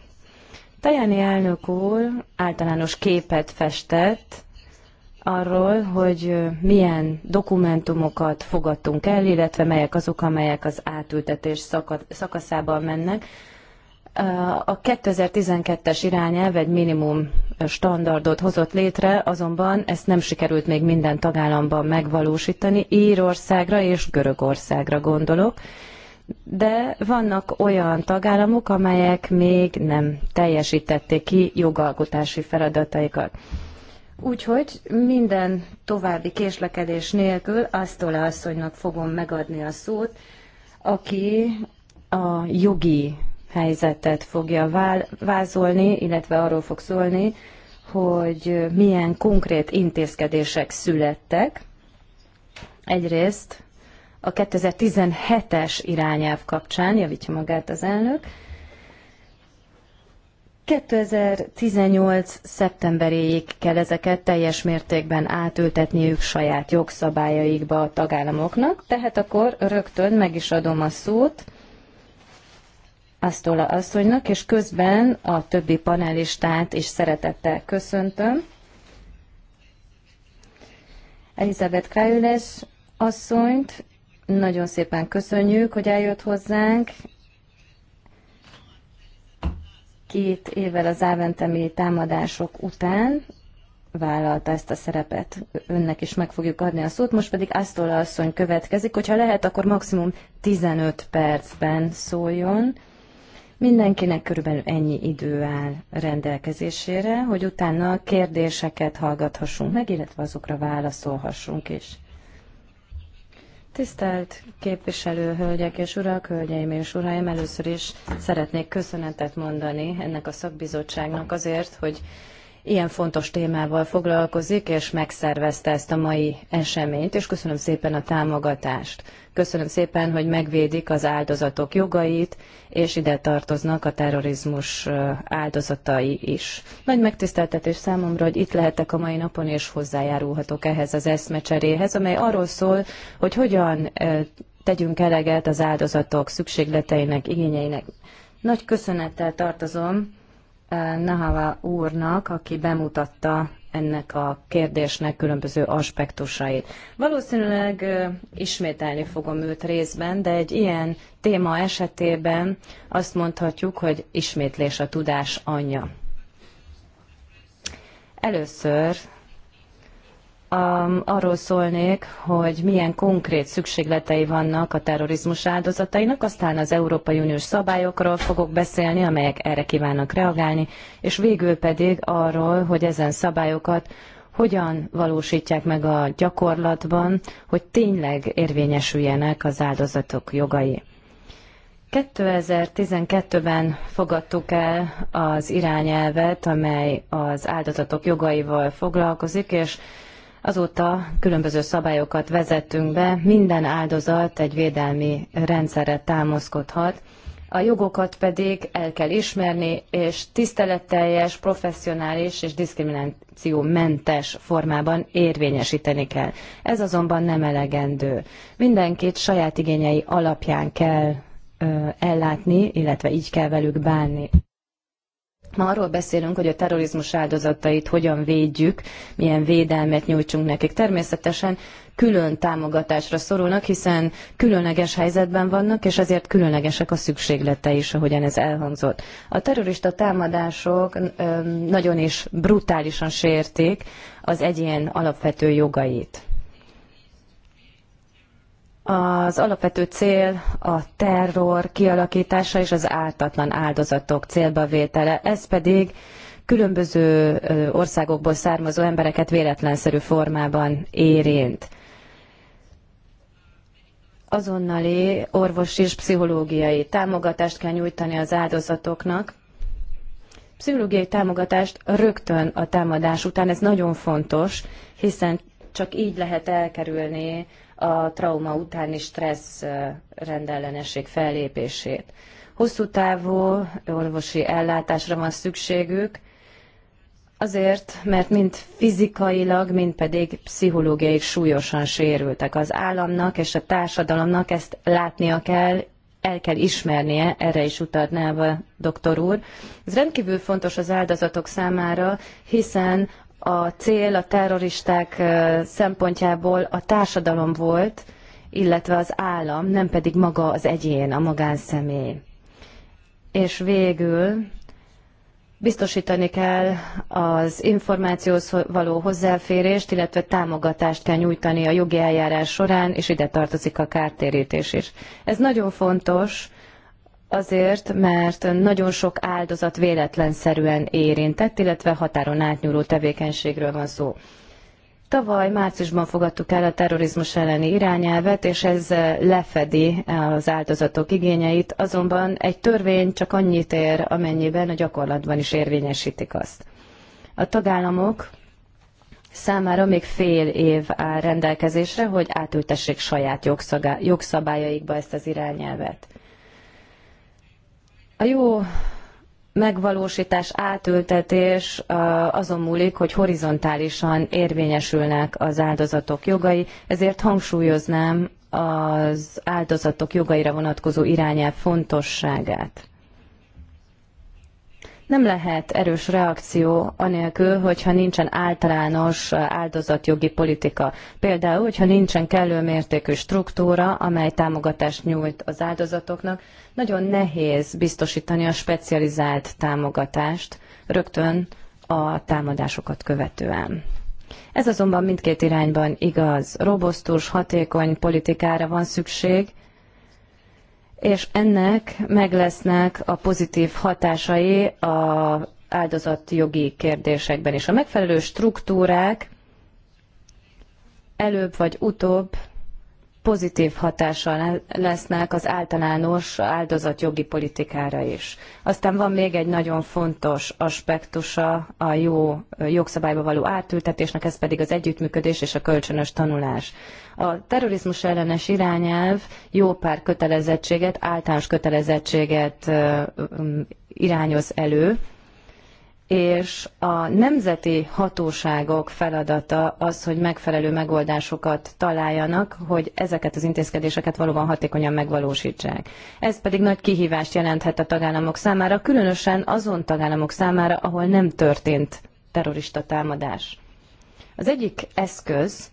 Tajani elnök úr általános képet festett arról, hogy milyen dokumentumokat fogadtunk el, illetve melyek azok, amelyek az átültetés szakaszában mennek. A 2012-es irányelv egy minimum standardot hozott létre, azonban ezt nem sikerült még minden tagállamban megvalósítani, Írországra és Görögországra gondolok, de vannak olyan tagállamok, amelyek még nem teljesítették ki jogalkotási feladataikat. Úgyhogy minden további késlekedés nélkül a asszonynak fogom megadni a szót, aki a jogi helyzetet fogja vázolni, illetve arról fog szólni, hogy milyen konkrét intézkedések születtek. Egyrészt a 2017-es irányelv kapcsán, javítja magát az elnök, 2018. szeptemberéig kell ezeket teljes mértékben átültetniük saját jogszabályaikba a tagállamoknak, tehát akkor rögtön meg is adom a szót Asztola asszonynak, és közben a többi panelistát is szeretettel köszöntöm. Elizabeth Kájules asszonyt nagyon szépen köszönjük, hogy eljött hozzánk, Két évvel az áventemi támadások után vállalta ezt a szerepet. Önnek is meg fogjuk adni a szót, most pedig Asztola asszony következik, hogyha lehet, akkor maximum 15 percben szóljon. Mindenkinek körülbelül ennyi idő áll rendelkezésére, hogy utána kérdéseket hallgathassunk meg, illetve azokra válaszolhassunk is. Tisztelt képviselő hölgyek és urak, hölgyeim és uraim, először is szeretnék köszönetet mondani ennek a szakbizottságnak azért, hogy ilyen fontos témával foglalkozik, és megszervezte ezt a mai eseményt, és köszönöm szépen a támogatást. Köszönöm szépen, hogy megvédik az áldozatok jogait, és ide tartoznak a terrorizmus áldozatai is. Nagy megtiszteltetés számomra, hogy itt lehetek a mai napon, és hozzájárulhatok ehhez az eszmecseréhez, amely arról szól, hogy hogyan tegyünk eleget az áldozatok szükségleteinek, igényeinek. Nagy köszönettel tartozom Nahava úrnak, aki bemutatta ennek a kérdésnek különböző aspektusait. Valószínűleg ismételni fogom őt részben, de egy ilyen téma esetében azt mondhatjuk, hogy ismétlés a tudás anyja. Először um, arról szólnék, hogy milyen konkrét szükségletei vannak a terrorizmus áldozatainak, aztán az Európai Uniós szabályokról fogok beszélni, amelyek erre kívánnak reagálni, és végül pedig arról, hogy ezen szabályokat hogyan valósítják meg a gyakorlatban, hogy tényleg érvényesüljenek az áldozatok jogai. 2012-ben fogadtuk el az irányelvet, amely az áldozatok jogaival foglalkozik, és Azóta különböző szabályokat vezettünk be, minden áldozat egy védelmi rendszerre támaszkodhat, a jogokat pedig el kell ismerni, és tiszteletteljes, professzionális és diszkriminációmentes formában érvényesíteni kell. Ez azonban nem elegendő. Mindenkit saját igényei alapján kell ö, ellátni, illetve így kell velük bánni. Ma arról beszélünk, hogy a terrorizmus áldozatait hogyan védjük, milyen védelmet nyújtsunk nekik. Természetesen külön támogatásra szorulnak, hiszen különleges helyzetben vannak, és ezért különlegesek a szükséglete is, ahogyan ez elhangzott. A terrorista támadások nagyon is brutálisan sérték az egyén alapvető jogait. Az alapvető cél a terror kialakítása és az ártatlan áldozatok célba vétele. ez pedig különböző országokból származó embereket véletlenszerű formában érint. Azonnali orvosi és pszichológiai támogatást kell nyújtani az áldozatoknak. Pszichológiai támogatást rögtön a támadás után, ez nagyon fontos, hiszen csak így lehet elkerülni a trauma utáni stressz rendellenesség fellépését. Hosszú távú orvosi ellátásra van szükségük, Azért, mert mind fizikailag, mind pedig pszichológiai súlyosan sérültek. Az államnak és a társadalomnak ezt látnia kell, el kell ismernie, erre is utalná a doktor úr. Ez rendkívül fontos az áldozatok számára, hiszen a cél a terroristák szempontjából a társadalom volt, illetve az állam, nem pedig maga az egyén, a magánszemély. És végül biztosítani kell az információhoz való hozzáférést, illetve támogatást kell nyújtani a jogi eljárás során, és ide tartozik a kártérítés is. Ez nagyon fontos, Azért, mert nagyon sok áldozat véletlenszerűen érintett, illetve határon átnyúló tevékenységről van szó. Tavaly márciusban fogadtuk el a terrorizmus elleni irányelvet, és ez lefedi az áldozatok igényeit, azonban egy törvény csak annyit ér, amennyiben a gyakorlatban is érvényesítik azt. A tagállamok számára még fél év áll rendelkezésre, hogy átültessék saját jogszabályaikba ezt az irányelvet. A jó megvalósítás, átültetés azon múlik, hogy horizontálisan érvényesülnek az áldozatok jogai, ezért hangsúlyoznám az áldozatok jogaira vonatkozó irányelv fontosságát nem lehet erős reakció anélkül, hogyha nincsen általános áldozatjogi politika. Például, hogyha nincsen kellő mértékű struktúra, amely támogatást nyújt az áldozatoknak, nagyon nehéz biztosítani a specializált támogatást rögtön a támadásokat követően. Ez azonban mindkét irányban igaz. Robosztus, hatékony politikára van szükség, és ennek meg lesznek a pozitív hatásai a áldozatjogi kérdésekben is. A megfelelő struktúrák előbb vagy utóbb pozitív hatással lesznek az általános áldozatjogi politikára is. Aztán van még egy nagyon fontos aspektusa a jó jogszabályba való átültetésnek, ez pedig az együttműködés és a kölcsönös tanulás. A terrorizmus ellenes irányelv jó pár kötelezettséget, általános kötelezettséget irányoz elő, és a nemzeti hatóságok feladata az, hogy megfelelő megoldásokat találjanak, hogy ezeket az intézkedéseket valóban hatékonyan megvalósítsák. Ez pedig nagy kihívást jelenthet a tagállamok számára, különösen azon tagállamok számára, ahol nem történt terrorista támadás. Az egyik eszköz,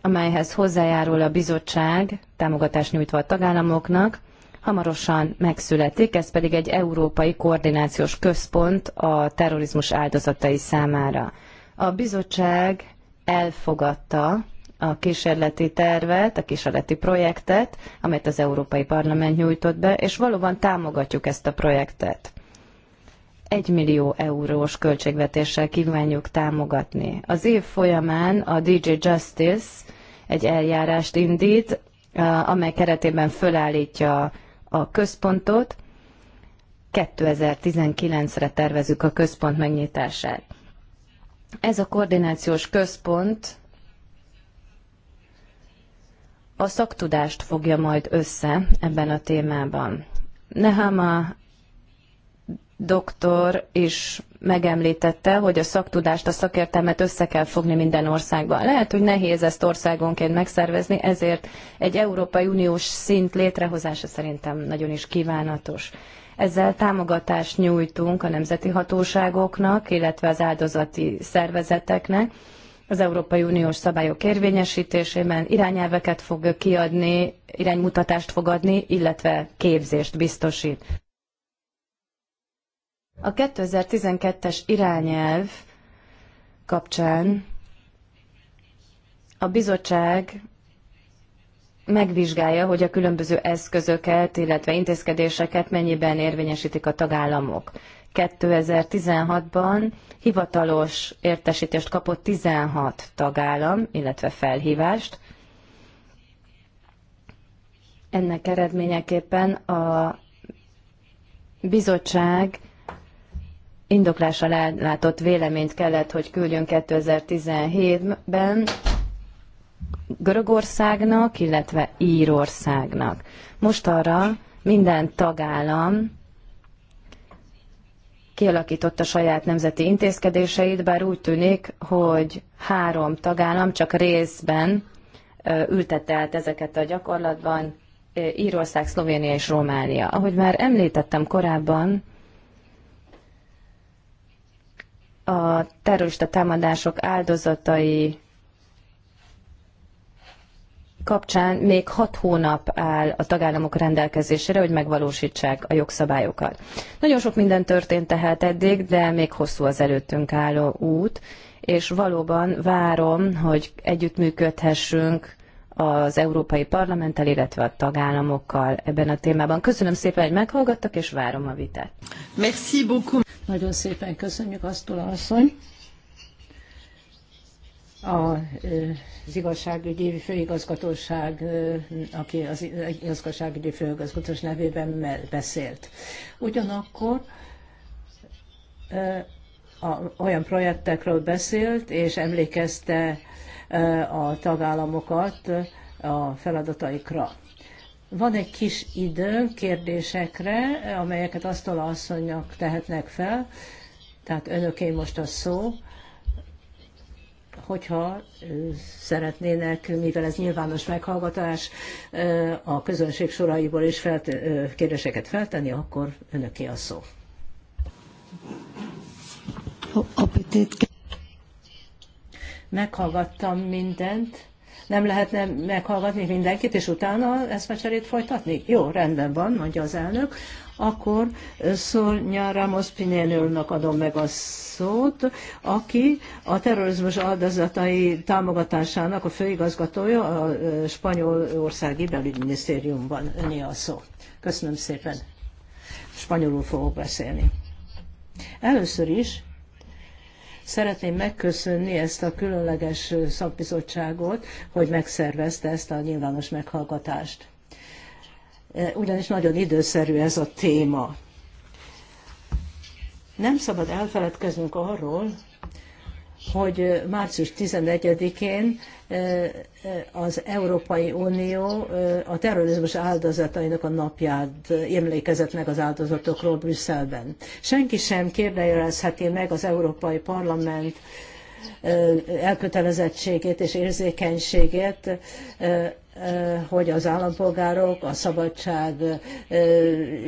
amelyhez hozzájárul a bizottság, támogatást nyújtva a tagállamoknak, hamarosan megszületik, ez pedig egy európai koordinációs központ a terrorizmus áldozatai számára. A bizottság elfogadta a kísérleti tervet, a kísérleti projektet, amelyet az Európai Parlament nyújtott be, és valóban támogatjuk ezt a projektet. Egy millió eurós költségvetéssel kívánjuk támogatni. Az év folyamán a DJ Justice egy eljárást indít, amely keretében fölállítja a központot. 2019-re tervezük a központ megnyitását. Ez a koordinációs központ a szaktudást fogja majd össze ebben a témában. Nehama doktor is megemlítette, hogy a szaktudást, a szakértelmet össze kell fogni minden országban. Lehet, hogy nehéz ezt országonként megszervezni, ezért egy Európai Uniós szint létrehozása szerintem nagyon is kívánatos. Ezzel támogatást nyújtunk a nemzeti hatóságoknak, illetve az áldozati szervezeteknek, az Európai Uniós szabályok érvényesítésében irányelveket fog kiadni, iránymutatást fog adni, illetve képzést biztosít. A 2012-es irányelv kapcsán a bizottság megvizsgálja, hogy a különböző eszközöket, illetve intézkedéseket mennyiben érvényesítik a tagállamok. 2016-ban hivatalos értesítést kapott 16 tagállam, illetve felhívást. Ennek eredményeképpen a bizottság indoklással ellátott véleményt kellett, hogy küldjön 2017-ben Görögországnak, illetve Írországnak. Most arra minden tagállam kialakította saját nemzeti intézkedéseit, bár úgy tűnik, hogy három tagállam csak részben ültette át ezeket a gyakorlatban, Írország, Szlovénia és Románia. Ahogy már említettem korábban, a terrorista támadások áldozatai kapcsán még hat hónap áll a tagállamok rendelkezésére, hogy megvalósítsák a jogszabályokat. Nagyon sok minden történt tehát eddig, de még hosszú az előttünk álló út, és valóban várom, hogy együttműködhessünk az Európai Parlamenttel, illetve a tagállamokkal ebben a témában. Köszönöm szépen, hogy meghallgattak, és várom a vitát. Merci beaucoup. Nagyon szépen köszönjük, a asszony. A, az igazságügyi főigazgatóság, aki az igazságügyi főigazgatós nevében beszélt. Ugyanakkor a, olyan projektekről beszélt, és emlékezte a tagállamokat a feladataikra. Van egy kis idő kérdésekre, amelyeket asztala asszonynak tehetnek fel, tehát önöké most a szó, hogyha szeretnének, mivel ez nyilvános meghallgatás, a közönség soraiból is felt, kérdéseket feltenni, akkor önöké a szó. A petét meghallgattam mindent, nem lehetne meghallgatni mindenkit, és utána cserét folytatni? Jó, rendben van, mondja az elnök. Akkor Szornya Ramos Pinénőlnek adom meg a szót, aki a terrorizmus áldozatai támogatásának a főigazgatója a Spanyolországi Belügyminisztériumban. Öné a szó. Köszönöm szépen. Spanyolul fogok beszélni. Először is Szeretném megköszönni ezt a különleges szakbizottságot, hogy megszervezte ezt a nyilvános meghallgatást. E, ugyanis nagyon időszerű ez a téma. Nem szabad elfeledkeznünk arról, hogy március 11-én az Európai Unió a terrorizmus áldozatainak a napját emlékezett meg az áldozatokról Brüsszelben. Senki sem kérdejelezheti meg az Európai Parlament elkötelezettségét és érzékenységét, hogy az állampolgárok a szabadság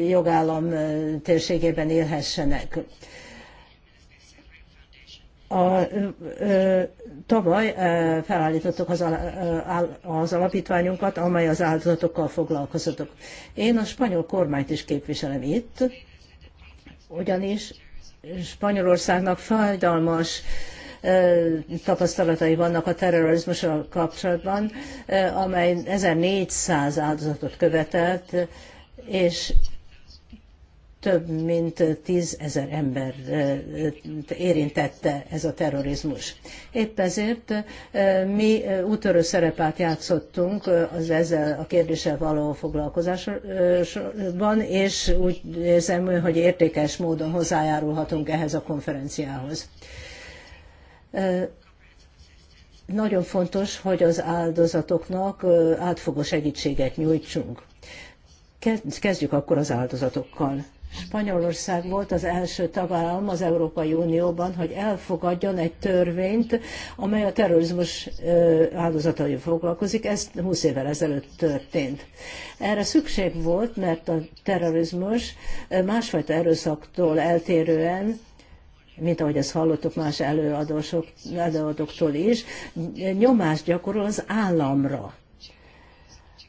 jogállam térségében élhessenek a, ö, tavaly ö, felállítottuk az, al, az alapítványunkat, amely az áldozatokkal foglalkozatok. Én a spanyol kormányt is képviselem itt, ugyanis Spanyolországnak fájdalmas tapasztalatai vannak a terrorizmussal kapcsolatban, amely 1400 áldozatot követelt, és több mint tízezer ember érintette ez a terrorizmus. Épp ezért mi útörő szerepát játszottunk az ezzel a kérdéssel való foglalkozásban, és úgy érzem, hogy értékes módon hozzájárulhatunk ehhez a konferenciához nagyon fontos, hogy az áldozatoknak átfogó segítséget nyújtsunk. Kezdjük akkor az áldozatokkal. Spanyolország volt az első tagállam az Európai Unióban, hogy elfogadjon egy törvényt, amely a terrorizmus áldozataival foglalkozik. Ez 20 évvel ezelőtt történt. Erre szükség volt, mert a terrorizmus másfajta erőszaktól eltérően mint ahogy ezt hallottuk más előadóktól is, nyomást gyakorol az államra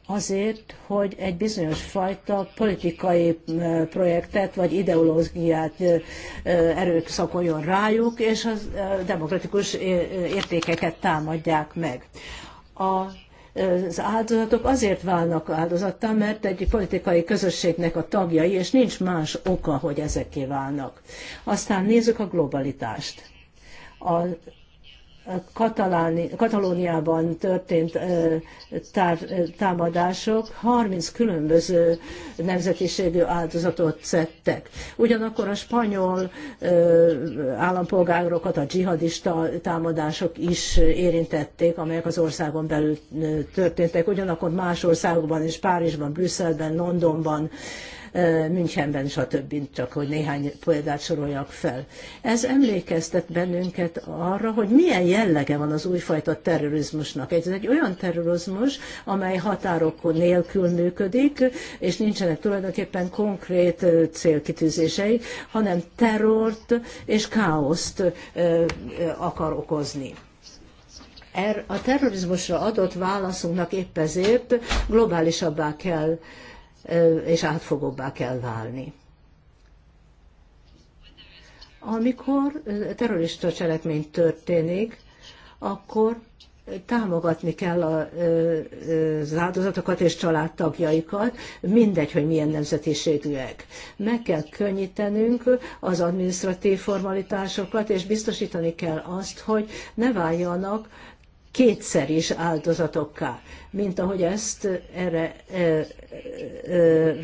azért, hogy egy bizonyos fajta politikai projektet vagy ideológiát szakoljon rájuk, és a demokratikus értékeket támadják meg. A az áldozatok azért válnak áldozattal, mert egy politikai közösségnek a tagjai, és nincs más oka, hogy ezeké válnak. Aztán nézzük a globalitást. A Kataláni, Katalóniában történt tár, támadások 30 különböző nemzetiségű áldozatot szedtek. Ugyanakkor a spanyol állampolgárokat a dzsihadista támadások is érintették, amelyek az országon belül történtek. Ugyanakkor más országokban is, Párizsban, Brüsszelben, Londonban Münchenben, stb. csak hogy néhány példát soroljak fel. Ez emlékeztet bennünket arra, hogy milyen jellege van az újfajta terrorizmusnak. Ez egy olyan terrorizmus, amely határok nélkül működik, és nincsenek tulajdonképpen konkrét célkitűzései, hanem terrort és káoszt akar okozni er, a terrorizmusra adott válaszunknak épp ezért globálisabbá kell és átfogóbbá kell válni. Amikor terrorista cselekmény történik, akkor támogatni kell az áldozatokat és családtagjaikat, mindegy, hogy milyen nemzetiségűek. Meg kell könnyítenünk az administratív formalitásokat, és biztosítani kell azt, hogy ne váljanak kétszer is áldozatokká, mint ahogy ezt erre, erre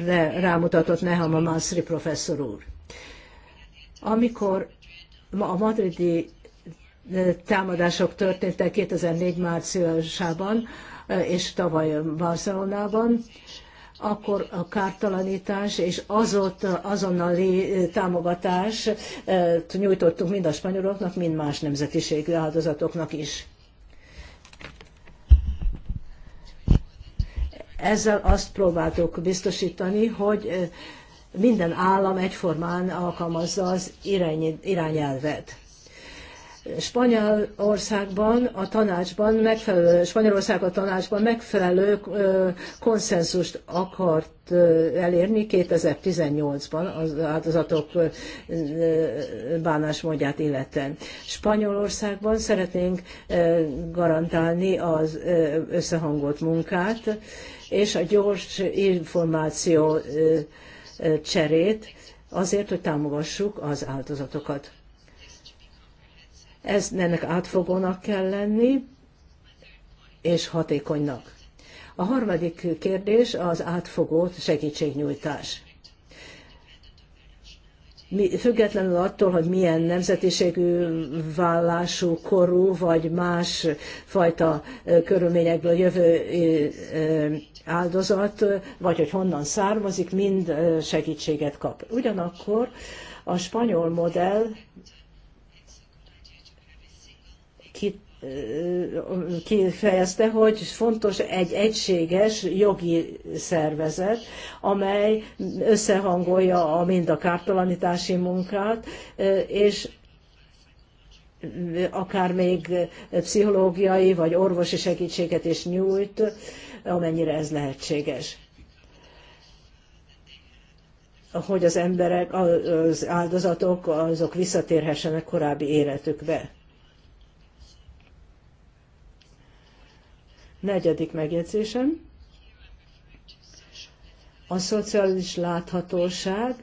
e, e, rámutatott Nehama Masri professzor úr. Amikor a madridi e, támadások történtek 2004 márciusában és tavaly Barcelonában, akkor a kártalanítás és azot, azonnali támogatást nyújtottunk mind a spanyoloknak, mind más nemzetiségű áldozatoknak is. Ezzel azt próbáltuk biztosítani, hogy minden állam egyformán alkalmazza az irányelvet. Spanyolországban a tanácsban megfelelő, Spanyolország a tanácsban megfelelő konszenzust akart elérni 2018-ban az áldozatok bánásmódját illeten. Spanyolországban szeretnénk garantálni az összehangolt munkát, és a gyors információ cserét azért, hogy támogassuk az áldozatokat. Ez ennek átfogónak kell lenni, és hatékonynak. A harmadik kérdés az átfogó segítségnyújtás függetlenül attól, hogy milyen nemzetiségű, vállású, korú vagy más fajta körülményekből jövő áldozat, vagy hogy honnan származik, mind segítséget kap. Ugyanakkor a spanyol modell kit kifejezte, hogy fontos egy egységes jogi szervezet, amely összehangolja a, mind a kártalanítási munkát, és akár még pszichológiai vagy orvosi segítséget is nyújt, amennyire ez lehetséges hogy az emberek, az áldozatok, azok visszatérhessenek korábbi életükbe. Negyedik megjegyzésem. A szociális láthatóság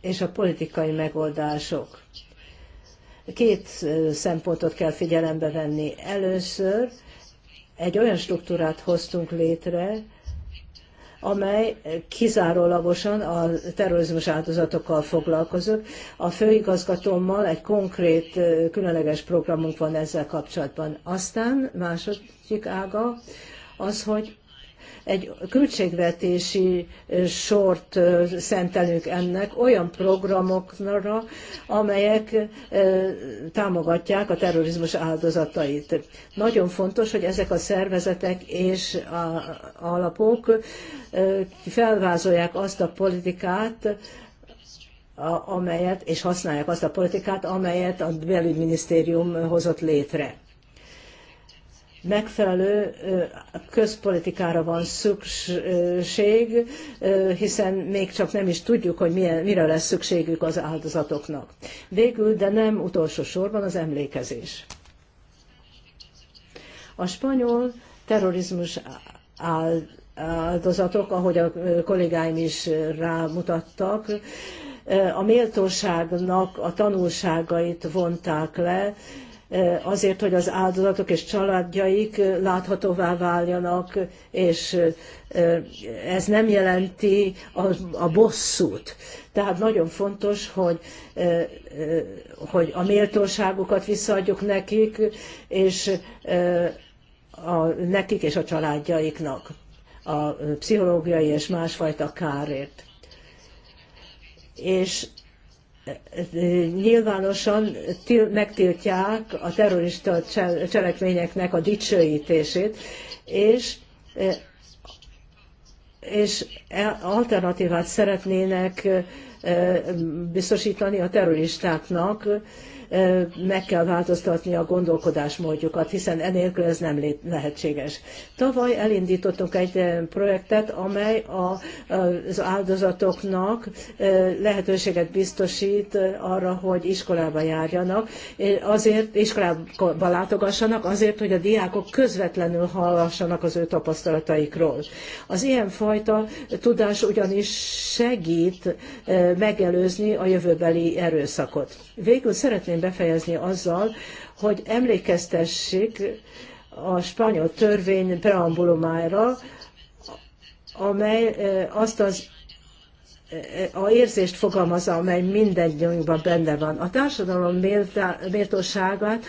és a politikai megoldások. Két szempontot kell figyelembe venni. Először egy olyan struktúrát hoztunk létre, amely kizárólagosan a terrorizmus áldozatokkal foglalkozott. A főigazgatómmal egy konkrét, különleges programunk van ezzel kapcsolatban. Aztán második ága az, hogy egy költségvetési sort szentelünk ennek olyan programokra, amelyek támogatják a terrorizmus áldozatait. Nagyon fontos, hogy ezek a szervezetek és a alapok felvázolják azt a politikát, amelyet, és használják azt a politikát, amelyet a belügyminisztérium hozott létre megfelelő közpolitikára van szükség, hiszen még csak nem is tudjuk, hogy milyen, mire lesz szükségük az áldozatoknak. Végül, de nem utolsó sorban az emlékezés. A spanyol terrorizmus áldozatok, ahogy a kollégáim is rámutattak, a méltóságnak a tanulságait vonták le, Eh, azért, hogy az áldozatok és családjaik eh, láthatóvá váljanak, és eh, ez nem jelenti a, a bosszút. Tehát nagyon fontos, hogy, hogy a méltóságukat visszaadjuk nekik, és a, nekik és a családjaiknak a pszichológiai és másfajta kárért. És nyilvánosan til, megtiltják a terrorista cselekményeknek a dicsőítését, és és e alternatívát szeretnének e, biztosítani a terroristáknak, meg kell változtatni a gondolkodásmódjukat, hiszen enélkül ez nem lehetséges. Tavaly elindítottunk egy projektet, amely az áldozatoknak lehetőséget biztosít arra, hogy iskolába járjanak, azért iskolába látogassanak, azért, hogy a diákok közvetlenül hallassanak az ő tapasztalataikról. Az ilyenfajta tudás ugyanis segít megelőzni a jövőbeli erőszakot. Végül szeretném befejezni azzal, hogy emlékeztessék a spanyol törvény preambulumára, amely e, azt az e, a érzést fogalmazza, amely mindennyiunkban benne van. A társadalom méltóságát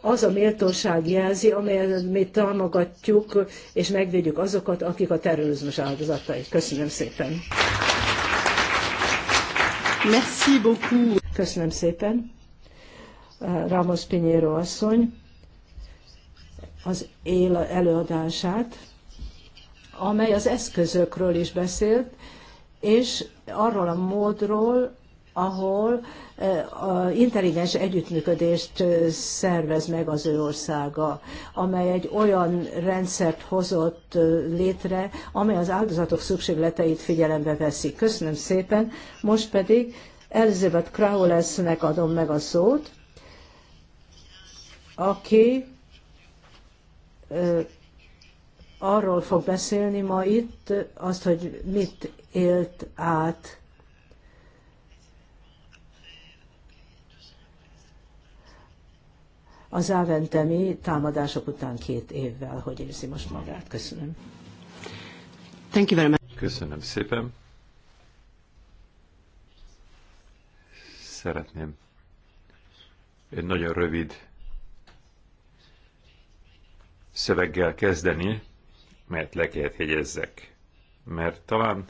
az a méltóság jelzi, amelyet mi támogatjuk és megvédjük azokat, akik a terrorizmus áldozatai. Köszönöm szépen. Merci beaucoup. Köszönöm szépen. Ramos Pinheiro asszony az él előadását, amely az eszközökről is beszélt, és arról a módról, ahol eh, a intelligens együttműködést eh, szervez meg az ő országa, amely egy olyan rendszert hozott eh, létre, amely az áldozatok szükségleteit figyelembe veszi. Köszönöm szépen, most pedig Elizabeth Crowlesnek adom meg a szót, aki arról fog beszélni ma itt, azt, hogy mit élt át. az áventemi támadások után két évvel, hogy érzi most magát. Köszönöm. Thank you very much. Köszönöm szépen. Szeretném egy nagyon rövid szöveggel kezdeni, mert le kellett jegyezzek. Mert talán,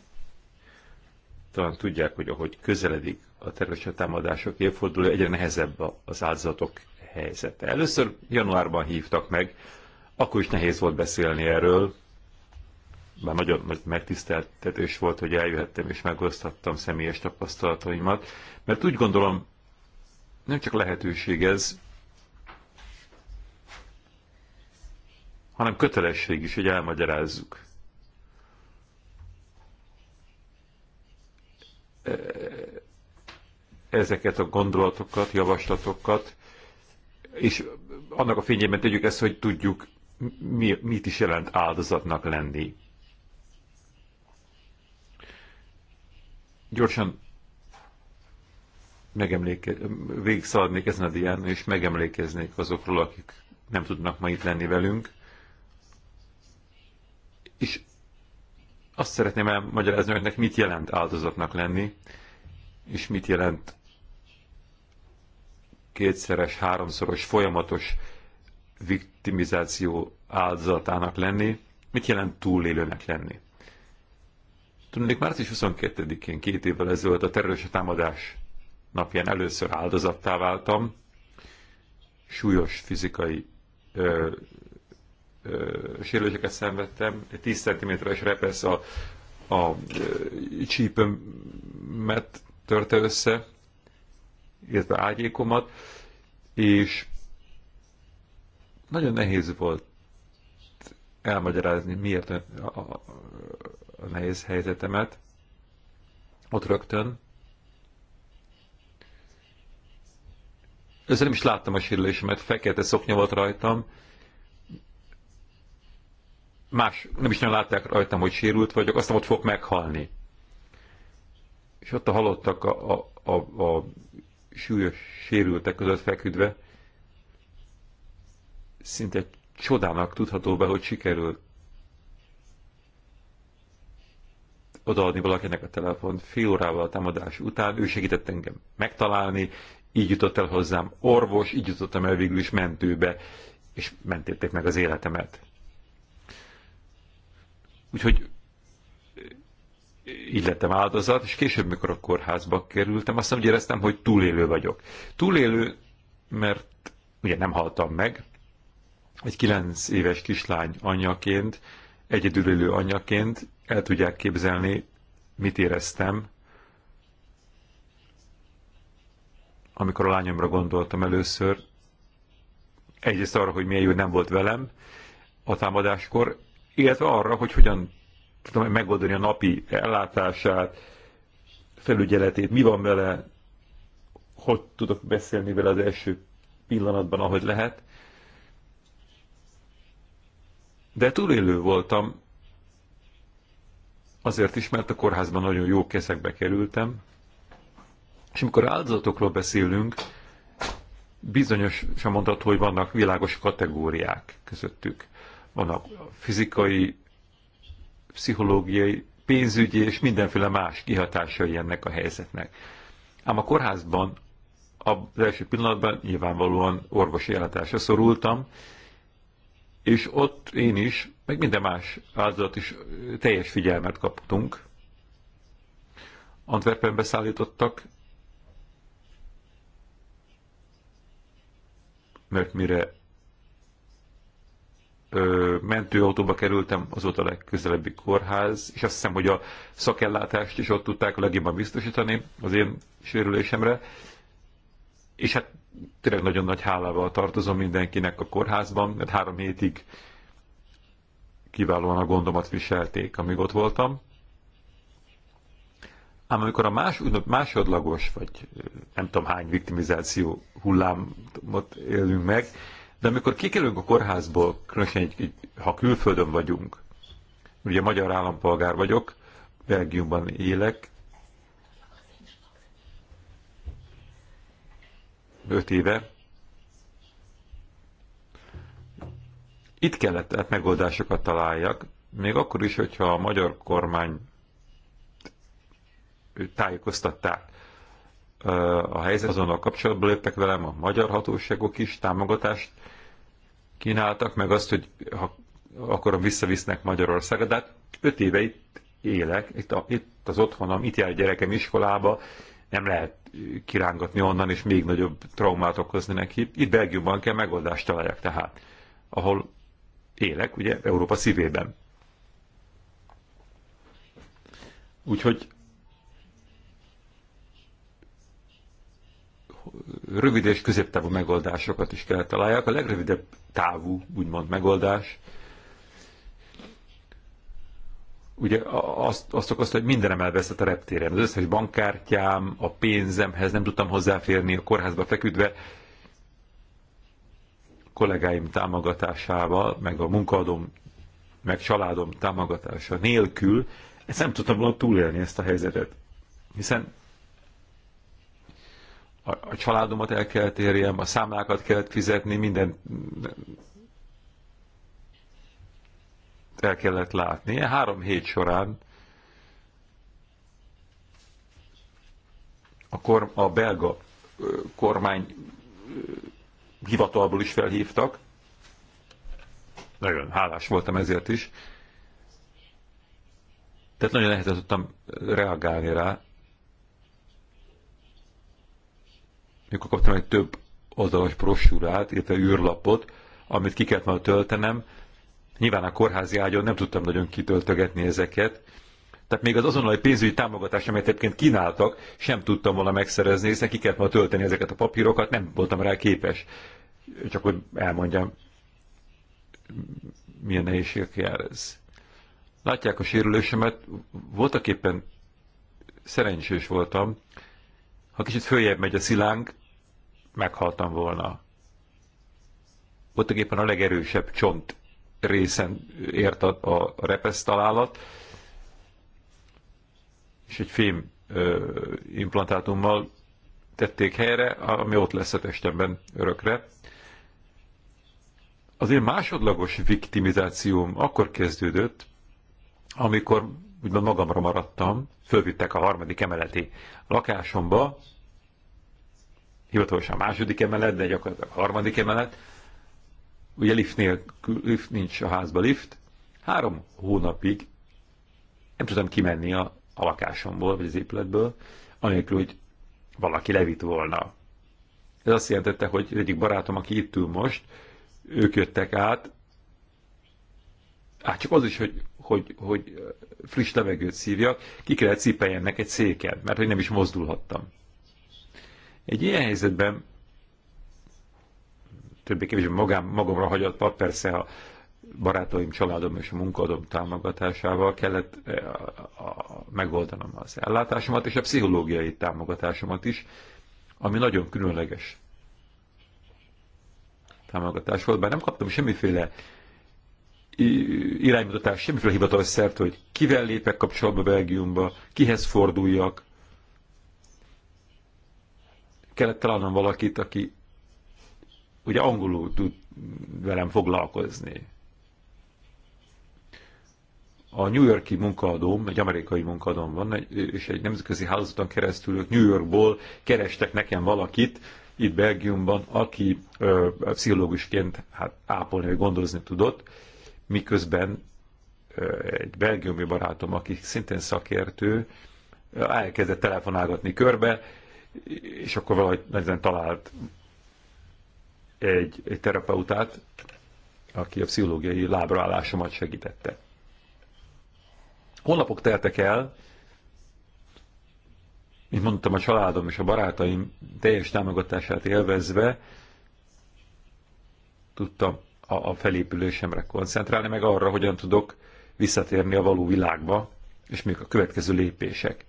talán tudják, hogy ahogy közeledik a terrorista támadások évforduló, egyre nehezebb az áldozatok helyzete. Először januárban hívtak meg, akkor is nehéz volt beszélni erről, bár nagyon megtiszteltetés volt, hogy eljöhettem és megosztattam személyes tapasztalataimat, mert úgy gondolom, nem csak lehetőség ez, hanem kötelesség is, hogy elmagyarázzuk. E, ezeket a gondolatokat, javaslatokat, és annak a fényében tegyük ezt, hogy tudjuk, mi, mit is jelent áldozatnak lenni. Gyorsan megemléke, végigszaladnék ezen a dián, és megemlékeznék azokról, akik nem tudnak ma itt lenni velünk. És azt szeretném elmagyarázni önöknek, mit jelent áldozatnak lenni, és mit jelent kétszeres, háromszoros, folyamatos viktimizáció áldozatának lenni, mit jelent túlélőnek lenni. Tudnék, március 22-én, két évvel ezelőtt a terrorista támadás napján először áldozattá váltam, súlyos fizikai ö, sérüléseket szenvedtem, egy 10 cm-es repesz a, a csípőmet törte össze, illetve ágyékomat, és nagyon nehéz volt elmagyarázni, miért a, a, a nehéz helyzetemet. Ott rögtön. Ezzel nem is láttam a sérülésemet, fekete szoknya volt rajtam, más nem is nem látták rajtam, hogy sérült vagyok, aztán ott fog meghalni. És ott a halottak a, a, a, a súlyos sérültek között feküdve, szinte csodának tudható be, hogy sikerült odaadni valakinek a telefont fél órával a támadás után, ő segített engem megtalálni, így jutott el hozzám orvos, így jutottam el végül is mentőbe, és mentették meg az életemet. Úgyhogy eh, így lettem áldozat, és később, mikor a kórházba kerültem, aztán úgy éreztem, hogy túlélő vagyok. Túlélő, mert ugye nem haltam meg, egy kilenc éves kislány anyaként, egyedülélő anyaként el tudják képzelni, mit éreztem, amikor a lányomra gondoltam először, egyrészt arra, hogy milyen jó nem volt velem a támadáskor, illetve arra, hogy hogyan tudom megoldani a napi ellátását, felügyeletét, mi van vele, hogy tudok beszélni vele az első pillanatban, ahogy lehet. De túlélő voltam, azért is, mert a kórházban nagyon jó kezekbe kerültem, és amikor áldozatokról beszélünk, bizonyosan mondható, hogy vannak világos kategóriák közöttük vannak fizikai, pszichológiai, pénzügyi és mindenféle más kihatásai ennek a helyzetnek. Ám a kórházban az első pillanatban nyilvánvalóan orvosi ellátásra szorultam, és ott én is, meg minden más áldozat is teljes figyelmet kaptunk. Antwerpenbe szállítottak, mert mire ö, mentőautóba kerültem, az volt a legközelebbi kórház, és azt hiszem, hogy a szakellátást is ott tudták a legjobban biztosítani az én sérülésemre, és hát tényleg nagyon nagy hálával tartozom mindenkinek a kórházban, mert három hétig kiválóan a gondomat viselték, amíg ott voltam. Ám amikor a más, másodlagos, vagy nem tudom hány viktimizáció hullámot élünk meg, de amikor kikerülünk a kórházból, különösen egy, egy, ha külföldön vagyunk, ugye magyar állampolgár vagyok, Belgiumban élek, öt éve, itt kellett hát megoldásokat találjak, még akkor is, hogyha a magyar kormány tájékoztatták a helyzet azonnal kapcsolatba léptek velem, a magyar hatóságok is támogatást kínáltak, meg azt, hogy ha akkor visszavisznek Magyarországra, de hát öt éve itt élek, itt, a, itt az otthonom, itt jár a gyerekem iskolába, nem lehet kirángatni onnan, és még nagyobb traumát okozni neki. Itt Belgiumban kell megoldást találjak tehát, ahol élek, ugye, Európa szívében. Úgyhogy rövid és középtávú megoldásokat is kell találják. A legrövidebb távú, úgymond megoldás, ugye azt, azt okozta, hogy mindenem elveszett a reptéren. Az összes bankkártyám, a pénzemhez nem tudtam hozzáférni a kórházba feküdve. Kollégáim támogatásával, meg a munkaadom, meg családom támogatása nélkül ezt nem tudtam volna túlélni ezt a helyzetet. Hiszen a, a családomat el kell térjem, a számlákat kell fizetni, minden el kellett látni. Ilyen három hét során a, kor, a belga kormány hivatalból is felhívtak. Nagyon hálás voltam ezért is. Tehát nagyon nehezen tudtam reagálni rá, mikor kaptam egy több oldalas brosúrát, illetve űrlapot, amit ki kellett volna töltenem. Nyilván a kórházi ágyon nem tudtam nagyon kitöltögetni ezeket, tehát még az azonnali pénzügyi támogatást, amelyet egyébként kínáltak, sem tudtam volna megszerezni, hiszen ki kellett volna tölteni ezeket a papírokat, nem voltam rá képes. Csak hogy elmondjam, milyen nehézségek jár ez. Látják a sérülésemet, voltak éppen szerencsés voltam, ha kicsit följebb megy a szilánk, meghaltam volna. Ott éppen a legerősebb csont részen ért a, a repesz találat, és egy fém ö, implantátummal tették helyre, ami ott lesz a testemben örökre. Az én másodlagos viktimizációm akkor kezdődött, amikor úgymond magamra maradtam, fölvittek a harmadik emeleti lakásomba, hivatalosan második emelet, de gyakorlatilag harmadik emelet. Ugye lift, nélkül, lift nincs a házba lift. Három hónapig nem tudtam kimenni a, a lakásomból, vagy az épületből, anélkül, hogy valaki levitt volna. Ez azt jelentette, hogy egyik barátom, aki itt ül most, ők jöttek át, át csak az is, hogy, hogy, hogy friss levegőt szívjak, ki kellett cipeljenek egy széken, mert hogy nem is mozdulhattam. Egy ilyen helyzetben többé-kevésbé magam, magamra hagyott pap, persze a barátaim, családom és a munkadom támogatásával kellett eh, a, a, megoldanom az ellátásomat és a pszichológiai támogatásomat is, ami nagyon különleges támogatás volt, bár nem kaptam semmiféle iránymutatást, semmiféle hivatalos szert, hogy kivel lépek kapcsolatba Belgiumba, kihez forduljak, kellett találnom valakit, aki ugye angolul tud velem foglalkozni. A New Yorki munkaadóm, egy amerikai munkaadóm van, és egy nemzetközi hálózaton keresztül ők New Yorkból kerestek nekem valakit, itt Belgiumban, aki ö, pszichológusként hát, ápolni vagy gondozni tudott, miközben ö, egy belgiumi barátom, aki szintén szakértő, elkezdett telefonálgatni körbe, és akkor valahogy nehezen talált egy, egy terapeutát, aki a pszichológiai lábraállásomat segítette. Hónapok teltek el, mint mondtam, a családom és a barátaim teljes támogatását élvezve tudtam a, a felépülésemre koncentrálni, meg arra, hogyan tudok visszatérni a való világba, és még a következő lépések.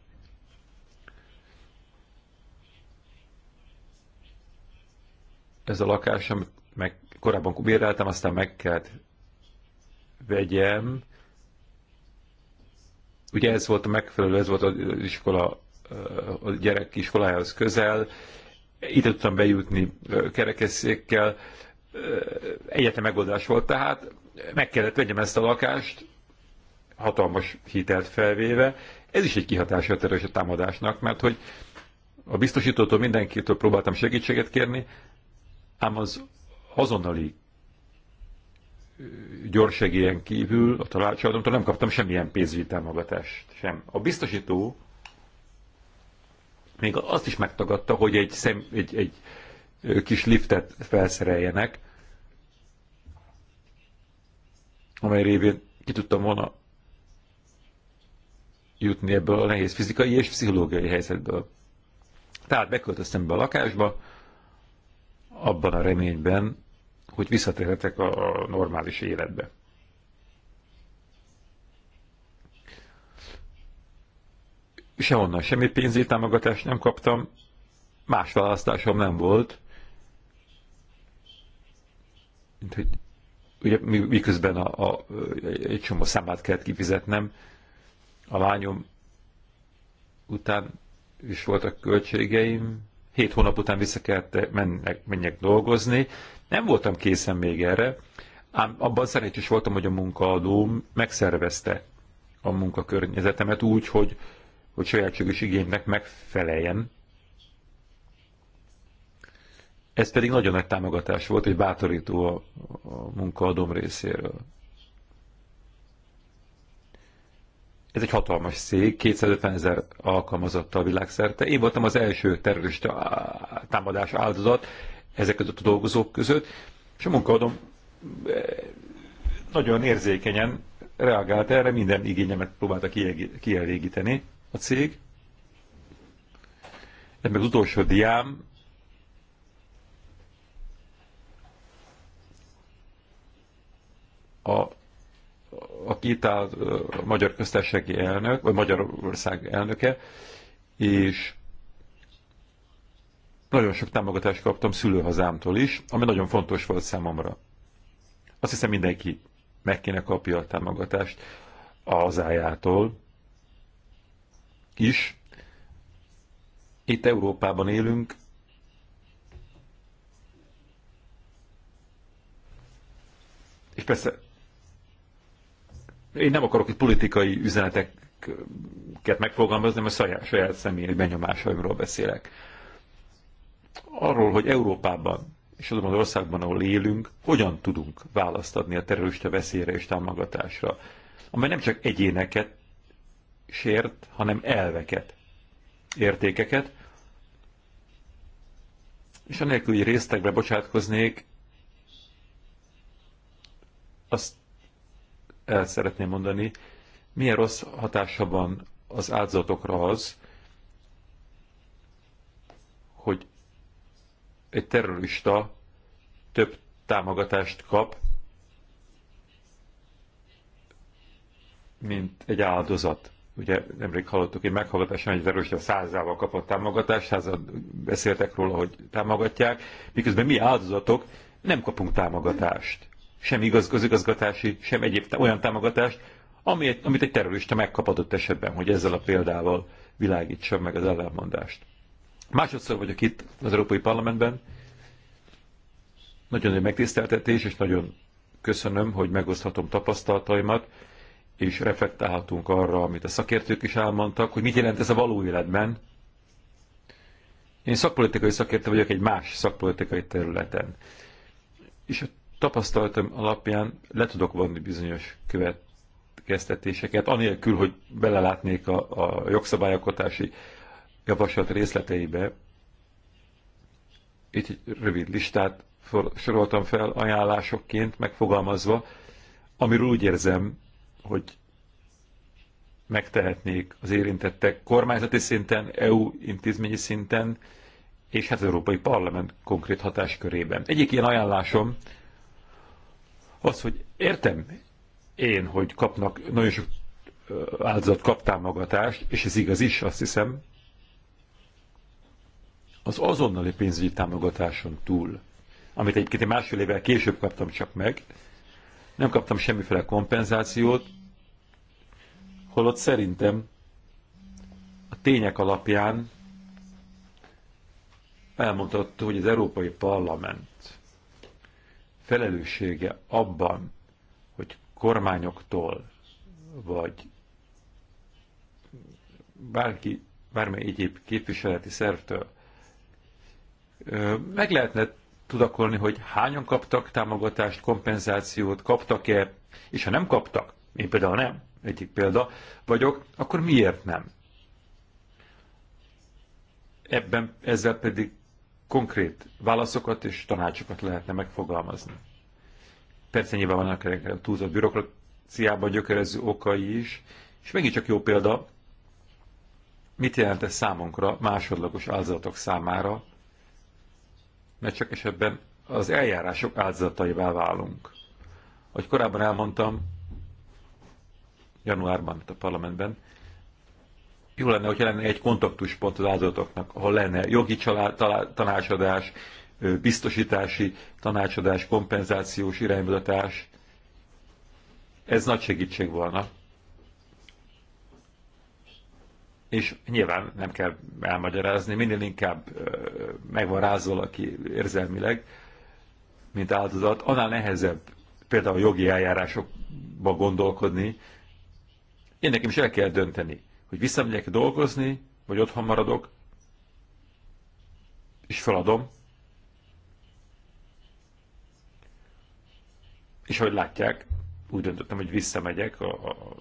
ez a lakás, amit meg korábban béreltem, aztán meg kellett vegyem. Ugye ez volt a megfelelő, ez volt az iskola, a gyerek iskolájához közel. Itt tudtam bejutni kerekesszékkel. egyetem megoldás volt tehát. Meg kellett vegyem ezt a lakást, hatalmas hitelt felvéve. Ez is egy kihatása a támadásnak, mert hogy a biztosítótól mindenkitől próbáltam segítséget kérni, Ám az azonnali gyorsegélyen kívül a talácsadomtól nem kaptam semmilyen pénzügyi támogatást sem. A biztosító még azt is megtagadta, hogy egy, szem, egy, egy kis liftet felszereljenek, amely révén ki tudtam volna jutni ebből a nehéz fizikai és pszichológiai helyzetből. Tehát beköltöztem be a lakásba, abban a reményben, hogy visszatérhetek a normális életbe. Sem onnan semmi pénzét támogatást nem kaptam, más választásom nem volt, mint hogy ugye miközben a, a, egy csomó számát kellett kifizetnem, a lányom után is voltak költségeim, hét hónap után vissza kellett mennek, menjek dolgozni. Nem voltam készen még erre, ám abban szerencsés voltam, hogy a munkaadóm megszervezte a munkakörnyezetemet úgy, hogy, hogy sajátságos igénynek megfeleljen. Ez pedig nagyon nagy támogatás volt, egy bátorító a, a munkaadóm részéről. Ez egy hatalmas szék, 250 ezer a világszerte. Én voltam az első terrorista támadás áldozat ezek között a dolgozók között, és a munkahadom e, nagyon érzékenyen reagált erre, minden igényemet próbálta kielégíteni a cég. Ez meg az utolsó diám, a aki itt áll, a magyar köztársasági elnök, vagy Magyarország elnöke, és nagyon sok támogatást kaptam szülőhazámtól is, ami nagyon fontos volt számomra. Azt hiszem mindenki meg kéne kapja a támogatást az ájától is. Itt Európában élünk, és persze én nem akarok itt politikai üzeneteket megfogalmazni, mert saját, saját személyes benyomásaimról beszélek. Arról, hogy Európában és azon az országban, ahol élünk, hogyan tudunk választ adni a terrorista veszélyre és támogatásra, amely nem csak egyéneket sért, hanem elveket, értékeket, és anélkül, hogy résztekbe bocsátkoznék, azt el szeretném mondani, milyen rossz hatása van az áldozatokra az, hogy egy terrorista több támogatást kap, mint egy áldozat. Ugye nemrég hallottuk egy meghallgatáson, hogy terrorista százával kapott támogatást, százal beszéltek róla, hogy támogatják, miközben mi áldozatok nem kapunk támogatást sem igaz közigazgatási, sem egyéb olyan támogatást, amit, amit egy terrorista megkapadott esetben, hogy ezzel a példával világítsa meg az ellenmondást. Másodszor vagyok itt az Európai Parlamentben. Nagyon nagy megtiszteltetés, és nagyon köszönöm, hogy megoszthatom tapasztalataimat, és reflektálhatunk arra, amit a szakértők is elmondtak, hogy mit jelent ez a való életben. Én szakpolitikai szakértő vagyok egy más szakpolitikai területen. És a tapasztalatom alapján le tudok vonni bizonyos következtetéseket, anélkül, hogy belelátnék a, a jogszabályalkotási javaslat részleteibe. Itt egy rövid listát soroltam fel ajánlásokként megfogalmazva, amiről úgy érzem, hogy megtehetnék az érintettek kormányzati szinten, EU intézményi szinten, és hát az Európai Parlament konkrét hatáskörében. Egyik ilyen ajánlásom az, hogy értem én, hogy kapnak, nagyon sok áldozat kap támogatást, és ez igaz is, azt hiszem, az azonnali pénzügyi támogatáson túl, amit egyébként két másfél évvel később kaptam csak meg, nem kaptam semmiféle kompenzációt, holott szerintem a tények alapján elmondott, hogy az Európai Parlament felelőssége abban, hogy kormányoktól, vagy bárki, bármely egyéb képviseleti szervtől meg lehetne tudakolni, hogy hányan kaptak támogatást, kompenzációt, kaptak-e, és ha nem kaptak, én például nem, egyik példa vagyok, akkor miért nem? Ebben ezzel pedig konkrét válaszokat és tanácsokat lehetne megfogalmazni. Persze nyilván vannak a túlzott bürokráciában gyökerező okai is, és megint csak jó példa, mit jelent ez számunkra, másodlagos áldozatok számára, mert csak esetben az eljárások áldozataival válunk. Ahogy korábban elmondtam, januárban itt a parlamentben, jó lenne, hogyha lenne egy kontaktuspont az áldozatoknak, ahol lenne jogi család, talál, tanácsadás, biztosítási tanácsadás, kompenzációs iránymutatás. Ez nagy segítség volna. És nyilván nem kell elmagyarázni, minél inkább meg van rázol, aki érzelmileg, mint áldozat, annál nehezebb például jogi eljárásokba gondolkodni. Én nekem is el kell dönteni hogy visszamegyek dolgozni, vagy otthon maradok, és feladom. És ahogy látják, úgy döntöttem, hogy visszamegyek a, a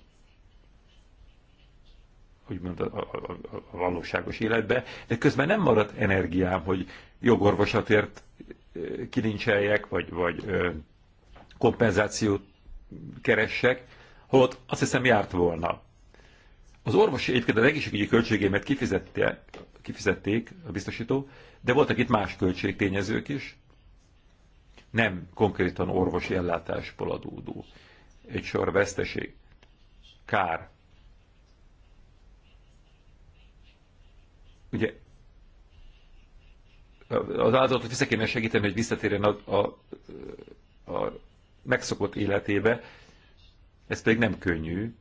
úgymond a, a, a valóságos életbe, de közben nem maradt energiám, hogy jogorvosatért kilincseljek, vagy, vagy ö, kompenzációt keressek, holott azt hiszem járt volna. Az orvosi egyébként az egészségügyi költségémet kifizették a biztosító, de voltak itt más költségtényezők is, nem konkrétan orvosi ellátásból adódó. Egy sor veszteség, kár. Ugye az áldozatot vissza kéne segíteni, hogy visszatérjen a, a, a megszokott életébe, ez pedig nem könnyű,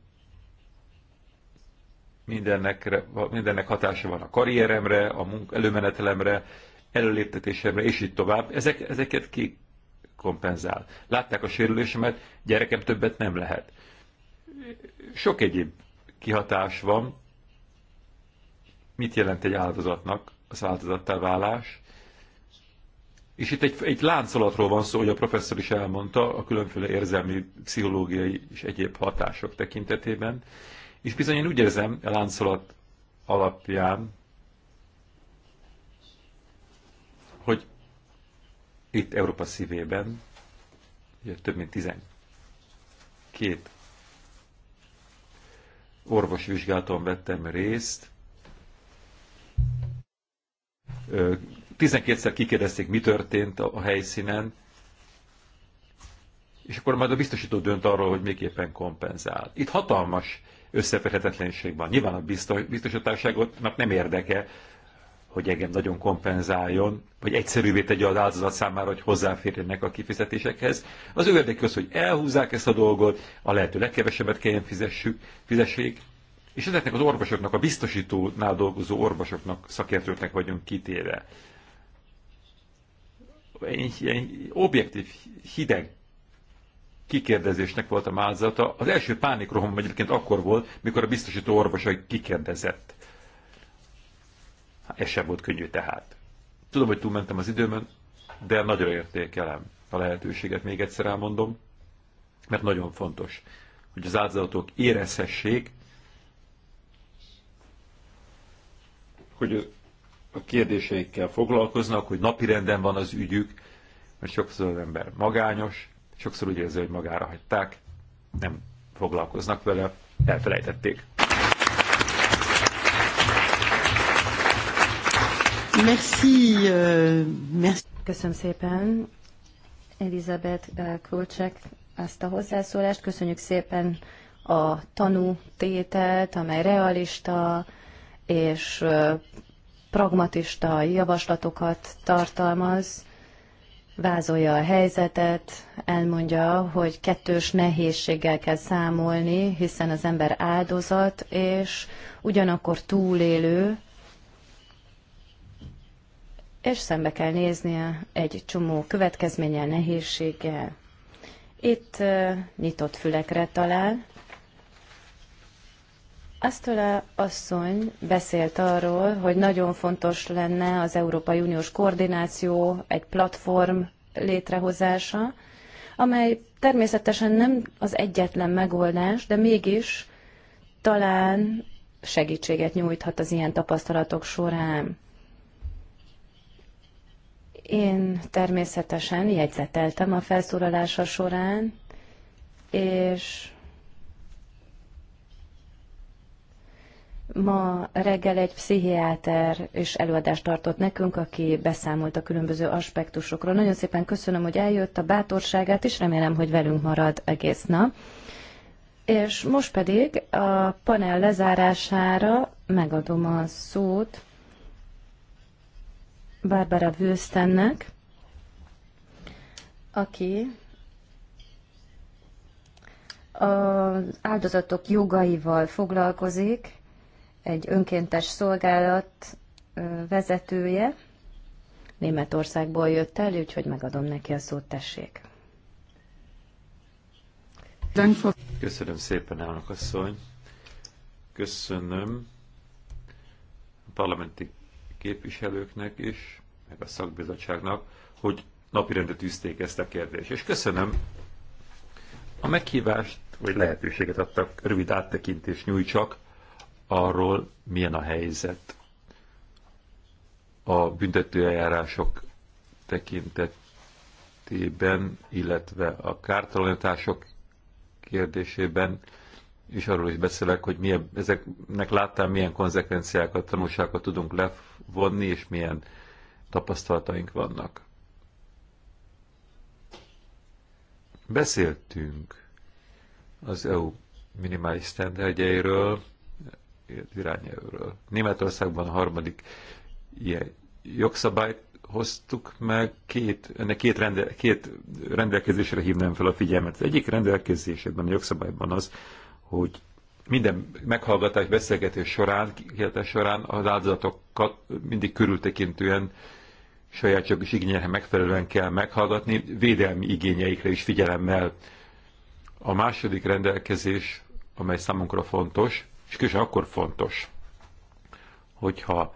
mindennek, mindennek hatása van a karrieremre, a munka, előmenetelemre, előléptetésemre, és így tovább. Ezek, ezeket ki kompenzál. Látták a sérülésemet, gyerekem többet nem lehet. Sok egyéb kihatás van. Mit jelent egy áldozatnak az áldozattá válás? És itt egy, egy láncolatról van szó, hogy a professzor is elmondta, a különféle érzelmi, pszichológiai és egyéb hatások tekintetében. És bizony én úgy érzem, a láncolat alapján, hogy itt Európa szívében, ugye több mint 12 vizsgálaton vettem részt, 12-szer kikérdezték, mi történt a helyszínen, és akkor majd a biztosító dönt arról, hogy miképpen kompenzál. Itt hatalmas összeférhetetlenség van. Nyilván a biztos, nem érdeke, hogy engem nagyon kompenzáljon, vagy egyszerűvé tegye az áldozat számára, hogy hozzáférjenek a kifizetésekhez. Az ő érdekük az, hogy elhúzzák ezt a dolgot, a lehető legkevesebbet kelljen fizessük, fizessék, és ezeknek az orvosoknak, a biztosítónál dolgozó orvosoknak, szakértőknek vagyunk kitéve. Egy, egy objektív, hideg kikérdezésnek volt a mázata. Az első pánikrohom egyébként akkor volt, mikor a biztosító orvosai kikérdezett. Hát ez sem volt könnyű tehát. Tudom, hogy túlmentem az időmön, de nagyra értékelem a lehetőséget, még egyszer elmondom, mert nagyon fontos, hogy az áldozatok érezhessék, hogy a kérdéseikkel foglalkoznak, hogy napirenden van az ügyük, mert sokszor az ember magányos, sokszor úgy érzi, hogy magára hagyták, nem foglalkoznak vele, elfelejtették. Merci, euh, merci. Köszönöm szépen Elizabeth eh, Kulcsek azt a hozzászólást. Köszönjük szépen a tételt, amely realista és eh, pragmatista javaslatokat tartalmaz vázolja a helyzetet, elmondja, hogy kettős nehézséggel kell számolni, hiszen az ember áldozat, és ugyanakkor túlélő, és szembe kell néznie egy csomó következménnyel, nehézséggel. Itt nyitott fülekre talál, Asztola asszony beszélt arról, hogy nagyon fontos lenne az Európai Uniós koordináció, egy platform létrehozása, amely természetesen nem az egyetlen megoldás, de mégis talán segítséget nyújthat az ilyen tapasztalatok során. Én természetesen jegyzeteltem a felszólalása során, és Ma reggel egy pszichiáter és előadást tartott nekünk, aki beszámolt a különböző aspektusokról. Nagyon szépen köszönöm, hogy eljött a bátorságát, és remélem, hogy velünk marad egész nap. És most pedig a panel lezárására megadom a szót Barbara Wülstennek, aki az áldozatok jogaival foglalkozik, egy önkéntes szolgálat vezetője. Németországból jött el, úgyhogy megadom neki a szót, tessék. Köszönöm szépen, elnök asszony. Köszönöm a parlamenti képviselőknek is, meg a szakbizottságnak, hogy napirendre tűzték ezt a kérdést. És köszönöm a meghívást, hogy lehetőséget adtak, rövid áttekintést nyújtsak arról, milyen a helyzet a büntetőeljárások tekintetében, illetve a kártalanítások kérdésében, és arról is beszélek, hogy milyen, ezeknek láttam, milyen konzekvenciákat, tanulságokat tudunk levonni, és milyen tapasztalataink vannak. Beszéltünk az EU minimális standardjairől, irányelvről. Németországban a harmadik ilyen jogszabályt hoztuk meg, két, ennek két, rende, két rendelkezésre hívnám fel a figyelmet. Az egyik rendelkezésében, a jogszabályban az, hogy minden meghallgatás, beszélgetés során, kihetés során az áldozatokat mindig körültekintően saját is igényre megfelelően kell meghallgatni, védelmi igényeikre is figyelemmel. A második rendelkezés, amely számunkra fontos, és különösen akkor fontos, hogyha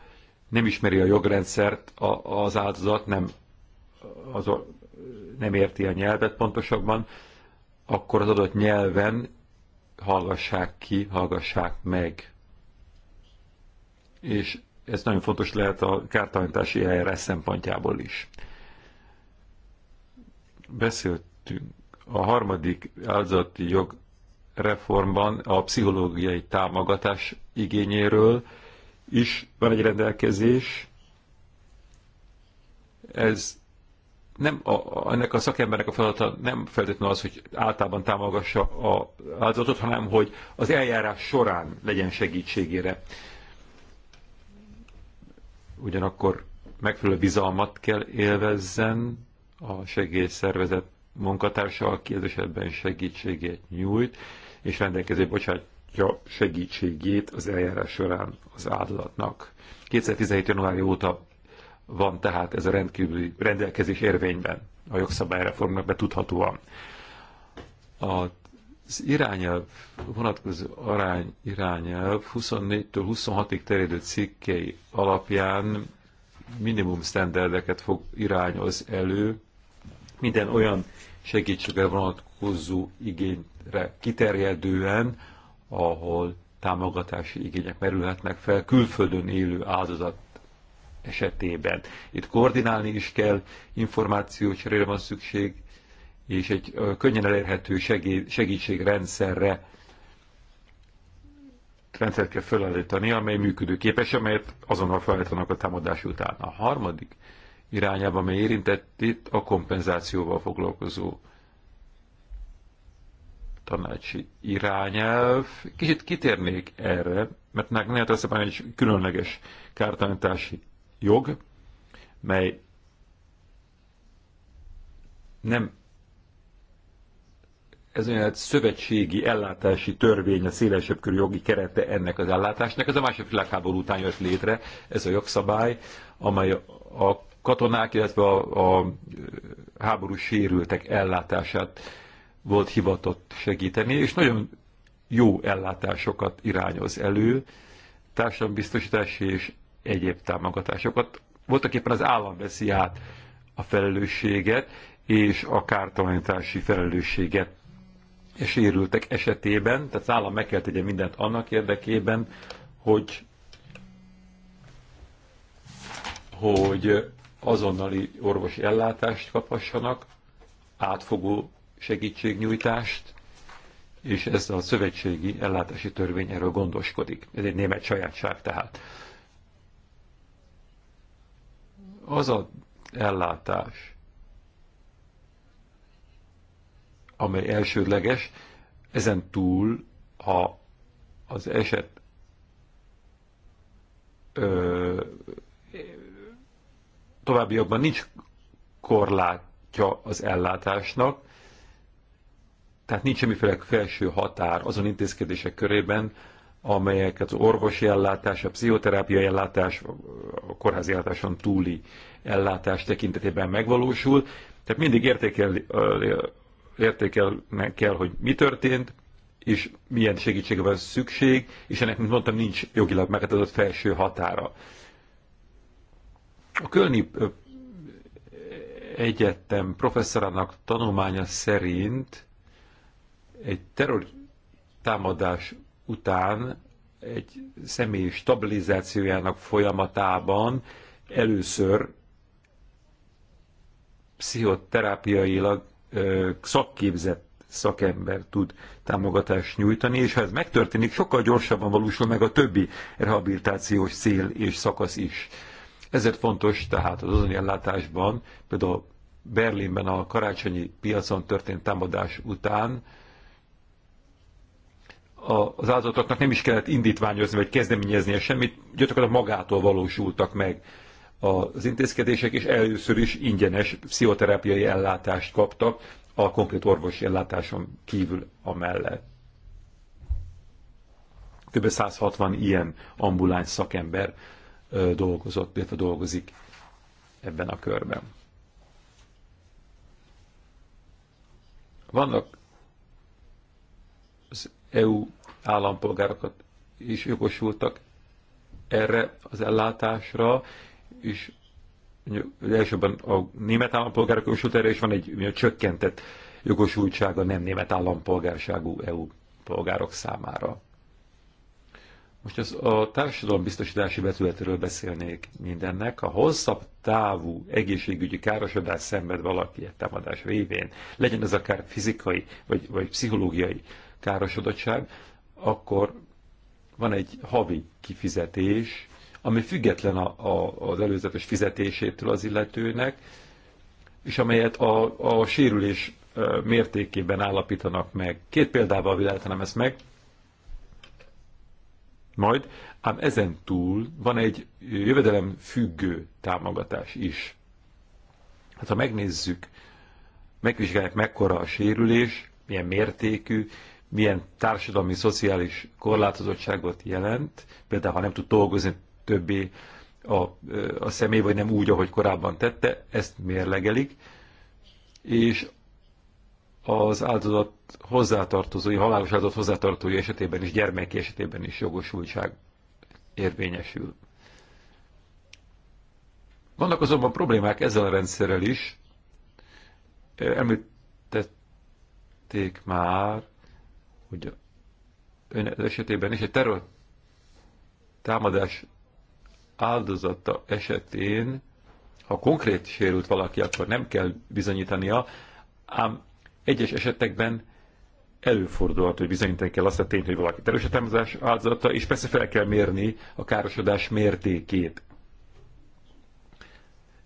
nem ismeri a jogrendszert az áldozat, nem, az, nem érti a nyelvet pontosabban, akkor az adott nyelven hallgassák ki, hallgassák meg. És ez nagyon fontos lehet a kártalanítási eljárás szempontjából is. Beszéltünk a harmadik áldozati jog reformban a pszichológiai támogatás igényéről is van egy rendelkezés. Ez nem a, ennek a szakembernek a feladata nem feltétlenül az, hogy általában támogassa a áldozatot, hanem hogy az eljárás során legyen segítségére. Ugyanakkor megfelelő bizalmat kell élvezzen a segélyszervezet munkatársa, aki ez esetben segítséget nyújt, és rendelkező bocsátja segítségét az eljárás során az áldozatnak. 2017. januárja óta van tehát ez a rendkívüli rendelkezés érvényben a jogszabályreformnak betudhatóan. Az irányelv, vonatkozó arány irányelv 24-től 26-ig terjedő cikkei alapján minimum standardeket fog irányoz elő minden olyan segítségre vonatkozó igényt területre kiterjedően, ahol támogatási igények merülhetnek fel külföldön élő áldozat esetében. Itt koordinálni is kell, információcserére van szükség, és egy könnyen elérhető segítségrendszerre rendszert kell felállítani, amely működőképes, amelyet azonnal felállítanak a támadás után. A harmadik irányába, amely érintett itt, a kompenzációval foglalkozó tanácsi irányelv. Kicsit kitérnék erre, mert az egy különleges kártalanítási jog, mely nem ez olyan hát szövetségi ellátási törvény, a szélesebb körű jogi kerete ennek az ellátásnak. Ez a második világháború után jött létre, ez a jogszabály, amely a katonák, illetve a, a háborús sérültek ellátását volt hivatott segíteni, és nagyon jó ellátásokat irányoz elő, társadalombiztosítási és egyéb támogatásokat. Voltak éppen az állam veszi át a felelősséget és a kártalanítási felelősséget és sérültek esetében, tehát az állam meg kell tegye mindent annak érdekében, hogy hogy azonnali orvosi ellátást kaphassanak, átfogó segítségnyújtást, és ez a szövetségi ellátási törvény erről gondoskodik. Ez egy német sajátság tehát. Az a ellátás, amely elsődleges, ezen túl, ha az eset ö, továbbiakban nincs korlátja az ellátásnak, tehát nincs semmiféle felső határ azon intézkedések körében, amelyeket az orvosi ellátás, a pszichoterápiai ellátás, a kórházi ellátáson túli ellátás tekintetében megvalósul. Tehát mindig értékel, értékelnek kell, hogy mi történt, és milyen segítségre van szükség, és ennek, mint mondtam, nincs jogilag meghatározott felső határa. A Kölni Egyetem professzorának tanulmánya szerint egy terror támadás után egy személy stabilizációjának folyamatában először pszichoterápiailag szakképzett szakember tud támogatást nyújtani, és ha ez megtörténik, sokkal gyorsabban valósul meg a többi rehabilitációs cél és szakasz is. Ezért fontos tehát az azon ellátásban, például Berlinben a karácsonyi piacon történt támadás után az áldozatoknak nem is kellett indítványozni vagy kezdeményeznie semmit, gyakorlatilag magától valósultak meg az intézkedések, és először is ingyenes pszichoterápiai ellátást kaptak a konkrét orvosi ellátáson kívül a mellett. Több 160 ilyen ambuláns szakember dolgozott, illetve dolgozik ebben a körben. Vannak EU állampolgárokat is jogosultak erre az ellátásra, és elsőben a német állampolgárok jogosult erre, és van egy csökkentett jogosultsága nem német állampolgárságú EU polgárok számára. Most az a társadalombiztosítási vetületről beszélnék mindennek. A hosszabb távú egészségügyi károsodás szenved valaki egy támadás révén, legyen ez akár fizikai vagy, vagy pszichológiai károsodottság, akkor van egy havi kifizetés, ami független a, a, az előzetes fizetésétől az illetőnek, és amelyet a, a sérülés mértékében állapítanak meg. Két példával világítanám ezt meg. Majd, ám ezen túl van egy jövedelem függő támogatás is. Hát ha megnézzük, megvizsgálják mekkora a sérülés, milyen mértékű, milyen társadalmi, szociális korlátozottságot jelent, például ha nem tud dolgozni többé a, a személy, vagy nem úgy, ahogy korábban tette, ezt mérlegelik, és az áldozat hozzátartozói, halálos áldozat hozzátartói esetében is, gyermeki esetében is jogosultság érvényesül. Vannak azonban problémák ezzel a rendszerrel is. Említették már, hogy ön esetében is egy terror támadás áldozata esetén, ha konkrét sérült valaki, akkor nem kell bizonyítania, ám egyes esetekben előfordulhat, hogy bizonyítani kell azt a tényt, hogy valaki terrorista támadás áldozata, és persze fel kell mérni a károsodás mértékét.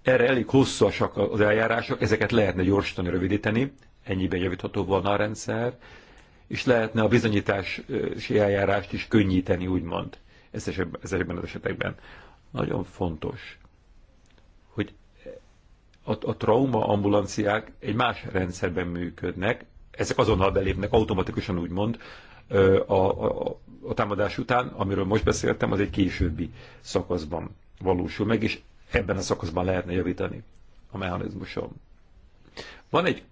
Erre elég hosszasak az eljárások, ezeket lehetne gyorsítani, rövidíteni, ennyiben javítható volna a rendszer, és lehetne a bizonyítási eljárást is könnyíteni, úgymond, ezekben az esetekben. Nagyon fontos, hogy a, a trauma ambulanciák egy más rendszerben működnek, ezek azonnal belépnek, automatikusan úgymond, a, a, a támadás után, amiről most beszéltem, az egy későbbi szakaszban valósul meg, és ebben a szakaszban lehetne javítani a mechanizmuson. Van egy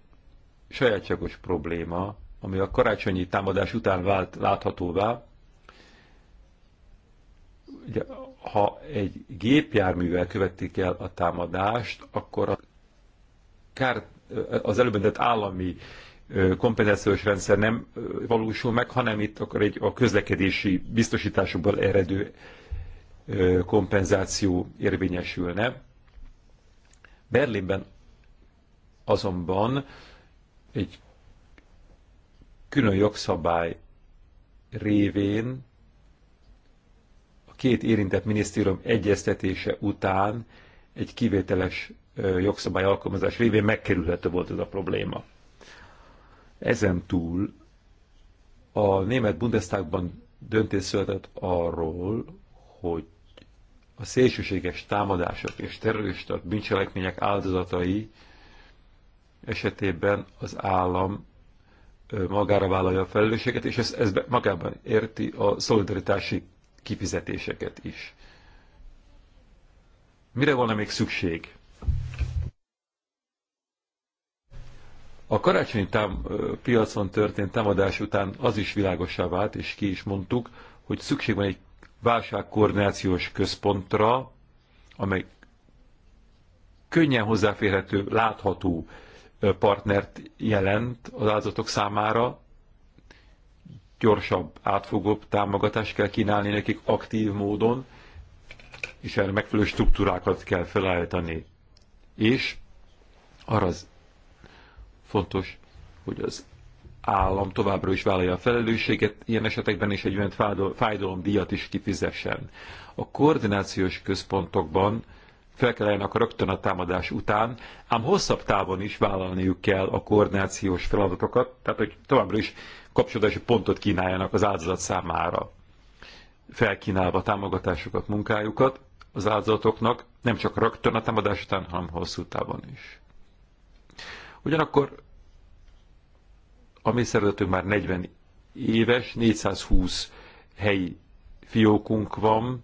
sajátságos probléma, ami a karácsonyi támadás után vált láthatóvá, ugye, ha egy gépjárművel követik el a támadást, akkor a kár, az előbb említett állami kompenzációs rendszer nem valósul meg, hanem itt akkor egy a közlekedési biztosításokból eredő kompenzáció érvényesülne. Berlinben azonban egy külön jogszabály révén a két érintett minisztérium egyeztetése után egy kivételes jogszabály alkalmazás révén megkerülhető volt ez a probléma. Ezen túl a német Bundestagban döntés született arról, hogy a szélsőséges támadások és terrorista bűncselekmények áldozatai esetében az állam magára vállalja a felelősséget, és ez, ez magában érti a szolidaritási kifizetéseket is. Mire volna még szükség? A karácsonyi tám, piacon történt támadás után az is világosá vált, és ki is mondtuk, hogy szükség van egy válságkoordinációs központra, amely könnyen hozzáférhető, látható, partnert jelent az áldozatok számára, gyorsabb, átfogóbb támogatást kell kínálni nekik aktív módon, és erre megfelelő struktúrákat kell felállítani. És arra az fontos, hogy az állam továbbra is vállalja a felelősséget, ilyen esetekben is egy olyan fájdalomdíjat is kifizessen. A koordinációs központokban felkeljenek rögtön a támadás után, ám hosszabb távon is vállalniuk kell a koordinációs feladatokat, tehát hogy továbbra is kapcsolódási pontot kínáljanak az áldozat számára, felkínálva támogatásukat, munkájukat az áldozatoknak, nem csak rögtön a támadás után, hanem hosszú távon is. Ugyanakkor a mi szervezetünk már 40 éves, 420 helyi fiókunk van,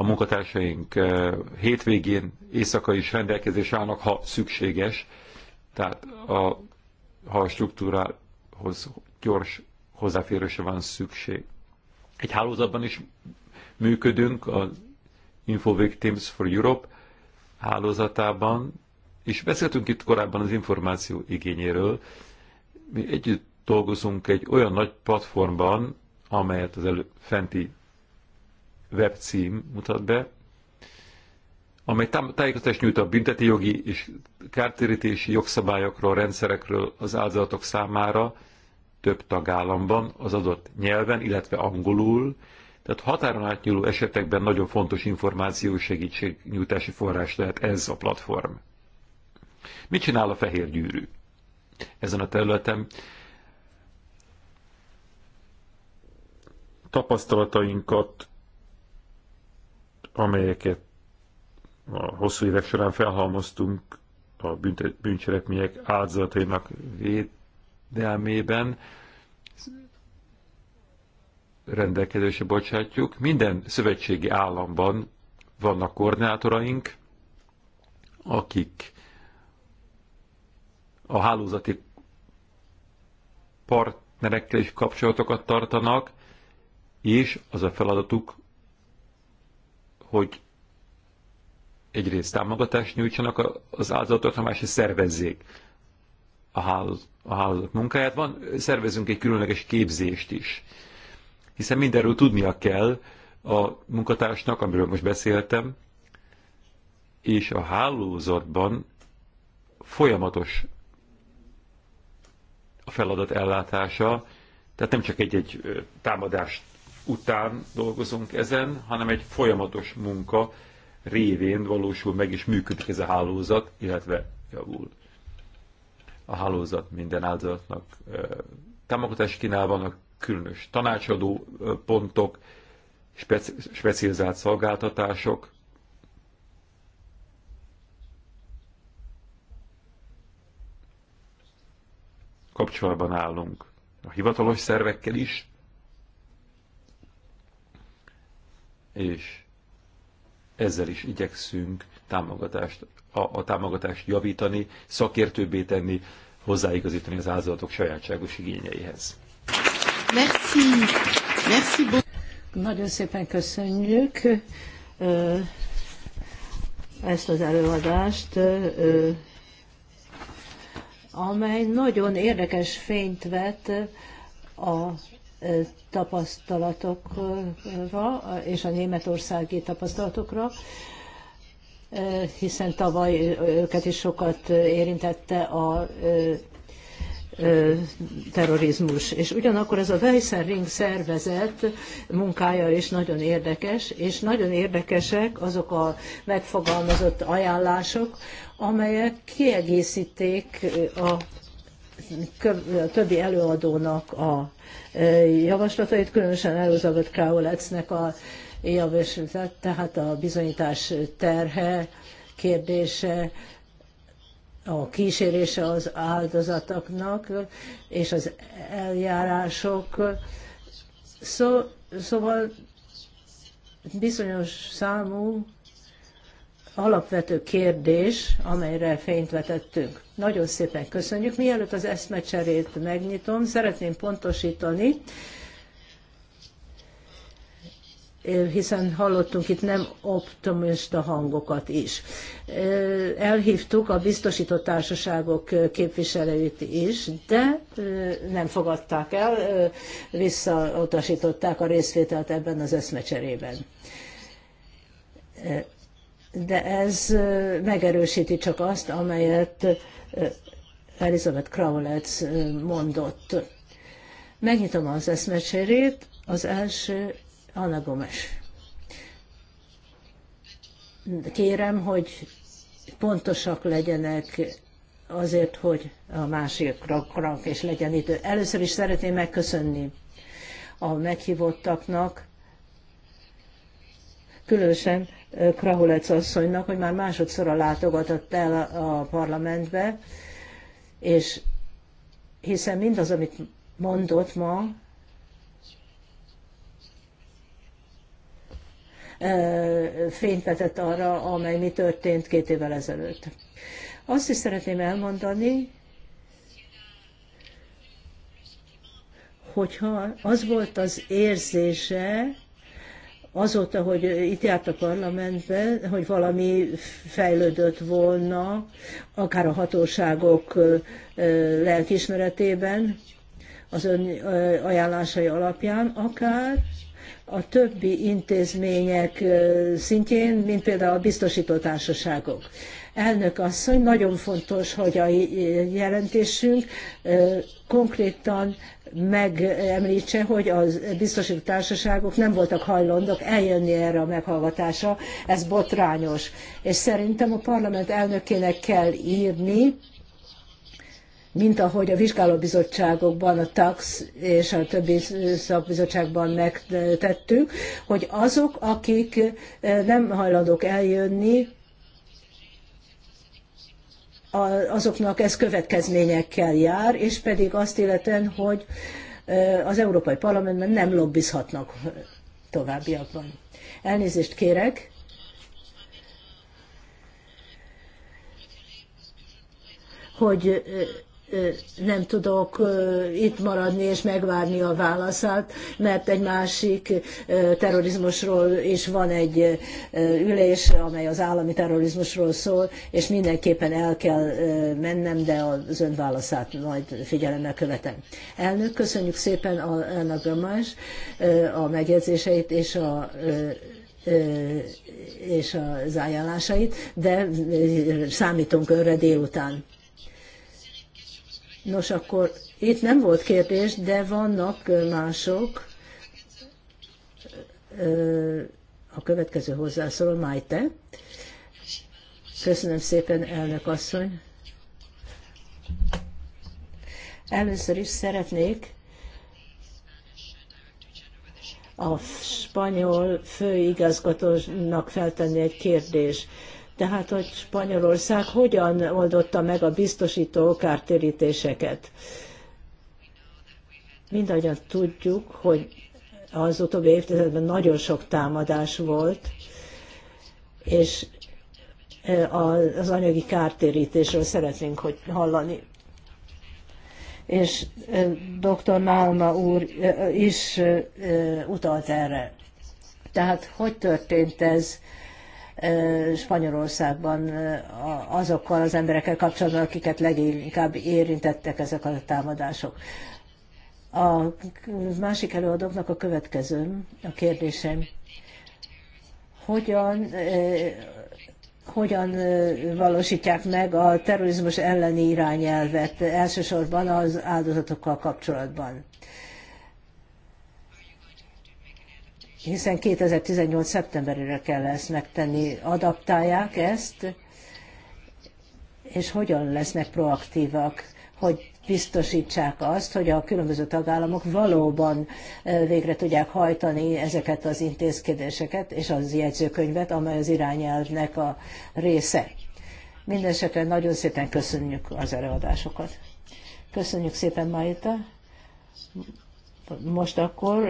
a munkatársaink eh, hétvégén, éjszaka is rendelkezés állnak, ha szükséges. Tehát a, ha a struktúrához gyors hozzáférésre van szükség. Egy hálózatban is működünk, az Info Victims for Europe hálózatában, és beszéltünk itt korábban az információ igényéről. Mi együtt dolgozunk egy olyan nagy platformban, amelyet az előbb fenti webcím mutat be, amely tájékoztatást nyújt a jogi és kártérítési jogszabályokról, rendszerekről az áldozatok számára több tagállamban, az adott nyelven, illetve angolul, tehát határon átnyúló esetekben nagyon fontos információ nyújtási forrás lehet ez a platform. Mit csinál a fehér gyűrű? Ezen a területen tapasztalatainkat amelyeket a hosszú évek során felhalmoztunk a bűncselekmények áldozatainak védelmében rendelkezésre bocsátjuk. Minden szövetségi államban vannak koordinátoraink, akik a hálózati partnerekkel is kapcsolatokat tartanak, és az a feladatuk, hogy egyrészt támogatást nyújtsanak az áldozatoknak, másrészt szervezzék a, hálóz, a hálózat munkáját. Van, szervezünk egy különleges képzést is, hiszen mindenről tudnia kell a munkatársnak, amiről most beszéltem, és a hálózatban folyamatos a feladat ellátása, tehát nem csak egy-egy támadást után dolgozunk ezen, hanem egy folyamatos munka révén valósul meg és működik ez a hálózat, illetve javul. A hálózat minden áldozatnak támogatást kínál, vannak különös tanácsadó pontok, speci specializált szolgáltatások, kapcsolatban állunk a hivatalos szervekkel is, és ezzel is igyekszünk támogatást, a, a támogatást javítani, szakértőbbé tenni, hozzáigazítani az áldozatok sajátságos igényeihez. Merci. Merci Nagyon szépen köszönjük ezt az előadást, amely nagyon érdekes fényt vett a tapasztalatokra és a németországi tapasztalatokra, hiszen tavaly őket is sokat érintette a terrorizmus. És ugyanakkor ez a Weissenring szervezet munkája is nagyon érdekes, és nagyon érdekesek azok a megfogalmazott ajánlások, amelyek kiegészíték a többi előadónak a javaslatait, különösen Elizabeth Kaulecnek a javaslatát, tehát a bizonyítás terhe kérdése, a kísérése az áldozatoknak és az eljárások. Szó, szóval bizonyos számú alapvető kérdés, amelyre fényt vetettünk. Nagyon szépen köszönjük. Mielőtt az eszmecserét megnyitom, szeretném pontosítani, hiszen hallottunk itt nem optimista hangokat is. Elhívtuk a biztosított társaságok képviselőit is, de nem fogadták el, visszautasították a részvételt ebben az eszmecserében de ez megerősíti csak azt, amelyet Elizabeth Kraulec mondott. Megnyitom az eszmecserét, az első Anna Gomes. Kérem, hogy pontosak legyenek azért, hogy a másikra és legyen idő. Először is szeretném megköszönni a meghívottaknak, különösen Krahulec asszonynak, hogy már másodszorra látogatott el a parlamentbe, és hiszen mindaz, amit mondott ma, fényt vetett arra, amely mi történt két évvel ezelőtt. Azt is szeretném elmondani, hogyha az volt az érzése, azóta, hogy itt járt a parlamentben, hogy valami fejlődött volna, akár a hatóságok lelkismeretében, az ön ajánlásai alapján, akár a többi intézmények szintjén, mint például a biztosító társaságok. Elnök asszony, nagyon fontos, hogy a jelentésünk konkrétan megemlítse, hogy a biztosító társaságok nem voltak hajlandók eljönni erre a meghallgatásra. Ez botrányos. És szerintem a parlament elnökének kell írni, mint ahogy a vizsgálóbizottságokban, a TAX és a többi szakbizottságban megtettük, hogy azok, akik nem hajlandók eljönni, azoknak ez következményekkel jár, és pedig azt illetően, hogy az Európai Parlamentben nem lobbizhatnak továbbiakban. Elnézést kérek. hogy nem tudok itt maradni és megvárni a válaszát, mert egy másik terrorizmusról is van egy ülés, amely az állami terrorizmusról szól, és mindenképpen el kell mennem, de az ön válaszát majd figyelemmel követem. Elnök, köszönjük szépen a elnök Gömás a megjegyzéseit és a és az ajánlásait, de számítunk önre délután. Nos, akkor itt nem volt kérdés, de vannak mások. A következő hozzászóló Májte. Köszönöm szépen, elnök asszony. Először is szeretnék a spanyol főigazgatónak feltenni egy kérdést tehát, hogy Spanyolország hogyan oldotta meg a biztosító kártérítéseket. Mindannyian tudjuk, hogy az utóbbi évtizedben nagyon sok támadás volt, és e, az anyagi kártérítésről szeretnénk hogy hallani. És e, dr. Málma úr e, is utalt erre. Tehát hogy történt ez? Spanyolországban azokkal az emberekkel kapcsolatban, akiket leginkább érintettek ezek a támadások. A másik előadóknak a következő a kérdésem. Hogyan, hogyan valósítják meg a terrorizmus elleni irányelvet, elsősorban az áldozatokkal kapcsolatban? hiszen 2018. szeptemberére kell ezt megtenni, adaptálják ezt, és hogyan lesznek proaktívak, hogy biztosítsák azt, hogy a különböző tagállamok valóban végre tudják hajtani ezeket az intézkedéseket és az jegyzőkönyvet, amely az irányelvnek a része. Mindenesetre nagyon szépen köszönjük az előadásokat. Köszönjük szépen, Maita. Most akkor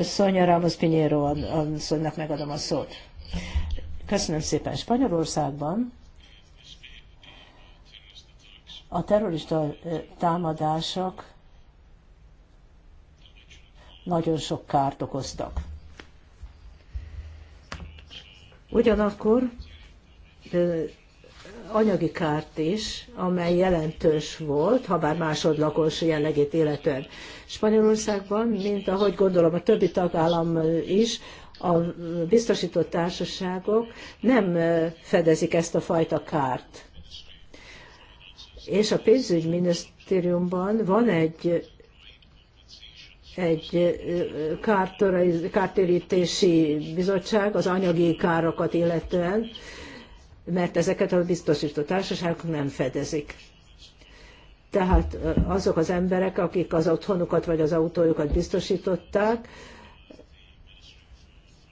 Szonya Ramos Pinheiro asszonynak megadom a szót. Köszönöm szépen. Spanyolországban a terrorista támadások nagyon sok kárt okoztak. Ugyanakkor anyagi kárt is, amely jelentős volt, ha bár másodlagos jellegét illetően. Spanyolországban, mint ahogy gondolom a többi tagállam is, a biztosított társaságok nem fedezik ezt a fajta kárt. És a pénzügyminisztériumban van egy egy kártérítési bizottság az anyagi károkat illetően, mert ezeket a biztosító társaságok nem fedezik. Tehát azok az emberek, akik az otthonukat vagy az autójukat biztosították,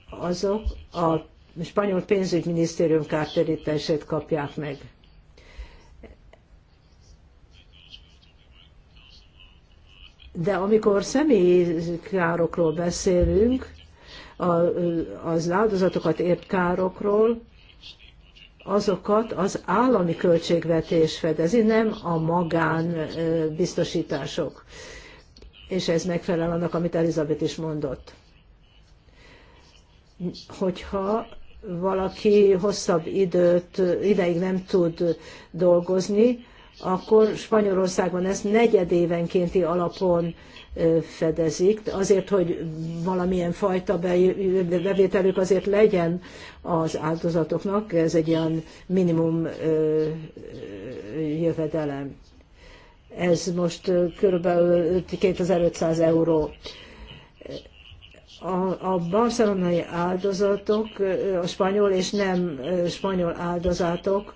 azok a spanyol pénzügyminisztérium kártérítését kapják meg. De amikor személyi károkról beszélünk, az áldozatokat ért károkról, azokat az állami költségvetés fedezi, nem a magán biztosítások. És ez megfelel annak, amit Elizabeth is mondott. Hogyha valaki hosszabb időt, ideig nem tud dolgozni, akkor Spanyolországban ezt negyedévenkénti alapon fedezik, azért, hogy valamilyen fajta bevételük azért legyen az áldozatoknak, ez egy ilyen minimum jövedelem. Ez most körülbelül 2500 euró. A, a barcelonai áldozatok, a spanyol és nem spanyol áldozatok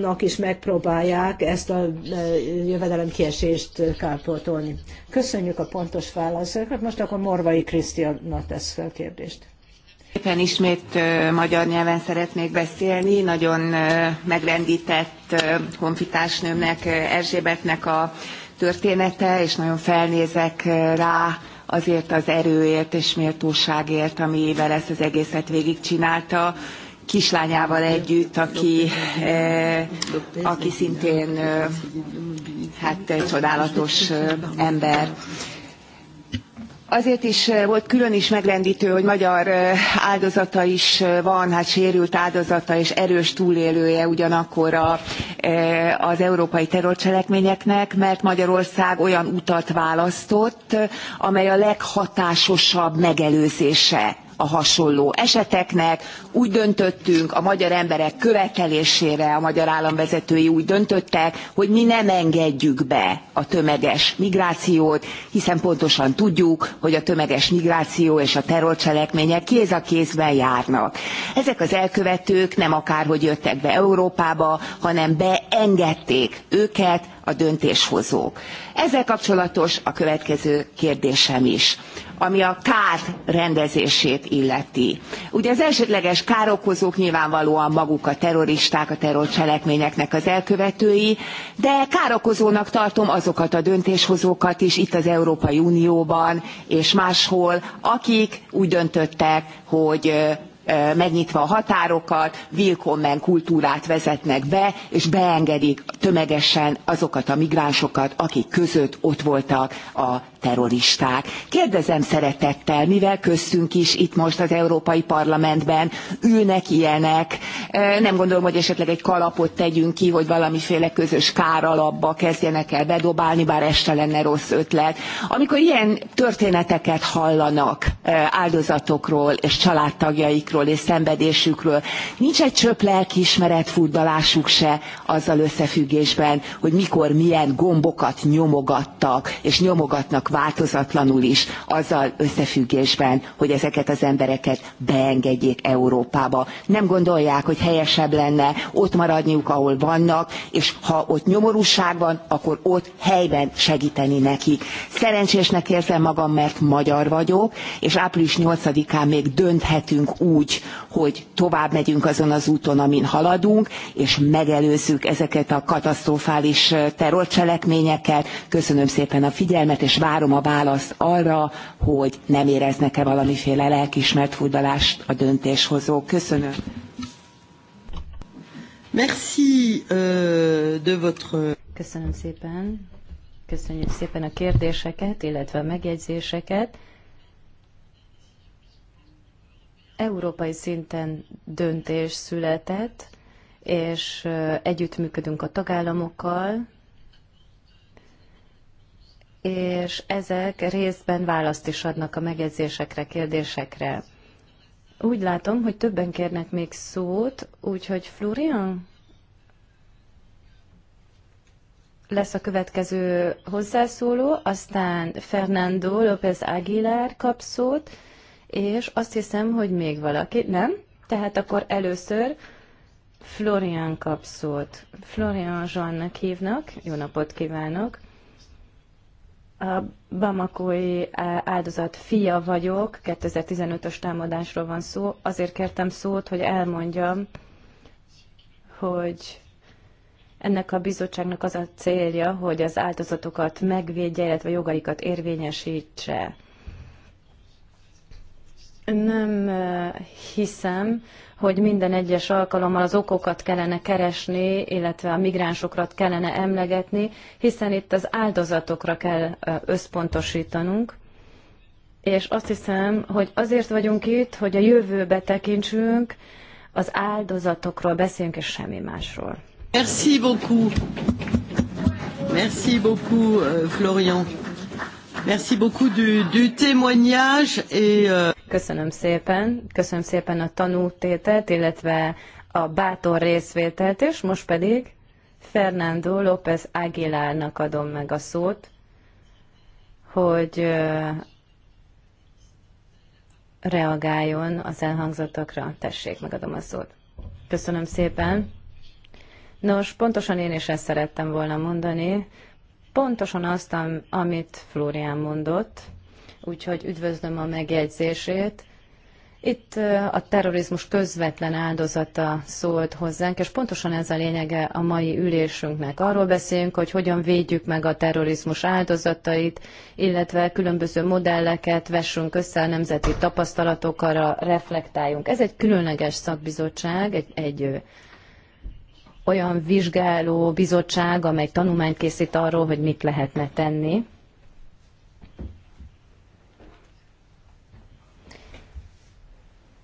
nak is megpróbálják ezt a e, jövedelem kiesést kárpótolni. Köszönjük a pontos válaszokat. Most akkor Morvai Krisztiannak tesz fel kérdést. Éppen ismét e, magyar nyelven szeretnék beszélni. Nagyon e, megrendített honfitársnőmnek, Erzsébetnek a története, és nagyon felnézek rá azért az erőért és méltóságért, amivel ezt az egészet végigcsinálta. csinálta kislányával együtt, aki, eh, aki szintén eh, hát csodálatos eh, ember. Azért is volt külön is megrendítő, hogy magyar áldozata is van, hát sérült áldozata és erős túlélője ugyanakkor a, az európai terrorcselekményeknek, mert Magyarország olyan utat választott, amely a leghatásosabb megelőzése a hasonló eseteknek. Úgy döntöttünk, a magyar emberek követelésére a magyar államvezetői úgy döntöttek, hogy mi nem engedjük be a tömeges migrációt, hiszen pontosan tudjuk, hogy a tömeges migráció és a terrorcselekmények kéz a kézben járnak. Ezek az elkövetők nem akárhogy jöttek be Európába, hanem beengedték őket a döntéshozók. Ezzel kapcsolatos a következő kérdésem is ami a kár rendezését illeti. Ugye az elsődleges károkozók nyilvánvalóan maguk a terroristák, a terrorcselekményeknek az elkövetői, de károkozónak tartom azokat a döntéshozókat is itt az Európai Unióban és máshol, akik úgy döntöttek, hogy megnyitva a határokat willkommen kultúrát vezetnek be és beengedik tömegesen azokat a migránsokat akik között ott voltak a terroristák. kérdezem szeretettel mivel köztünk is itt most az európai parlamentben ülnek ilyenek nem gondolom hogy esetleg egy kalapot tegyünk ki hogy valamiféle közös alapba kezdjenek el bedobálni bár este lenne rossz ötlet amikor ilyen történeteket hallanak áldozatokról és családtagjaikról harcukról és szenvedésükről. Nincs egy csöpp lelkiismeret furdalásuk se azzal összefüggésben, hogy mikor milyen gombokat nyomogattak, és nyomogatnak változatlanul is azzal összefüggésben, hogy ezeket az embereket beengedjék Európába. Nem gondolják, hogy helyesebb lenne ott maradniuk, ahol vannak, és ha ott nyomorúság van, akkor ott helyben segíteni nekik. Szerencsésnek érzem magam, mert magyar vagyok, és április 8-án még dönthetünk úgy, úgy, hogy tovább megyünk azon az úton, amin haladunk, és megelőzzük ezeket a katasztrofális terrorcselekményeket. Köszönöm szépen a figyelmet, és várom a választ arra, hogy nem éreznek-e valamiféle lelkismert furdalást a döntéshozók. Köszönöm. Merci euh, de votre... Köszönöm szépen. Köszönjük szépen a kérdéseket, illetve a megjegyzéseket európai szinten döntés született, és együttműködünk a tagállamokkal, és ezek részben választ is adnak a megjegyzésekre, kérdésekre. Úgy látom, hogy többen kérnek még szót, úgyhogy Florian lesz a következő hozzászóló, aztán Fernando López Aguilar kap szót, és azt hiszem, hogy még valaki, nem? Tehát akkor először Florian kap szót. Florian Zsannak hívnak, jó napot kívánok. A Bamakói áldozat fia vagyok, 2015-ös támadásról van szó. Azért kértem szót, hogy elmondjam, hogy ennek a bizottságnak az a célja, hogy az áldozatokat megvédje, illetve jogaikat érvényesítse. Nem hiszem, hogy minden egyes alkalommal az okokat kellene keresni, illetve a migránsokat kellene emlegetni, hiszen itt az áldozatokra kell összpontosítanunk. És azt hiszem, hogy azért vagyunk itt, hogy a jövőbe tekintsünk, az áldozatokról beszéljünk, és semmi másról. Merci beaucoup. Merci beaucoup, euh, Florian. Merci beaucoup du, du témoignage et... Euh, Köszönöm szépen. Köszönöm szépen a tanútétet, illetve a bátor részvételt, és most pedig Fernando López Aguilarnak adom meg a szót, hogy reagáljon az elhangzottakra. Tessék, megadom a szót. Köszönöm szépen. Nos, pontosan én is ezt szerettem volna mondani. Pontosan azt, amit Flórián mondott, úgyhogy üdvözlöm a megjegyzését. Itt a terrorizmus közvetlen áldozata szólt hozzánk, és pontosan ez a lényege a mai ülésünknek. Arról beszélünk, hogy hogyan védjük meg a terrorizmus áldozatait, illetve különböző modelleket vessünk össze a nemzeti tapasztalatokra, reflektáljunk. Ez egy különleges szakbizottság, egy, egy olyan vizsgáló bizottság, amely tanulmányt készít arról, hogy mit lehetne tenni.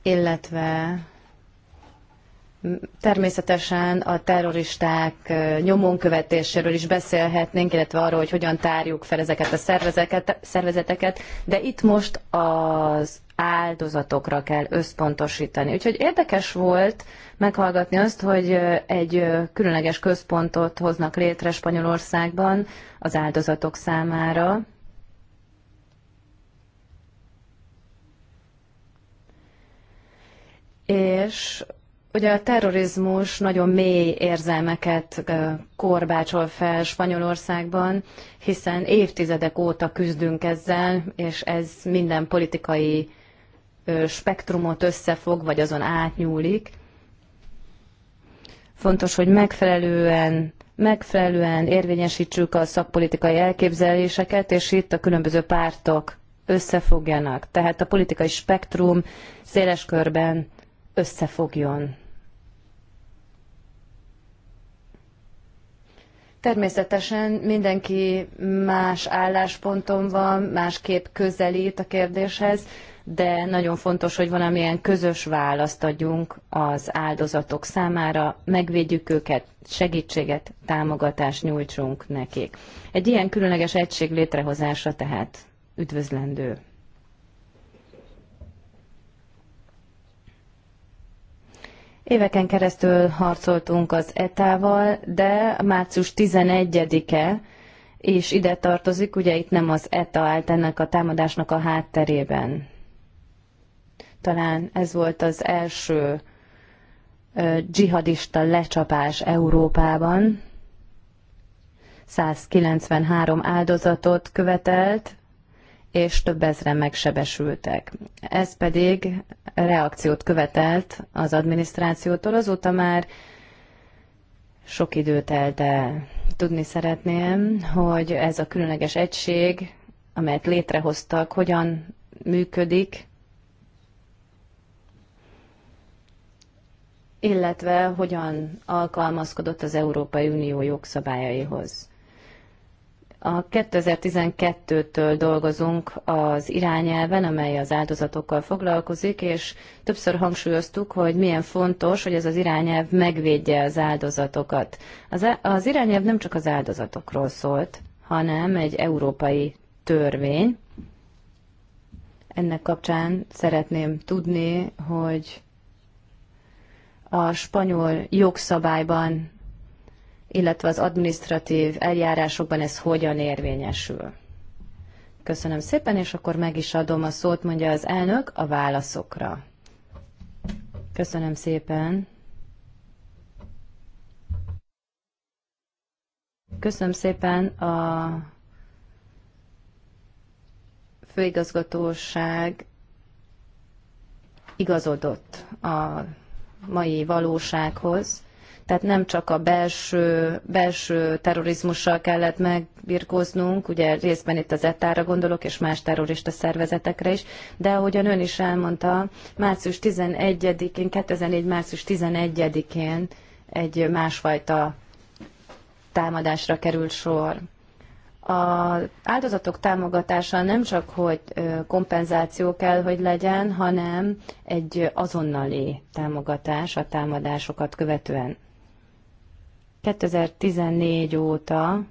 illetve természetesen a terroristák nyomon követéséről is beszélhetnénk, illetve arról, hogy hogyan tárjuk fel ezeket a szervezeteket, de itt most az áldozatokra kell összpontosítani. Úgyhogy érdekes volt meghallgatni azt, hogy egy különleges központot hoznak létre Spanyolországban az áldozatok számára, és ugye a terrorizmus nagyon mély érzelmeket korbácsol fel Spanyolországban, hiszen évtizedek óta küzdünk ezzel, és ez minden politikai spektrumot összefog, vagy azon átnyúlik. Fontos, hogy megfelelően megfelelően érvényesítsük a szakpolitikai elképzeléseket, és itt a különböző pártok összefogjanak. Tehát a politikai spektrum széles körben összefogjon. Természetesen mindenki más állásponton van, másképp közelít a kérdéshez, de nagyon fontos, hogy valamilyen közös választ adjunk az áldozatok számára, megvédjük őket, segítséget, támogatást nyújtsunk nekik. Egy ilyen különleges egység létrehozása tehát üdvözlendő. Éveken keresztül harcoltunk az ETA-val, de március 11-e és ide tartozik, ugye itt nem az ETA állt ennek a támadásnak a hátterében. Talán ez volt az első dzsihadista lecsapás Európában. 193 áldozatot követelt, és több ezren megsebesültek. Ez pedig reakciót követelt az adminisztrációtól, azóta már sok időt el, el. Tudni szeretném, hogy ez a különleges egység, amelyet létrehoztak, hogyan működik, illetve hogyan alkalmazkodott az Európai Unió jogszabályaihoz. A 2012-től dolgozunk az irányelven, amely az áldozatokkal foglalkozik, és többször hangsúlyoztuk, hogy milyen fontos, hogy ez az irányelv megvédje az áldozatokat. Az, az irányelv nem csak az áldozatokról szólt, hanem egy európai törvény. Ennek kapcsán szeretném tudni, hogy a spanyol jogszabályban illetve az administratív eljárásokban ez hogyan érvényesül. Köszönöm szépen, és akkor meg is adom a szót, mondja az elnök, a válaszokra. Köszönöm szépen. Köszönöm szépen a főigazgatóság igazodott a mai valósághoz, tehát nem csak a belső, belső terrorizmussal kellett megbirkóznunk, ugye részben itt az ETA-ra gondolok, és más terrorista szervezetekre is, de ahogyan ön is elmondta, március 11-én, 2004. március 11-én egy másfajta támadásra került sor. Az áldozatok támogatása nem csak, hogy kompenzáció kell, hogy legyen, hanem egy azonnali támogatás a támadásokat követően. 2014 óta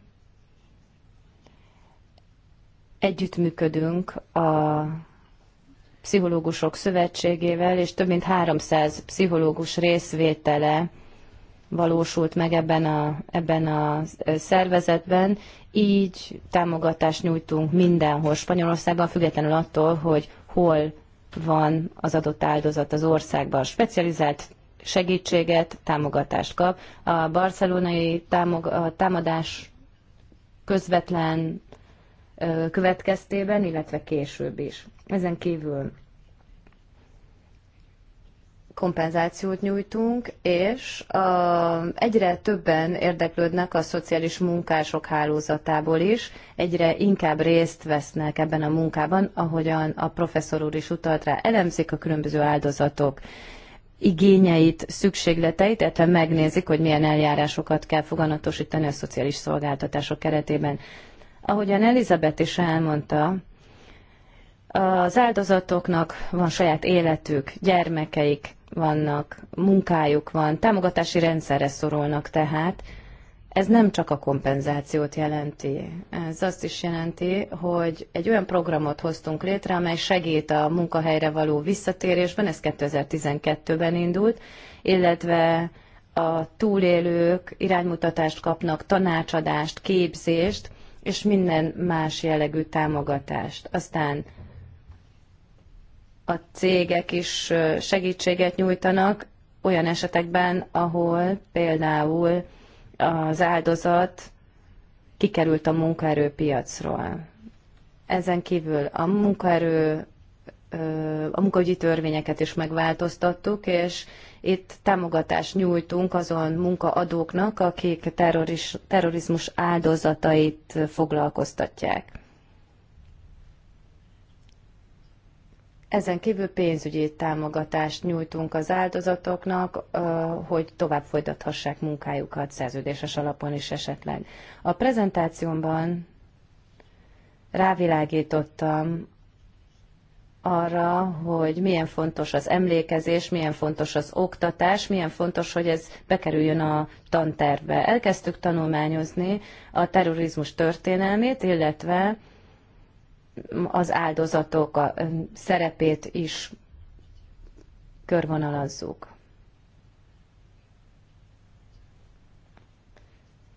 együttműködünk a Pszichológusok Szövetségével, és több mint 300 pszichológus részvétele valósult meg ebben a, ebben a szervezetben. Így támogatást nyújtunk mindenhol Spanyolországban, függetlenül attól, hogy hol van az adott áldozat az országban. Specializált segítséget, támogatást kap. A barcelonai támog, a támadás közvetlen következtében, illetve később is. Ezen kívül kompenzációt nyújtunk, és a, egyre többen érdeklődnek a szociális munkások hálózatából is, egyre inkább részt vesznek ebben a munkában, ahogyan a professzor úr is utalt rá, elemzik a különböző áldozatok igényeit, szükségleteit, illetve megnézik, hogy milyen eljárásokat kell foganatosítani a szociális szolgáltatások keretében. Ahogyan Elizabeth is elmondta, az áldozatoknak van saját életük, gyermekeik vannak, munkájuk van, támogatási rendszerre szorulnak tehát, ez nem csak a kompenzációt jelenti, ez azt is jelenti, hogy egy olyan programot hoztunk létre, amely segít a munkahelyre való visszatérésben, ez 2012-ben indult, illetve a túlélők iránymutatást kapnak, tanácsadást, képzést, és minden más jellegű támogatást. Aztán a cégek is segítséget nyújtanak olyan esetekben, ahol például az áldozat kikerült a munkaerőpiacról. Ezen kívül a munkaerő a munkahogyi törvényeket is megváltoztattuk, és itt támogatást nyújtunk azon munkaadóknak, akik terroriz, terrorizmus áldozatait foglalkoztatják. Ezen kívül pénzügyi támogatást nyújtunk az áldozatoknak, hogy tovább folytathassák munkájukat szerződéses alapon is esetleg. A prezentációmban rávilágítottam arra, hogy milyen fontos az emlékezés, milyen fontos az oktatás, milyen fontos, hogy ez bekerüljön a tantervbe. Elkezdtük tanulmányozni a terrorizmus történelmét, illetve az áldozatok a szerepét is körvonalazzuk.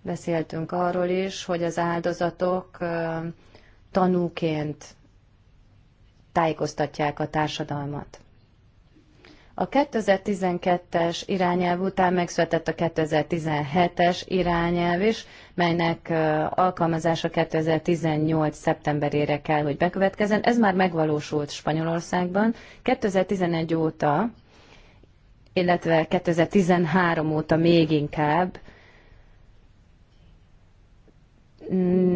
Beszéltünk arról is, hogy az áldozatok tanúként tájékoztatják a társadalmat. A 2012-es irányelv után megszületett a 2017-es irányelv is, melynek alkalmazása 2018. szeptemberére kell, hogy bekövetkezzen. Ez már megvalósult Spanyolországban. 2011 óta, illetve 2013 óta még inkább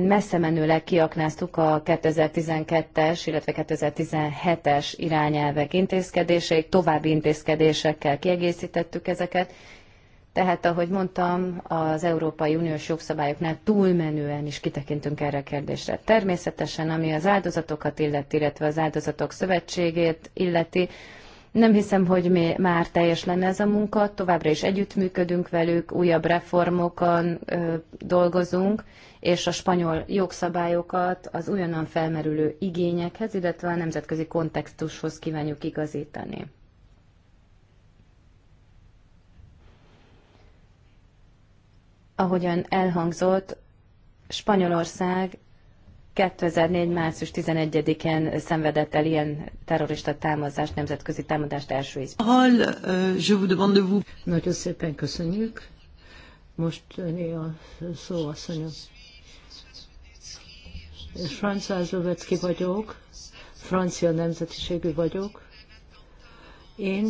messze menőleg kiaknáztuk a 2012-es, illetve 2017-es irányelvek intézkedéseit, további intézkedésekkel kiegészítettük ezeket, tehát, ahogy mondtam, az Európai Uniós jogszabályoknál túlmenően is kitekintünk erre a kérdésre. Természetesen, ami az áldozatokat illeti, illetve az áldozatok szövetségét illeti, nem hiszem, hogy mi már teljes lenne ez a munka, továbbra is együttműködünk velük, újabb reformokon ö, dolgozunk, és a spanyol jogszabályokat az újonnan felmerülő igényekhez, illetve a nemzetközi kontextushoz kívánjuk igazítani. Ahogyan elhangzott, Spanyolország 2004. március 11-en szenvedett el ilyen terrorista támadást, nemzetközi támadást első ízben. Nagyon szépen köszönjük. Most néha a szó, asszonyom. Francia Lovecki vagyok, francia nemzetiségű vagyok. Én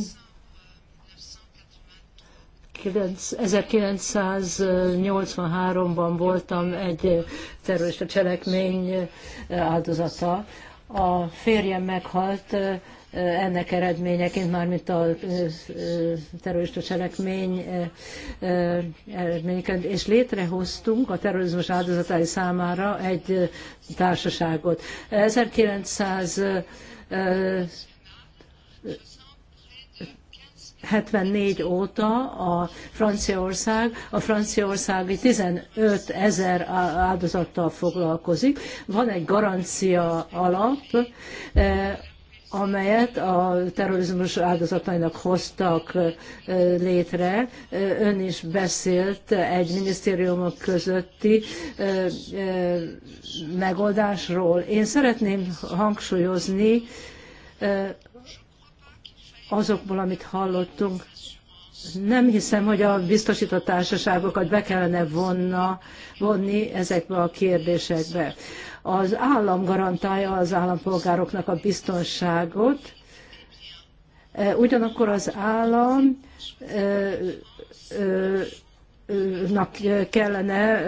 1983-ban voltam egy terrorista cselekmény áldozata. A férjem meghalt ennek eredményeként, mármint a terrorista cselekmény eredményeként, és létrehoztunk a terrorizmus áldozatai számára egy társaságot. 1900 74 óta a Franciaország a franciaországi 15 ezer áldozattal foglalkozik. Van egy garancia alap, amelyet a terrorizmus áldozatainak hoztak létre. Ön is beszélt egy minisztériumok közötti megoldásról. Én szeretném hangsúlyozni azokból, amit hallottunk, nem hiszem, hogy a biztosított társaságokat be kellene vonna, vonni ezekbe a kérdésekbe az állam garantálja az állampolgároknak a biztonságot, e, ugyanakkor az állam nak e, e, kellene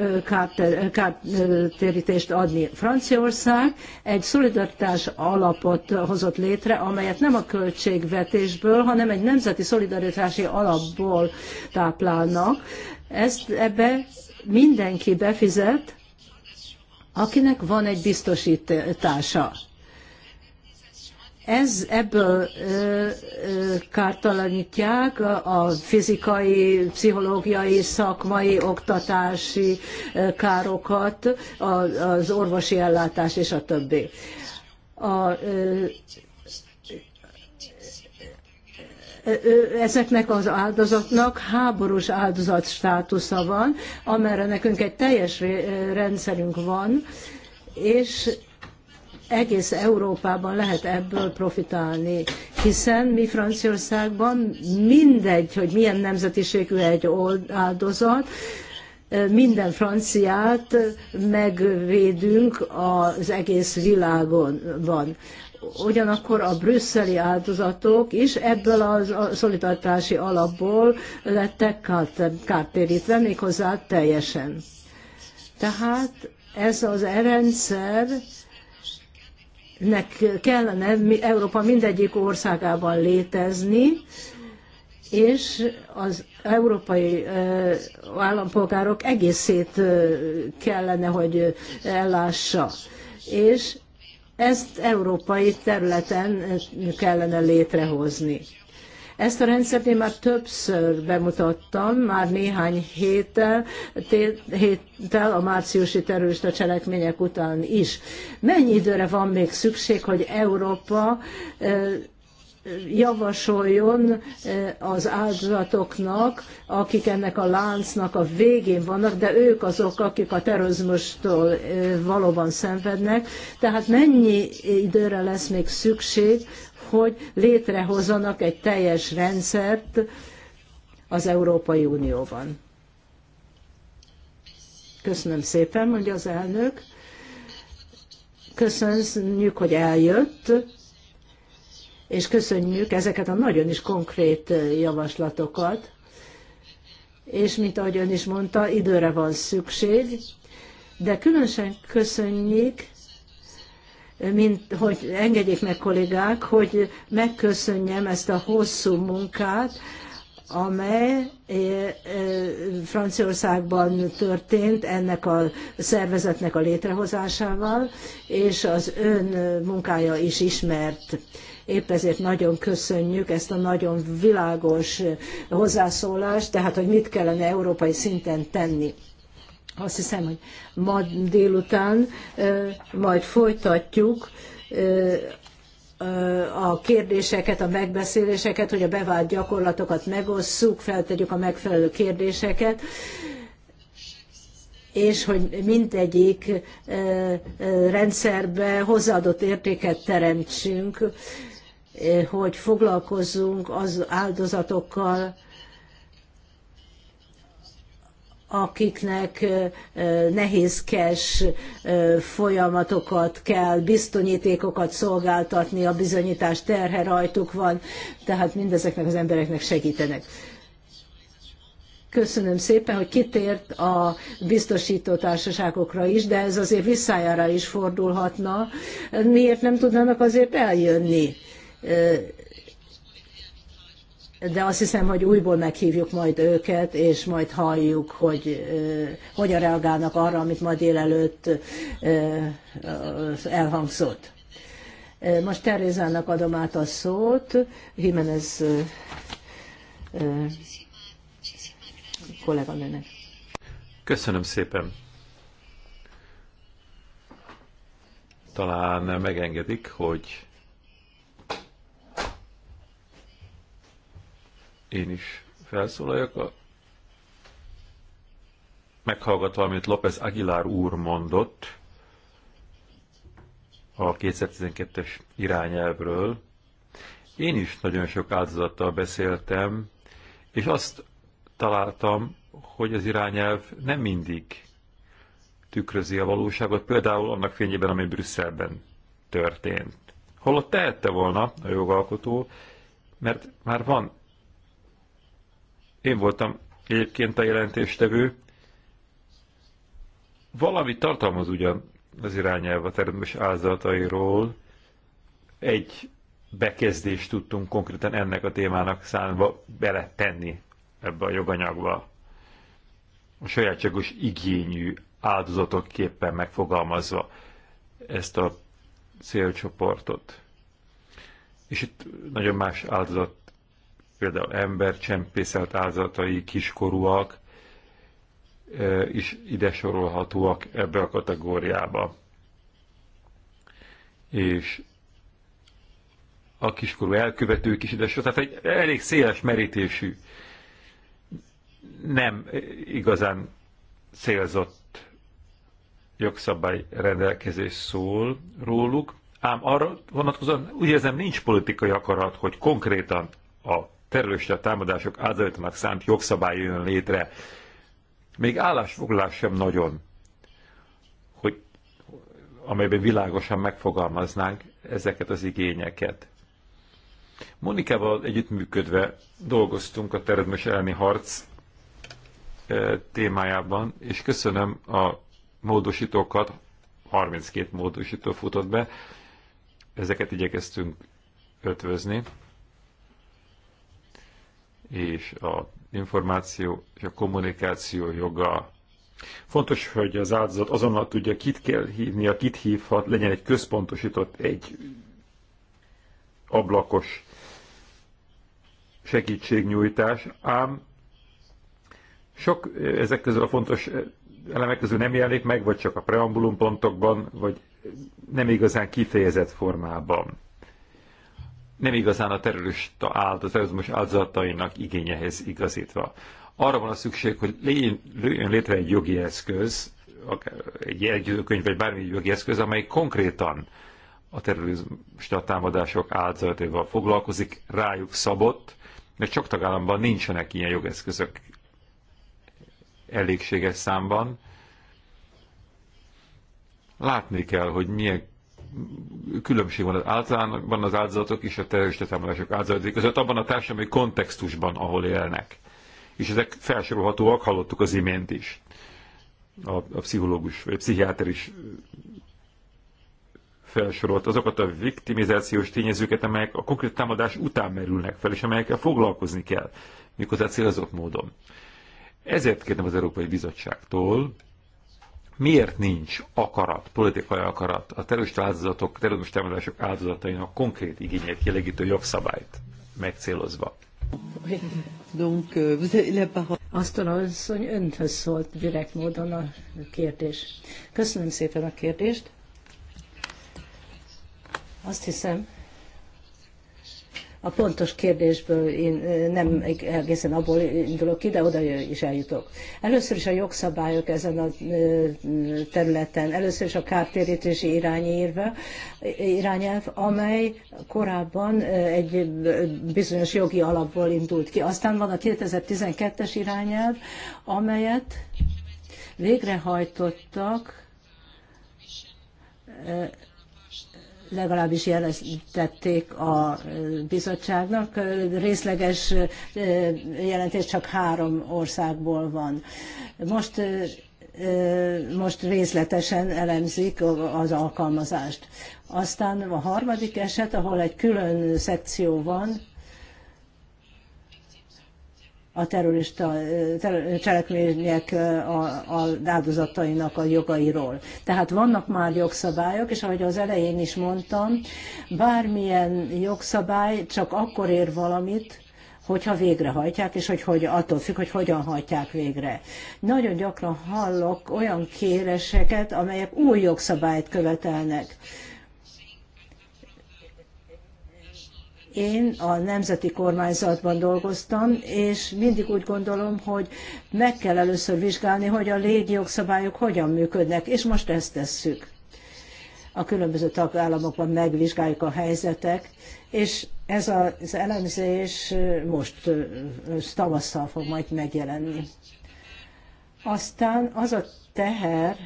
kártérítést adni. Franciaország egy szolidaritás alapot hozott létre, amelyet nem a költségvetésből, hanem egy nemzeti szolidaritási alapból táplálnak. Ezt ebbe mindenki befizet, akinek van egy biztosítása. Ez ebből ö, ö, kártalanítják a fizikai, pszichológiai, szakmai, oktatási ö, károkat, a, az orvosi ellátás és a többi. A ö, ezeknek az áldozatnak háborús áldozat státusza van, amerre nekünk egy teljes rendszerünk van, és egész Európában lehet ebből profitálni, hiszen mi Franciaországban mindegy, hogy milyen nemzetiségű egy áldozat, minden franciát megvédünk az egész világon van ugyanakkor a brüsszeli áldozatok is ebből a szolidaritási alapból lettek kártérítve, méghozzá teljesen. Tehát ez az rendszer nek kellene Európa mindegyik országában létezni, és az európai állampolgárok egészét kellene, hogy ellássa. És ezt európai területen kellene létrehozni. Ezt a rendszert én már többször bemutattam, már néhány héttel, héttel a márciusi terrorista cselekmények után is. Mennyi időre van még szükség, hogy Európa javasoljon eh, az áldozatoknak, akik ennek a láncnak a végén vannak, de ők azok, akik a terrorizmustól eh, valóban szenvednek. Tehát mennyi időre lesz még szükség, hogy létrehozzanak egy teljes rendszert az Európai Unióban? Köszönöm szépen, mondja az elnök. Köszönjük, hogy eljött és köszönjük ezeket a nagyon is konkrét eh, javaslatokat. És mint ahogy ön is mondta, időre van szükség, de különösen köszönjük, mint, hogy engedjék meg kollégák, hogy megköszönjem ezt a hosszú munkát, amely eh, eh, Franciaországban történt ennek a szervezetnek a létrehozásával, és az ön munkája is ismert. Épp ezért nagyon köszönjük ezt a nagyon világos hozzászólást, tehát hogy mit kellene európai szinten tenni. Azt hiszem, hogy ma délután majd folytatjuk a kérdéseket, a megbeszéléseket, hogy a bevált gyakorlatokat megosszuk, feltegyük a megfelelő kérdéseket, és hogy mindegyik rendszerbe hozzáadott értéket teremtsünk, hogy foglalkozzunk az áldozatokkal, akiknek nehézkes folyamatokat kell, bizonyítékokat szolgáltatni, a bizonyítás terhe rajtuk van, tehát mindezeknek az embereknek segítenek. Köszönöm szépen, hogy kitért a biztosító társaságokra is, de ez azért visszájára is fordulhatna. Miért nem tudnának azért eljönni? de azt hiszem, hogy újból meghívjuk majd őket, és majd halljuk, hogy hogyan reagálnak arra, amit ma délelőtt elhangzott. Most Terézának adom át a szót, Jimenez kolléganőnek. Köszönöm szépen. Talán megengedik, hogy én is felszólaljak. A... Meghallgatva, amit López Aguilar úr mondott a 2012-es irányelvről, én is nagyon sok áldozattal beszéltem, és azt találtam, hogy az irányelv nem mindig tükrözi a valóságot, például annak fényében, ami Brüsszelben történt. Holott tehette volna a jogalkotó, mert már van én voltam egyébként a jelentéstevő. Valami tartalmaz ugyan az irányelv a teremtés áldozatairól. Egy bekezdést tudtunk konkrétan ennek a témának szánva beletenni ebbe a joganyagba. A sajátságos igényű áldozatok képpen megfogalmazva ezt a célcsoportot. És itt nagyon más áldozat például embercsempészet áldozatai, kiskorúak is ide sorolhatóak ebbe a kategóriába. És a kiskorú elkövetők is ide tehát egy elég széles merítésű, nem igazán célzott jogszabály rendelkezés szól róluk, ám arra vonatkozóan úgy érzem nincs politikai akarat, hogy konkrétan a terrorista támadások áldozatának szánt jogszabály jön létre. Még állásfoglalás sem nagyon, hogy, amelyben világosan megfogalmaznánk ezeket az igényeket. Monikával együttműködve dolgoztunk a terrorizmus elleni harc e, témájában, és köszönöm a módosítókat, 32 módosító futott be, ezeket igyekeztünk ötvözni és a információ és a kommunikáció joga. Fontos, hogy az áldozat azonnal tudja, kit kell a kit hívhat, legyen egy központosított, egy ablakos segítségnyújtás, ám sok ezek közül a fontos elemek közül nem jelenik meg, vagy csak a preambulum pontokban, vagy nem igazán kifejezett formában nem igazán a terrorista állt, az erőzmus áldozatainak igényehez igazítva. Arra van a szükség, hogy lőjön létre egy jogi eszköz, egy jegyzőkönyv vagy bármilyen jogi eszköz, amely konkrétan a terrorista támadások áldozatával foglalkozik, rájuk szabott, mert sok tagállamban nincsenek ilyen jogeszközök elégséges számban. Látni kell, hogy milyen különbség van az általánban az áldozatok és a terrorista támadások áldozatok között abban a társadalmi kontextusban, ahol élnek. És ezek felsorolhatóak, hallottuk az imént is. A, a pszichológus, vagy a pszichiáter is felsorolt azokat a viktimizációs tényezőket, amelyek a konkrét támadás után merülnek fel, és amelyekkel foglalkozni kell, miközben célzott módon. Ezért kérdem az Európai Bizottságtól, miért nincs akarat, politikai akarat a terrorista áldozatok, terrorista támadások áldozatainak konkrét igényét kielégítő jogszabályt megcélozva? Donc, euh, vous avez asszony önhöz szólt direkt módon a kérdés. Köszönöm szépen a kérdést. Azt hiszem, a pontos kérdésből én nem egészen abból indulok ki, de oda is eljutok. Először is a jogszabályok ezen a területen, először is a kártérítési irányírva, irányelv, amely korábban egy bizonyos jogi alapból indult ki. Aztán van a 2012-es irányelv, amelyet végrehajtottak legalábbis jelentették a bizottságnak. Részleges jelentés csak három országból van. Most most részletesen elemzik az alkalmazást. Aztán a harmadik eset, ahol egy külön szekció van, a terrorista ter cselekmények a áldozatainak a jogairól. Tehát vannak már jogszabályok, és ahogy az elején is mondtam, bármilyen jogszabály csak akkor ér valamit, hogyha végrehajtják, és hogy, hogy attól függ, hogy hogyan hajtják végre. Nagyon gyakran hallok olyan kéreseket, amelyek új jogszabályt követelnek Én a nemzeti kormányzatban dolgoztam, és mindig úgy gondolom, hogy meg kell először vizsgálni, hogy a légjogszabályok hogyan működnek, és most ezt tesszük. A különböző tagállamokban megvizsgáljuk a helyzetek, és ez az elemzés most tavasszal fog majd megjelenni. Aztán az a teher,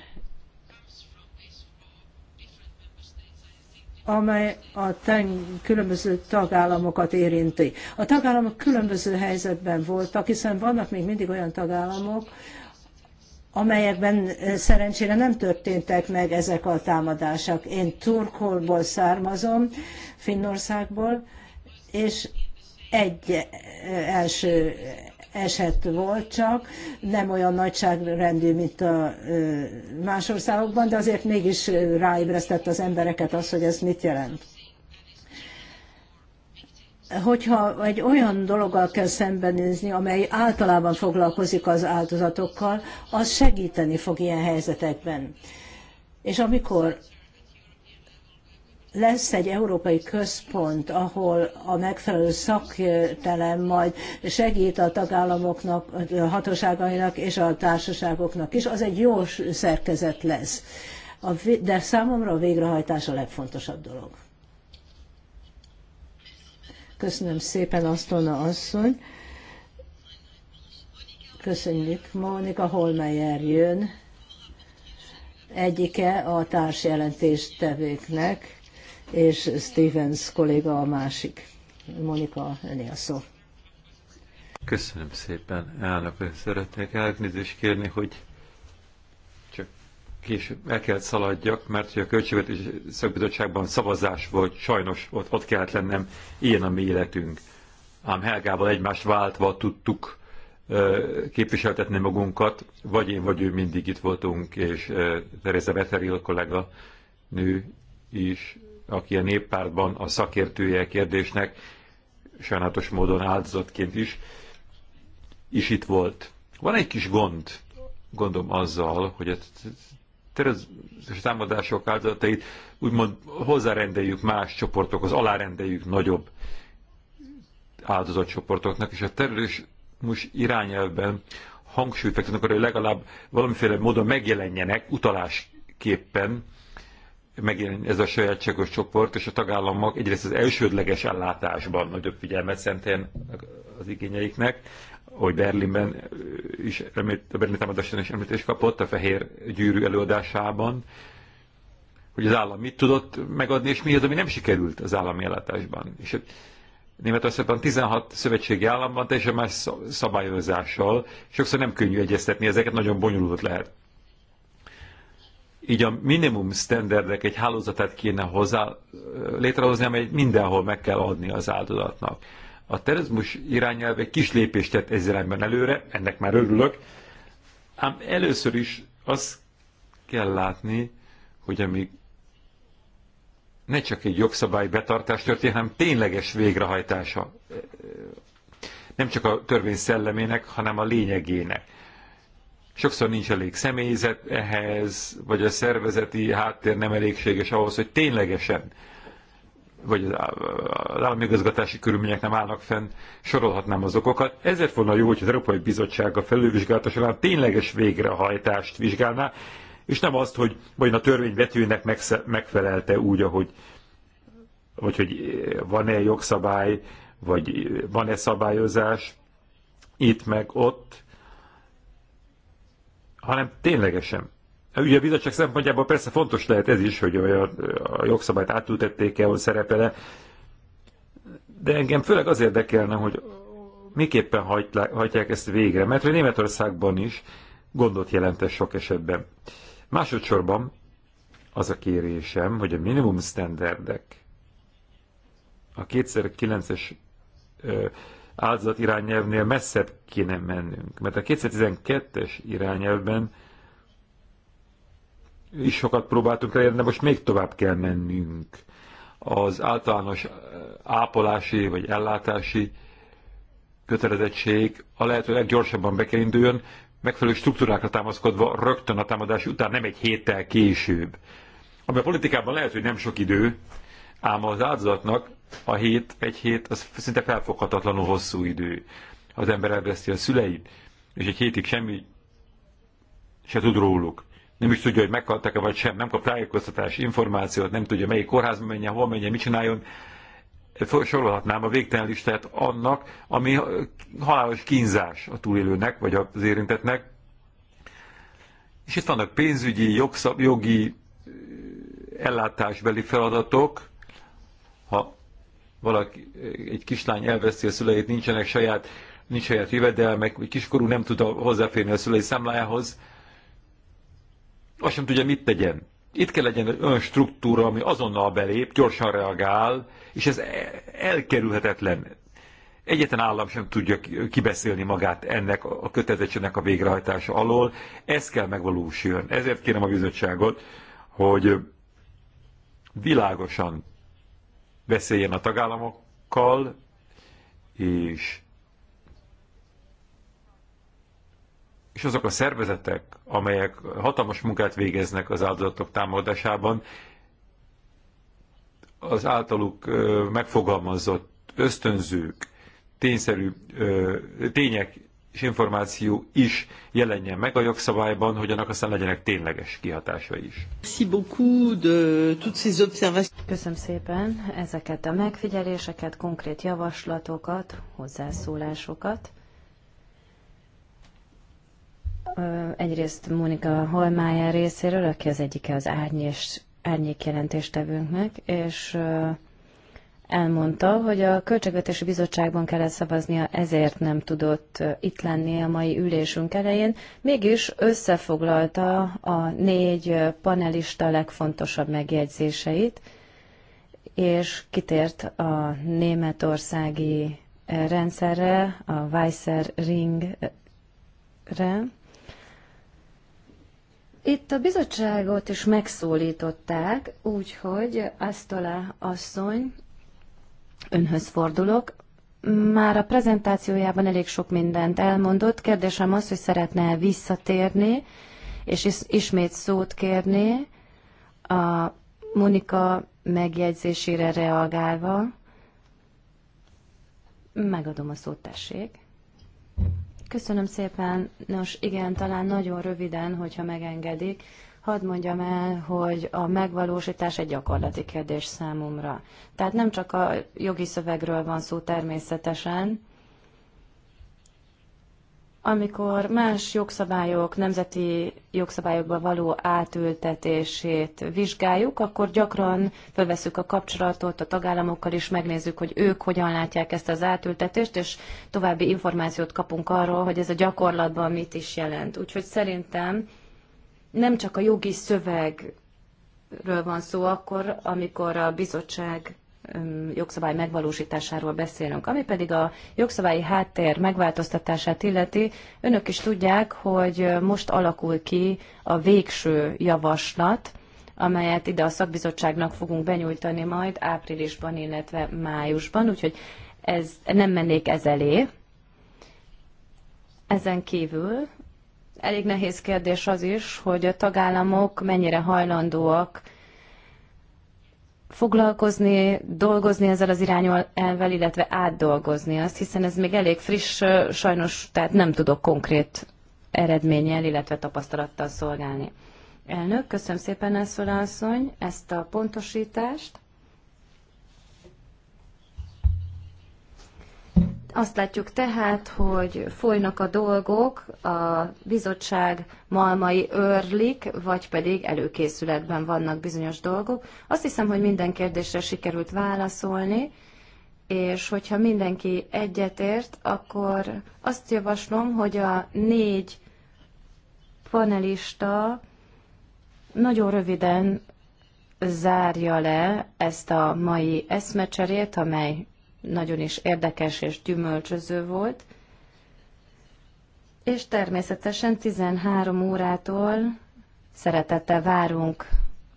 amely a ten, különböző tagállamokat érinti. A tagállamok különböző helyzetben voltak, hiszen vannak még mindig olyan tagállamok, amelyekben szerencsére nem történtek meg ezek a támadások. Én Turkolból származom, Finnországból, és egy első eset volt csak, nem olyan nagyságrendű, mint a más országokban, de azért mégis ráébresztett az embereket az, hogy ez mit jelent hogyha egy olyan dologgal kell szembenézni, amely általában foglalkozik az áldozatokkal, az segíteni fog ilyen helyzetekben. És amikor lesz egy európai központ, ahol a megfelelő szakértelem majd segít a tagállamoknak, a hatóságainak és a társaságoknak is, az egy jó szerkezet lesz. de számomra a végrehajtás a legfontosabb dolog. Köszönöm szépen, Asztona asszony. Köszönjük. Mónika Holmeyer jön. Egyike a társjelentéstevőknek és Stevens kolléga a másik. Monika, öné a szó. Köszönöm szépen, elnök, szeretnék elnézést kérni, hogy csak később el kellett szaladjak, mert hogy a költségvetési szakbizottságban szavazás volt, sajnos ott, ott kellett lennem, ilyen a mi életünk. Ám Helgával egymást váltva tudtuk képviseltetni magunkat, vagy én, vagy ő mindig itt voltunk, és Teresa Beteril kollega nő is aki a néppártban a szakértője kérdésnek, sajnálatos módon áldozatként is, is itt volt. Van egy kis gond, gondom azzal, hogy a terrorizmus támadások áldozatait úgymond hozzárendeljük más csoportokhoz, alárendeljük nagyobb áldozatcsoportoknak, és a terrorizmus irányelvben hangsúlyt fektetnek arra, hogy legalább valamiféle módon megjelenjenek utalásképpen megjelenni ez a sajátságos csoport, és a tagállamok egyrészt az elsődleges ellátásban nagyobb figyelmet szentén az igényeiknek, hogy Berlinben is, említ, a Berlin támadáson is említést kapott, a fehér gyűrű előadásában, hogy az állam mit tudott megadni, és mi az, ami nem sikerült az állami ellátásban. És hát Németországban 16 szövetségi államban teljesen más szabályozással, sokszor nem könnyű egyeztetni ezeket, nagyon bonyolult lehet. Így a minimum standardek egy hálózatát kéne hozzá létrehozni, amely mindenhol meg kell adni az áldozatnak. A terrorizmus irányelv egy kis lépést tett ez előre, ennek már örülök, ám először is azt kell látni, hogy amíg ne csak egy jogszabály betartás történik, hanem tényleges végrehajtása. Nem csak a törvény szellemének, hanem a lényegének. Sokszor nincs elég személyzet ehhez, vagy a szervezeti háttér nem elégséges ahhoz, hogy ténylegesen, vagy az államigazgatási körülmények nem állnak fenn, sorolhatnám az okokat. Ezért volna jó, hogy az Európai Bizottság a felülvizsgálata során tényleges végrehajtást vizsgálná, és nem azt, hogy vajon a törvény betűnek megfelelte úgy, ahogy vagy hogy eh, van-e jogszabály, vagy eh, van-e szabályozás itt meg ott, hanem ténylegesen. Ugye a bizottság szempontjából persze fontos lehet ez is, hogy a, jogszabályt átültették-e, hogy szerepele, de engem főleg az érdekelne, hogy miképpen hagyják ezt végre, mert hogy Németországban is gondot jelentes sok esetben. Másodszorban az a kérésem, hogy a minimum standardek a 2009-es áldozat irányelvnél messzebb kéne mennünk. Mert a 212 es irányelvben is sokat próbáltunk elérni, de most még tovább kell mennünk. Az általános eh, ápolási vagy ellátási kötelezettség a lehető leggyorsabban be kell induljon, megfelelő struktúrákra támaszkodva rögtön a támadás után, nem egy héttel később. Ami a politikában lehet, hogy nem sok idő, ám az áldozatnak a hét, egy hét, az szinte felfoghatatlanul hosszú idő. Az ember elveszti a szüleit, és egy hétig semmi se tud róluk. Nem is tudja, hogy meghaltak-e vagy sem, nem kap tájékoztatás, információt, nem tudja, melyik kórházba menjen, hol menjen, mit csináljon. Sorolhatnám a végtelen listát annak, ami halálos kínzás a túlélőnek, vagy az érintetnek. És itt vannak pénzügyi, jogszab, jogi, ellátásbeli feladatok, valaki, egy kislány elveszi a szüleit, nincsenek saját, nincs saját jövedelmek, vagy kiskorú nem tud hozzáférni a szülei számlájához, azt sem tudja, mit tegyen. Itt kell legyen egy olyan struktúra, ami azonnal belép, gyorsan reagál, és ez e- elkerülhetetlen. Egyetlen állam sem tudja kibeszélni magát ennek a kötelezettségnek a végrehajtása alól. Ez kell megvalósuljon. Ezért kérem a bizottságot, hogy világosan beszéljen a tagállamokkal, és, és azok a szervezetek, amelyek hatalmas munkát végeznek az áldozatok támadásában, az általuk megfogalmazott ösztönzők, tényszerű tények és információ is jelenjen meg a jogszabályban, hogy annak aztán legyenek tényleges kihatása is. Köszönöm szépen ezeket a megfigyeléseket, konkrét javaslatokat, hozzászólásokat. Egyrészt Monika Holmájer részéről, aki az egyike az árnyés, árnyék jelentéstevőnknek, és elmondta, hogy a Költségvetési Bizottságban kellett szavaznia, ezért nem tudott itt lenni a mai ülésünk elején. Mégis összefoglalta a négy panelista legfontosabb megjegyzéseit, és kitért a németországi rendszerre, a Weiser Ringre. Itt a bizottságot is megszólították, úgyhogy Asztola asszony önhöz fordulok. Már a prezentációjában elég sok mindent elmondott. Kérdésem az, hogy szeretne visszatérni, és ismét szót kérni a Monika megjegyzésére reagálva. Megadom a szót, tessék. Köszönöm szépen. Nos, igen, talán nagyon röviden, hogyha megengedik hadd mondjam el, hogy a megvalósítás egy gyakorlati kérdés számomra. Tehát nem csak a jogi szövegről van szó természetesen, amikor más jogszabályok, nemzeti jogszabályokba való átültetését vizsgáljuk, akkor gyakran felveszük a kapcsolatot a tagállamokkal, és megnézzük, hogy ők hogyan látják ezt az átültetést, és további információt kapunk arról, hogy ez a gyakorlatban mit is jelent. Úgyhogy szerintem nem csak a jogi szövegről van szó akkor, amikor a bizottság jogszabály megvalósításáról beszélünk. Ami pedig a jogszabályi háttér megváltoztatását illeti, önök is tudják, hogy most alakul ki a végső javaslat, amelyet ide a szakbizottságnak fogunk benyújtani majd áprilisban, illetve májusban, úgyhogy ez, nem mennék ez elé. Ezen kívül Elég nehéz kérdés az is, hogy a tagállamok mennyire hajlandóak foglalkozni, dolgozni ezzel az irányelvvel, illetve átdolgozni azt, hiszen ez még elég friss, sajnos, tehát nem tudok konkrét eredménnyel, illetve tapasztalattal szolgálni. Elnök, köszönöm szépen, Nászol asszony, ezt a pontosítást. Azt látjuk tehát, hogy folynak a dolgok, a bizottság malmai örlik, vagy pedig előkészületben vannak bizonyos dolgok. Azt hiszem, hogy minden kérdésre sikerült válaszolni, és hogyha mindenki egyetért, akkor azt javaslom, hogy a négy panelista nagyon röviden zárja le ezt a mai eszmecserét, amely nagyon is érdekes és gyümölcsöző volt. És természetesen 13 órától szeretettel várunk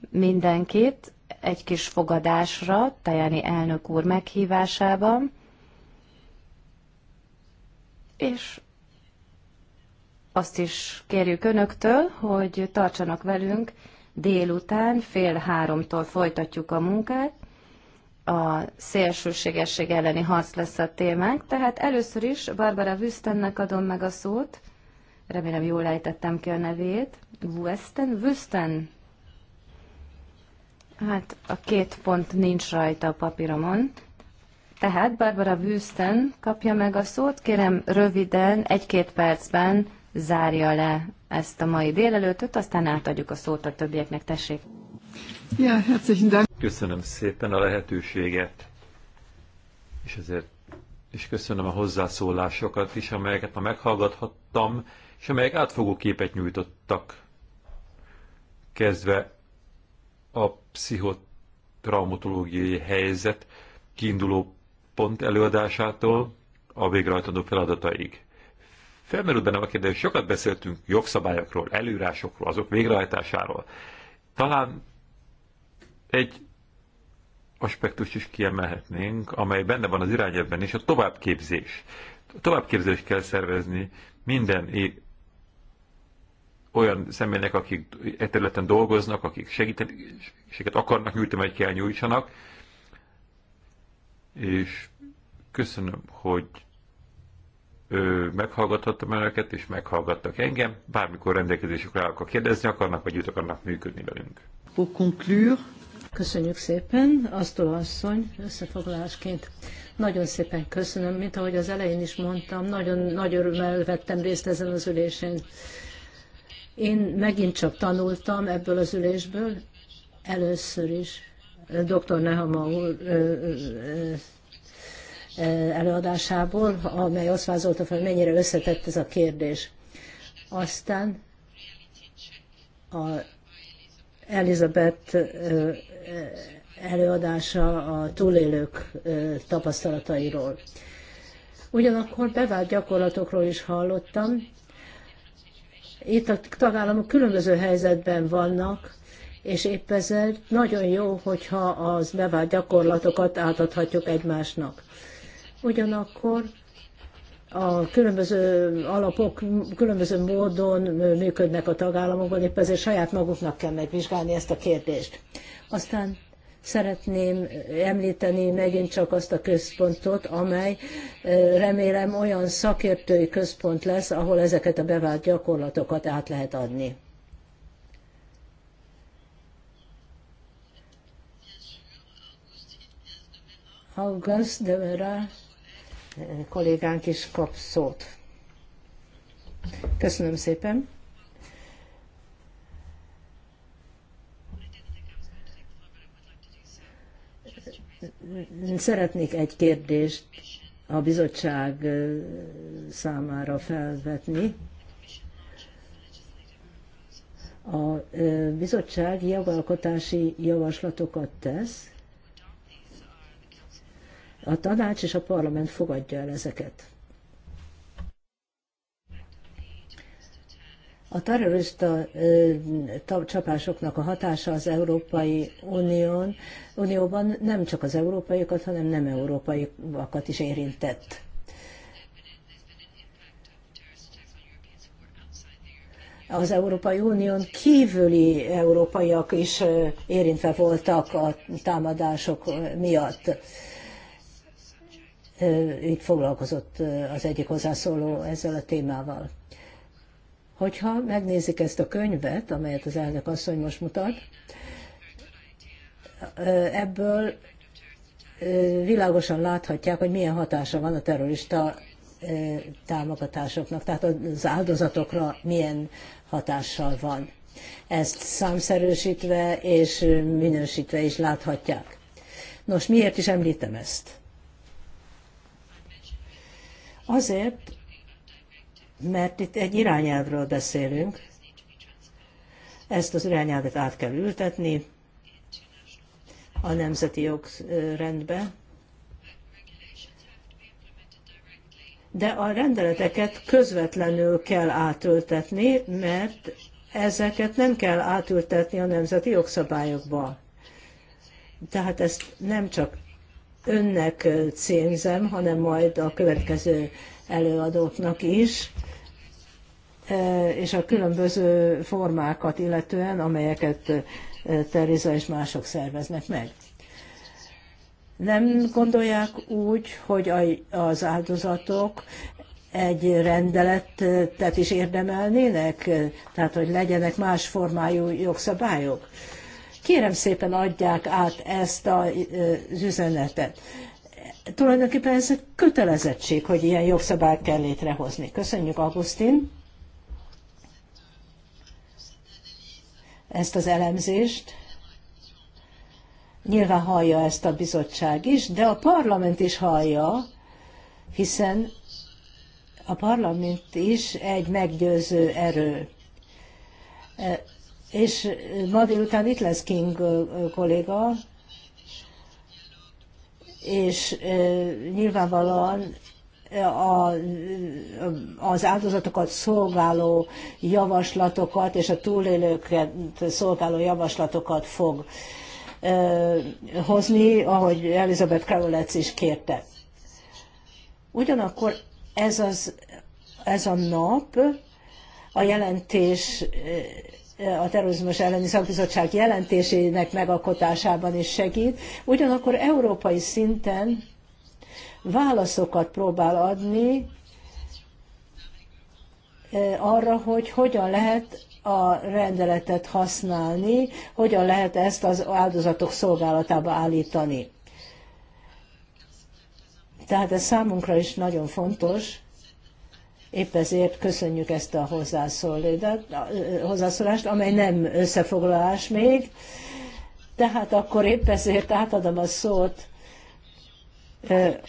mindenkit egy kis fogadásra, Tajani elnök úr meghívásában. És azt is kérjük önöktől, hogy tartsanak velünk délután, fél háromtól folytatjuk a munkát, a szélsőségesség elleni harc lesz a témánk. Tehát először is Barbara Wüstennek adom meg a szót. Remélem jól lejtettem ki a nevét. Wüsten? Wüsten? Hát a két pont nincs rajta a papíromon. Tehát Barbara Wüsten kapja meg a szót. Kérem röviden, egy-két percben zárja le ezt a mai délelőtöt, aztán átadjuk a szót a többieknek. Tessék! Ja, herzlichen Köszönöm szépen a lehetőséget, és ezért és köszönöm a hozzászólásokat is, amelyeket ma meghallgathattam, és amelyek átfogó képet nyújtottak, kezdve a pszichotraumatológiai helyzet kiinduló pont előadásától a végrehajtandó feladataig. Felmerült bennem a kérdés, sokat beszéltünk jogszabályokról, előírásokról, azok végrehajtásáról. Talán egy aspektust is kiemelhetnénk, amely benne van az irányelvben is, a továbbképzés. A továbbképzést kell szervezni minden olyan személynek, akik egy területen dolgoznak, akik segítséget akarnak nyújtani, vagy kell nyújtsanak. És köszönöm, hogy ő, meghallgathattam önöket, és meghallgattak engem. Bármikor rendelkezésükre állok, ha kérdezni akarnak, vagy itt akarnak működni velünk. Pour conclure, Köszönjük szépen, Asztol asszony, összefoglalásként. Nagyon szépen köszönöm, mint ahogy az elején is mondtam, nagyon nagy örömmel vettem részt ezen az ülésen. Én megint csak tanultam ebből az ülésből, először is eh, dr. Nehama úr eh, eh, előadásából, amely azt vázolta fel, mennyire összetett ez a kérdés. Aztán a Elizabeth előadása a túlélők tapasztalatairól. Ugyanakkor bevált gyakorlatokról is hallottam. Itt a tagállamok különböző helyzetben vannak, és épp ezért nagyon jó, hogyha az bevált gyakorlatokat átadhatjuk egymásnak. Ugyanakkor a különböző alapok különböző módon működnek a tagállamokban, épp ezért saját maguknak kell megvizsgálni ezt a kérdést. Aztán szeretném említeni megint csak azt a központot, amely remélem olyan szakértői központ lesz, ahol ezeket a bevált gyakorlatokat át lehet adni. August de Vera kollégánk is kap szót. Köszönöm szépen. Szeretnék egy kérdést a bizottság számára felvetni. A bizottság jogalkotási javaslatokat tesz, a tanács és a parlament fogadja el ezeket. A terrorista csapásoknak a hatása az Európai Unión, Unióban nem csak az európaiakat, hanem nem európaiakat is érintett. az Európai Unión kívüli európaiak is érintve voltak a támadások miatt itt foglalkozott az egyik hozzászóló ezzel a témával. Hogyha megnézik ezt a könyvet, amelyet az elnök asszony most mutat, ebből világosan láthatják, hogy milyen hatása van a terrorista támogatásoknak, tehát az áldozatokra milyen hatással van. Ezt számszerűsítve és minősítve is láthatják. Nos, miért is említem ezt? Azért, mert itt egy irányelvről beszélünk, ezt az irányelvet át kell ültetni a nemzeti jogrendbe, de a rendeleteket közvetlenül kell átültetni, mert ezeket nem kell átültetni a nemzeti jogszabályokba. Tehát ezt nem csak önnek címzem, hanem majd a következő előadóknak is, és a különböző formákat illetően, amelyeket Teriza és mások szerveznek meg. Nem gondolják úgy, hogy az áldozatok egy rendeletet is érdemelnének, tehát hogy legyenek más formájú jogszabályok. Kérem szépen adják át ezt az üzenetet. Tulajdonképpen ez egy kötelezettség, hogy ilyen jogszabályt kell létrehozni. Köszönjük, Augustin, ezt az elemzést. Nyilván hallja ezt a bizottság is, de a parlament is hallja, hiszen a parlament is egy meggyőző erő. És ma délután itt lesz King kolléga, és nyilvánvalóan a, az áldozatokat szolgáló javaslatokat és a túlélőket szolgáló javaslatokat fog hozni, ahogy Elizabeth Kravolec is kérte. Ugyanakkor ez, az, ez a nap a jelentés a terrorizmus elleni szakbizottság jelentésének megalkotásában is segít, ugyanakkor európai szinten válaszokat próbál adni e, arra, hogy hogyan lehet a rendeletet használni, hogyan lehet ezt az áldozatok szolgálatába állítani. Tehát ez számunkra is nagyon fontos, Épp ezért köszönjük ezt a hozzászólást, amely nem összefoglalás még. Tehát akkor épp ezért átadom a szót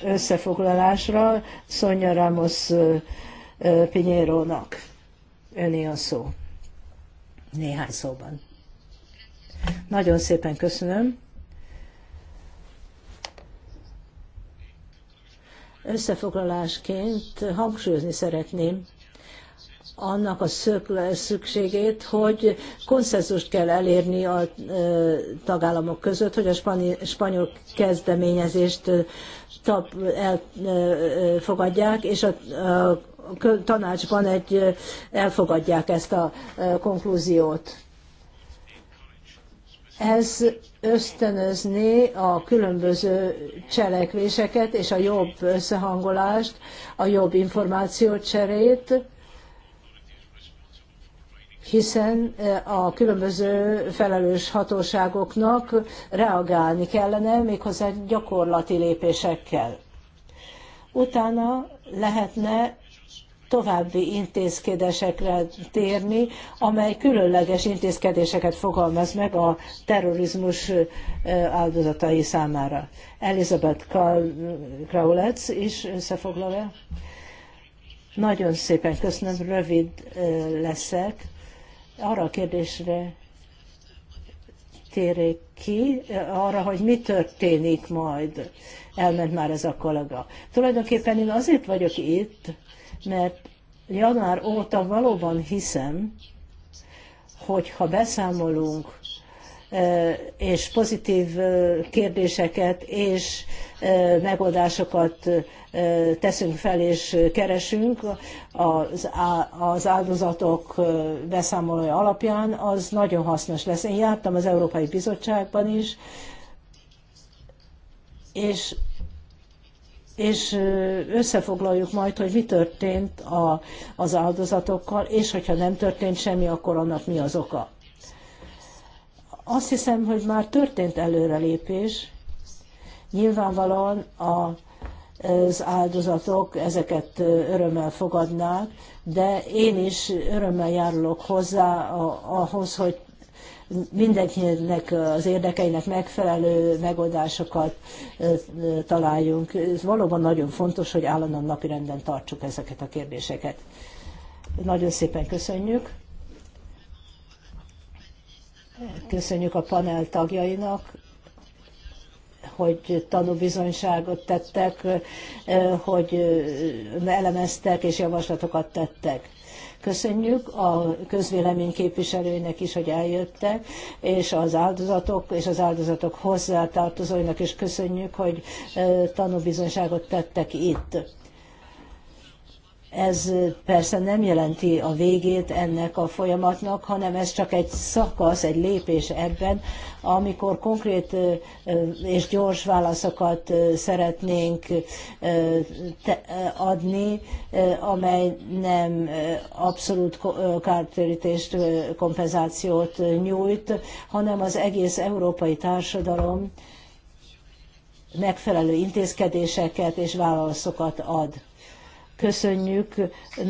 összefoglalásra Szonya Ramos Pinyérónak. Öné a szó. Néhány szóban. Nagyon szépen köszönöm. Összefoglalásként hangsúlyozni szeretném annak a szükségét, hogy konszenzust kell elérni a tagállamok között, hogy a spanyol kezdeményezést elfogadják, és a tanácsban egy, elfogadják ezt a konklúziót. Ez ösztönözni a különböző cselekvéseket és a jobb összehangolást, a jobb információcserét, hiszen eh, a különböző felelős hatóságoknak reagálni kellene méghozzá gyakorlati lépésekkel. Utána lehetne további intézkedésekre térni, amely különleges intézkedéseket fogalmaz meg a terrorizmus áldozatai számára. Elizabeth Kraulec is összefoglalja. Nagyon szépen köszönöm, rövid leszek. Arra a kérdésre térjék ki, arra, hogy mi történik majd. Elment már ez a kollega. Tulajdonképpen én azért vagyok itt, mert január óta valóban hiszem, hogy ha beszámolunk e, és pozitív e, kérdéseket és e, megoldásokat teszünk fel és keresünk az áldozatok beszámolója alapján, az nagyon hasznos lesz. Én jártam az Európai Bizottságban is, és és összefoglaljuk majd, hogy mi történt a, az áldozatokkal, és hogyha nem történt semmi, akkor annak mi az oka. Azt hiszem, hogy már történt előrelépés. Nyilvánvalóan a, az áldozatok ezeket örömmel fogadnák, de én is örömmel járulok hozzá a ahhoz, hogy mindenkinek az érdekeinek megfelelő megoldásokat találjunk. Ez valóban nagyon fontos, hogy állandóan napirenden tartsuk ezeket a kérdéseket. Nagyon szépen köszönjük. Köszönjük a panel tagjainak, hogy tanúbizonyságot tettek, hogy elemeztek és javaslatokat tettek Köszönjük a közvélemény képviselőinek is, hogy eljöttek, és az áldozatok és az áldozatok hozzátartozóinak is köszönjük, hogy tanúbizonyságot tettek itt ez persze nem jelenti a végét ennek a folyamatnak, hanem ez csak egy szakasz, egy lépés ebben, amikor konkrét és gyors válaszokat szeretnénk adni, amely nem abszolút kártérítést, kompenzációt nyújt, hanem az egész európai társadalom megfelelő intézkedéseket és válaszokat ad köszönjük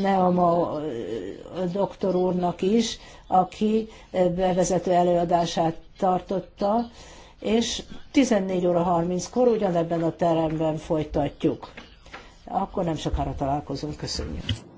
Neoma doktor úrnak is, aki bevezető előadását tartotta, és 14 óra 30-kor ugyanebben a teremben folytatjuk. Akkor nem sokára találkozunk. Köszönjük!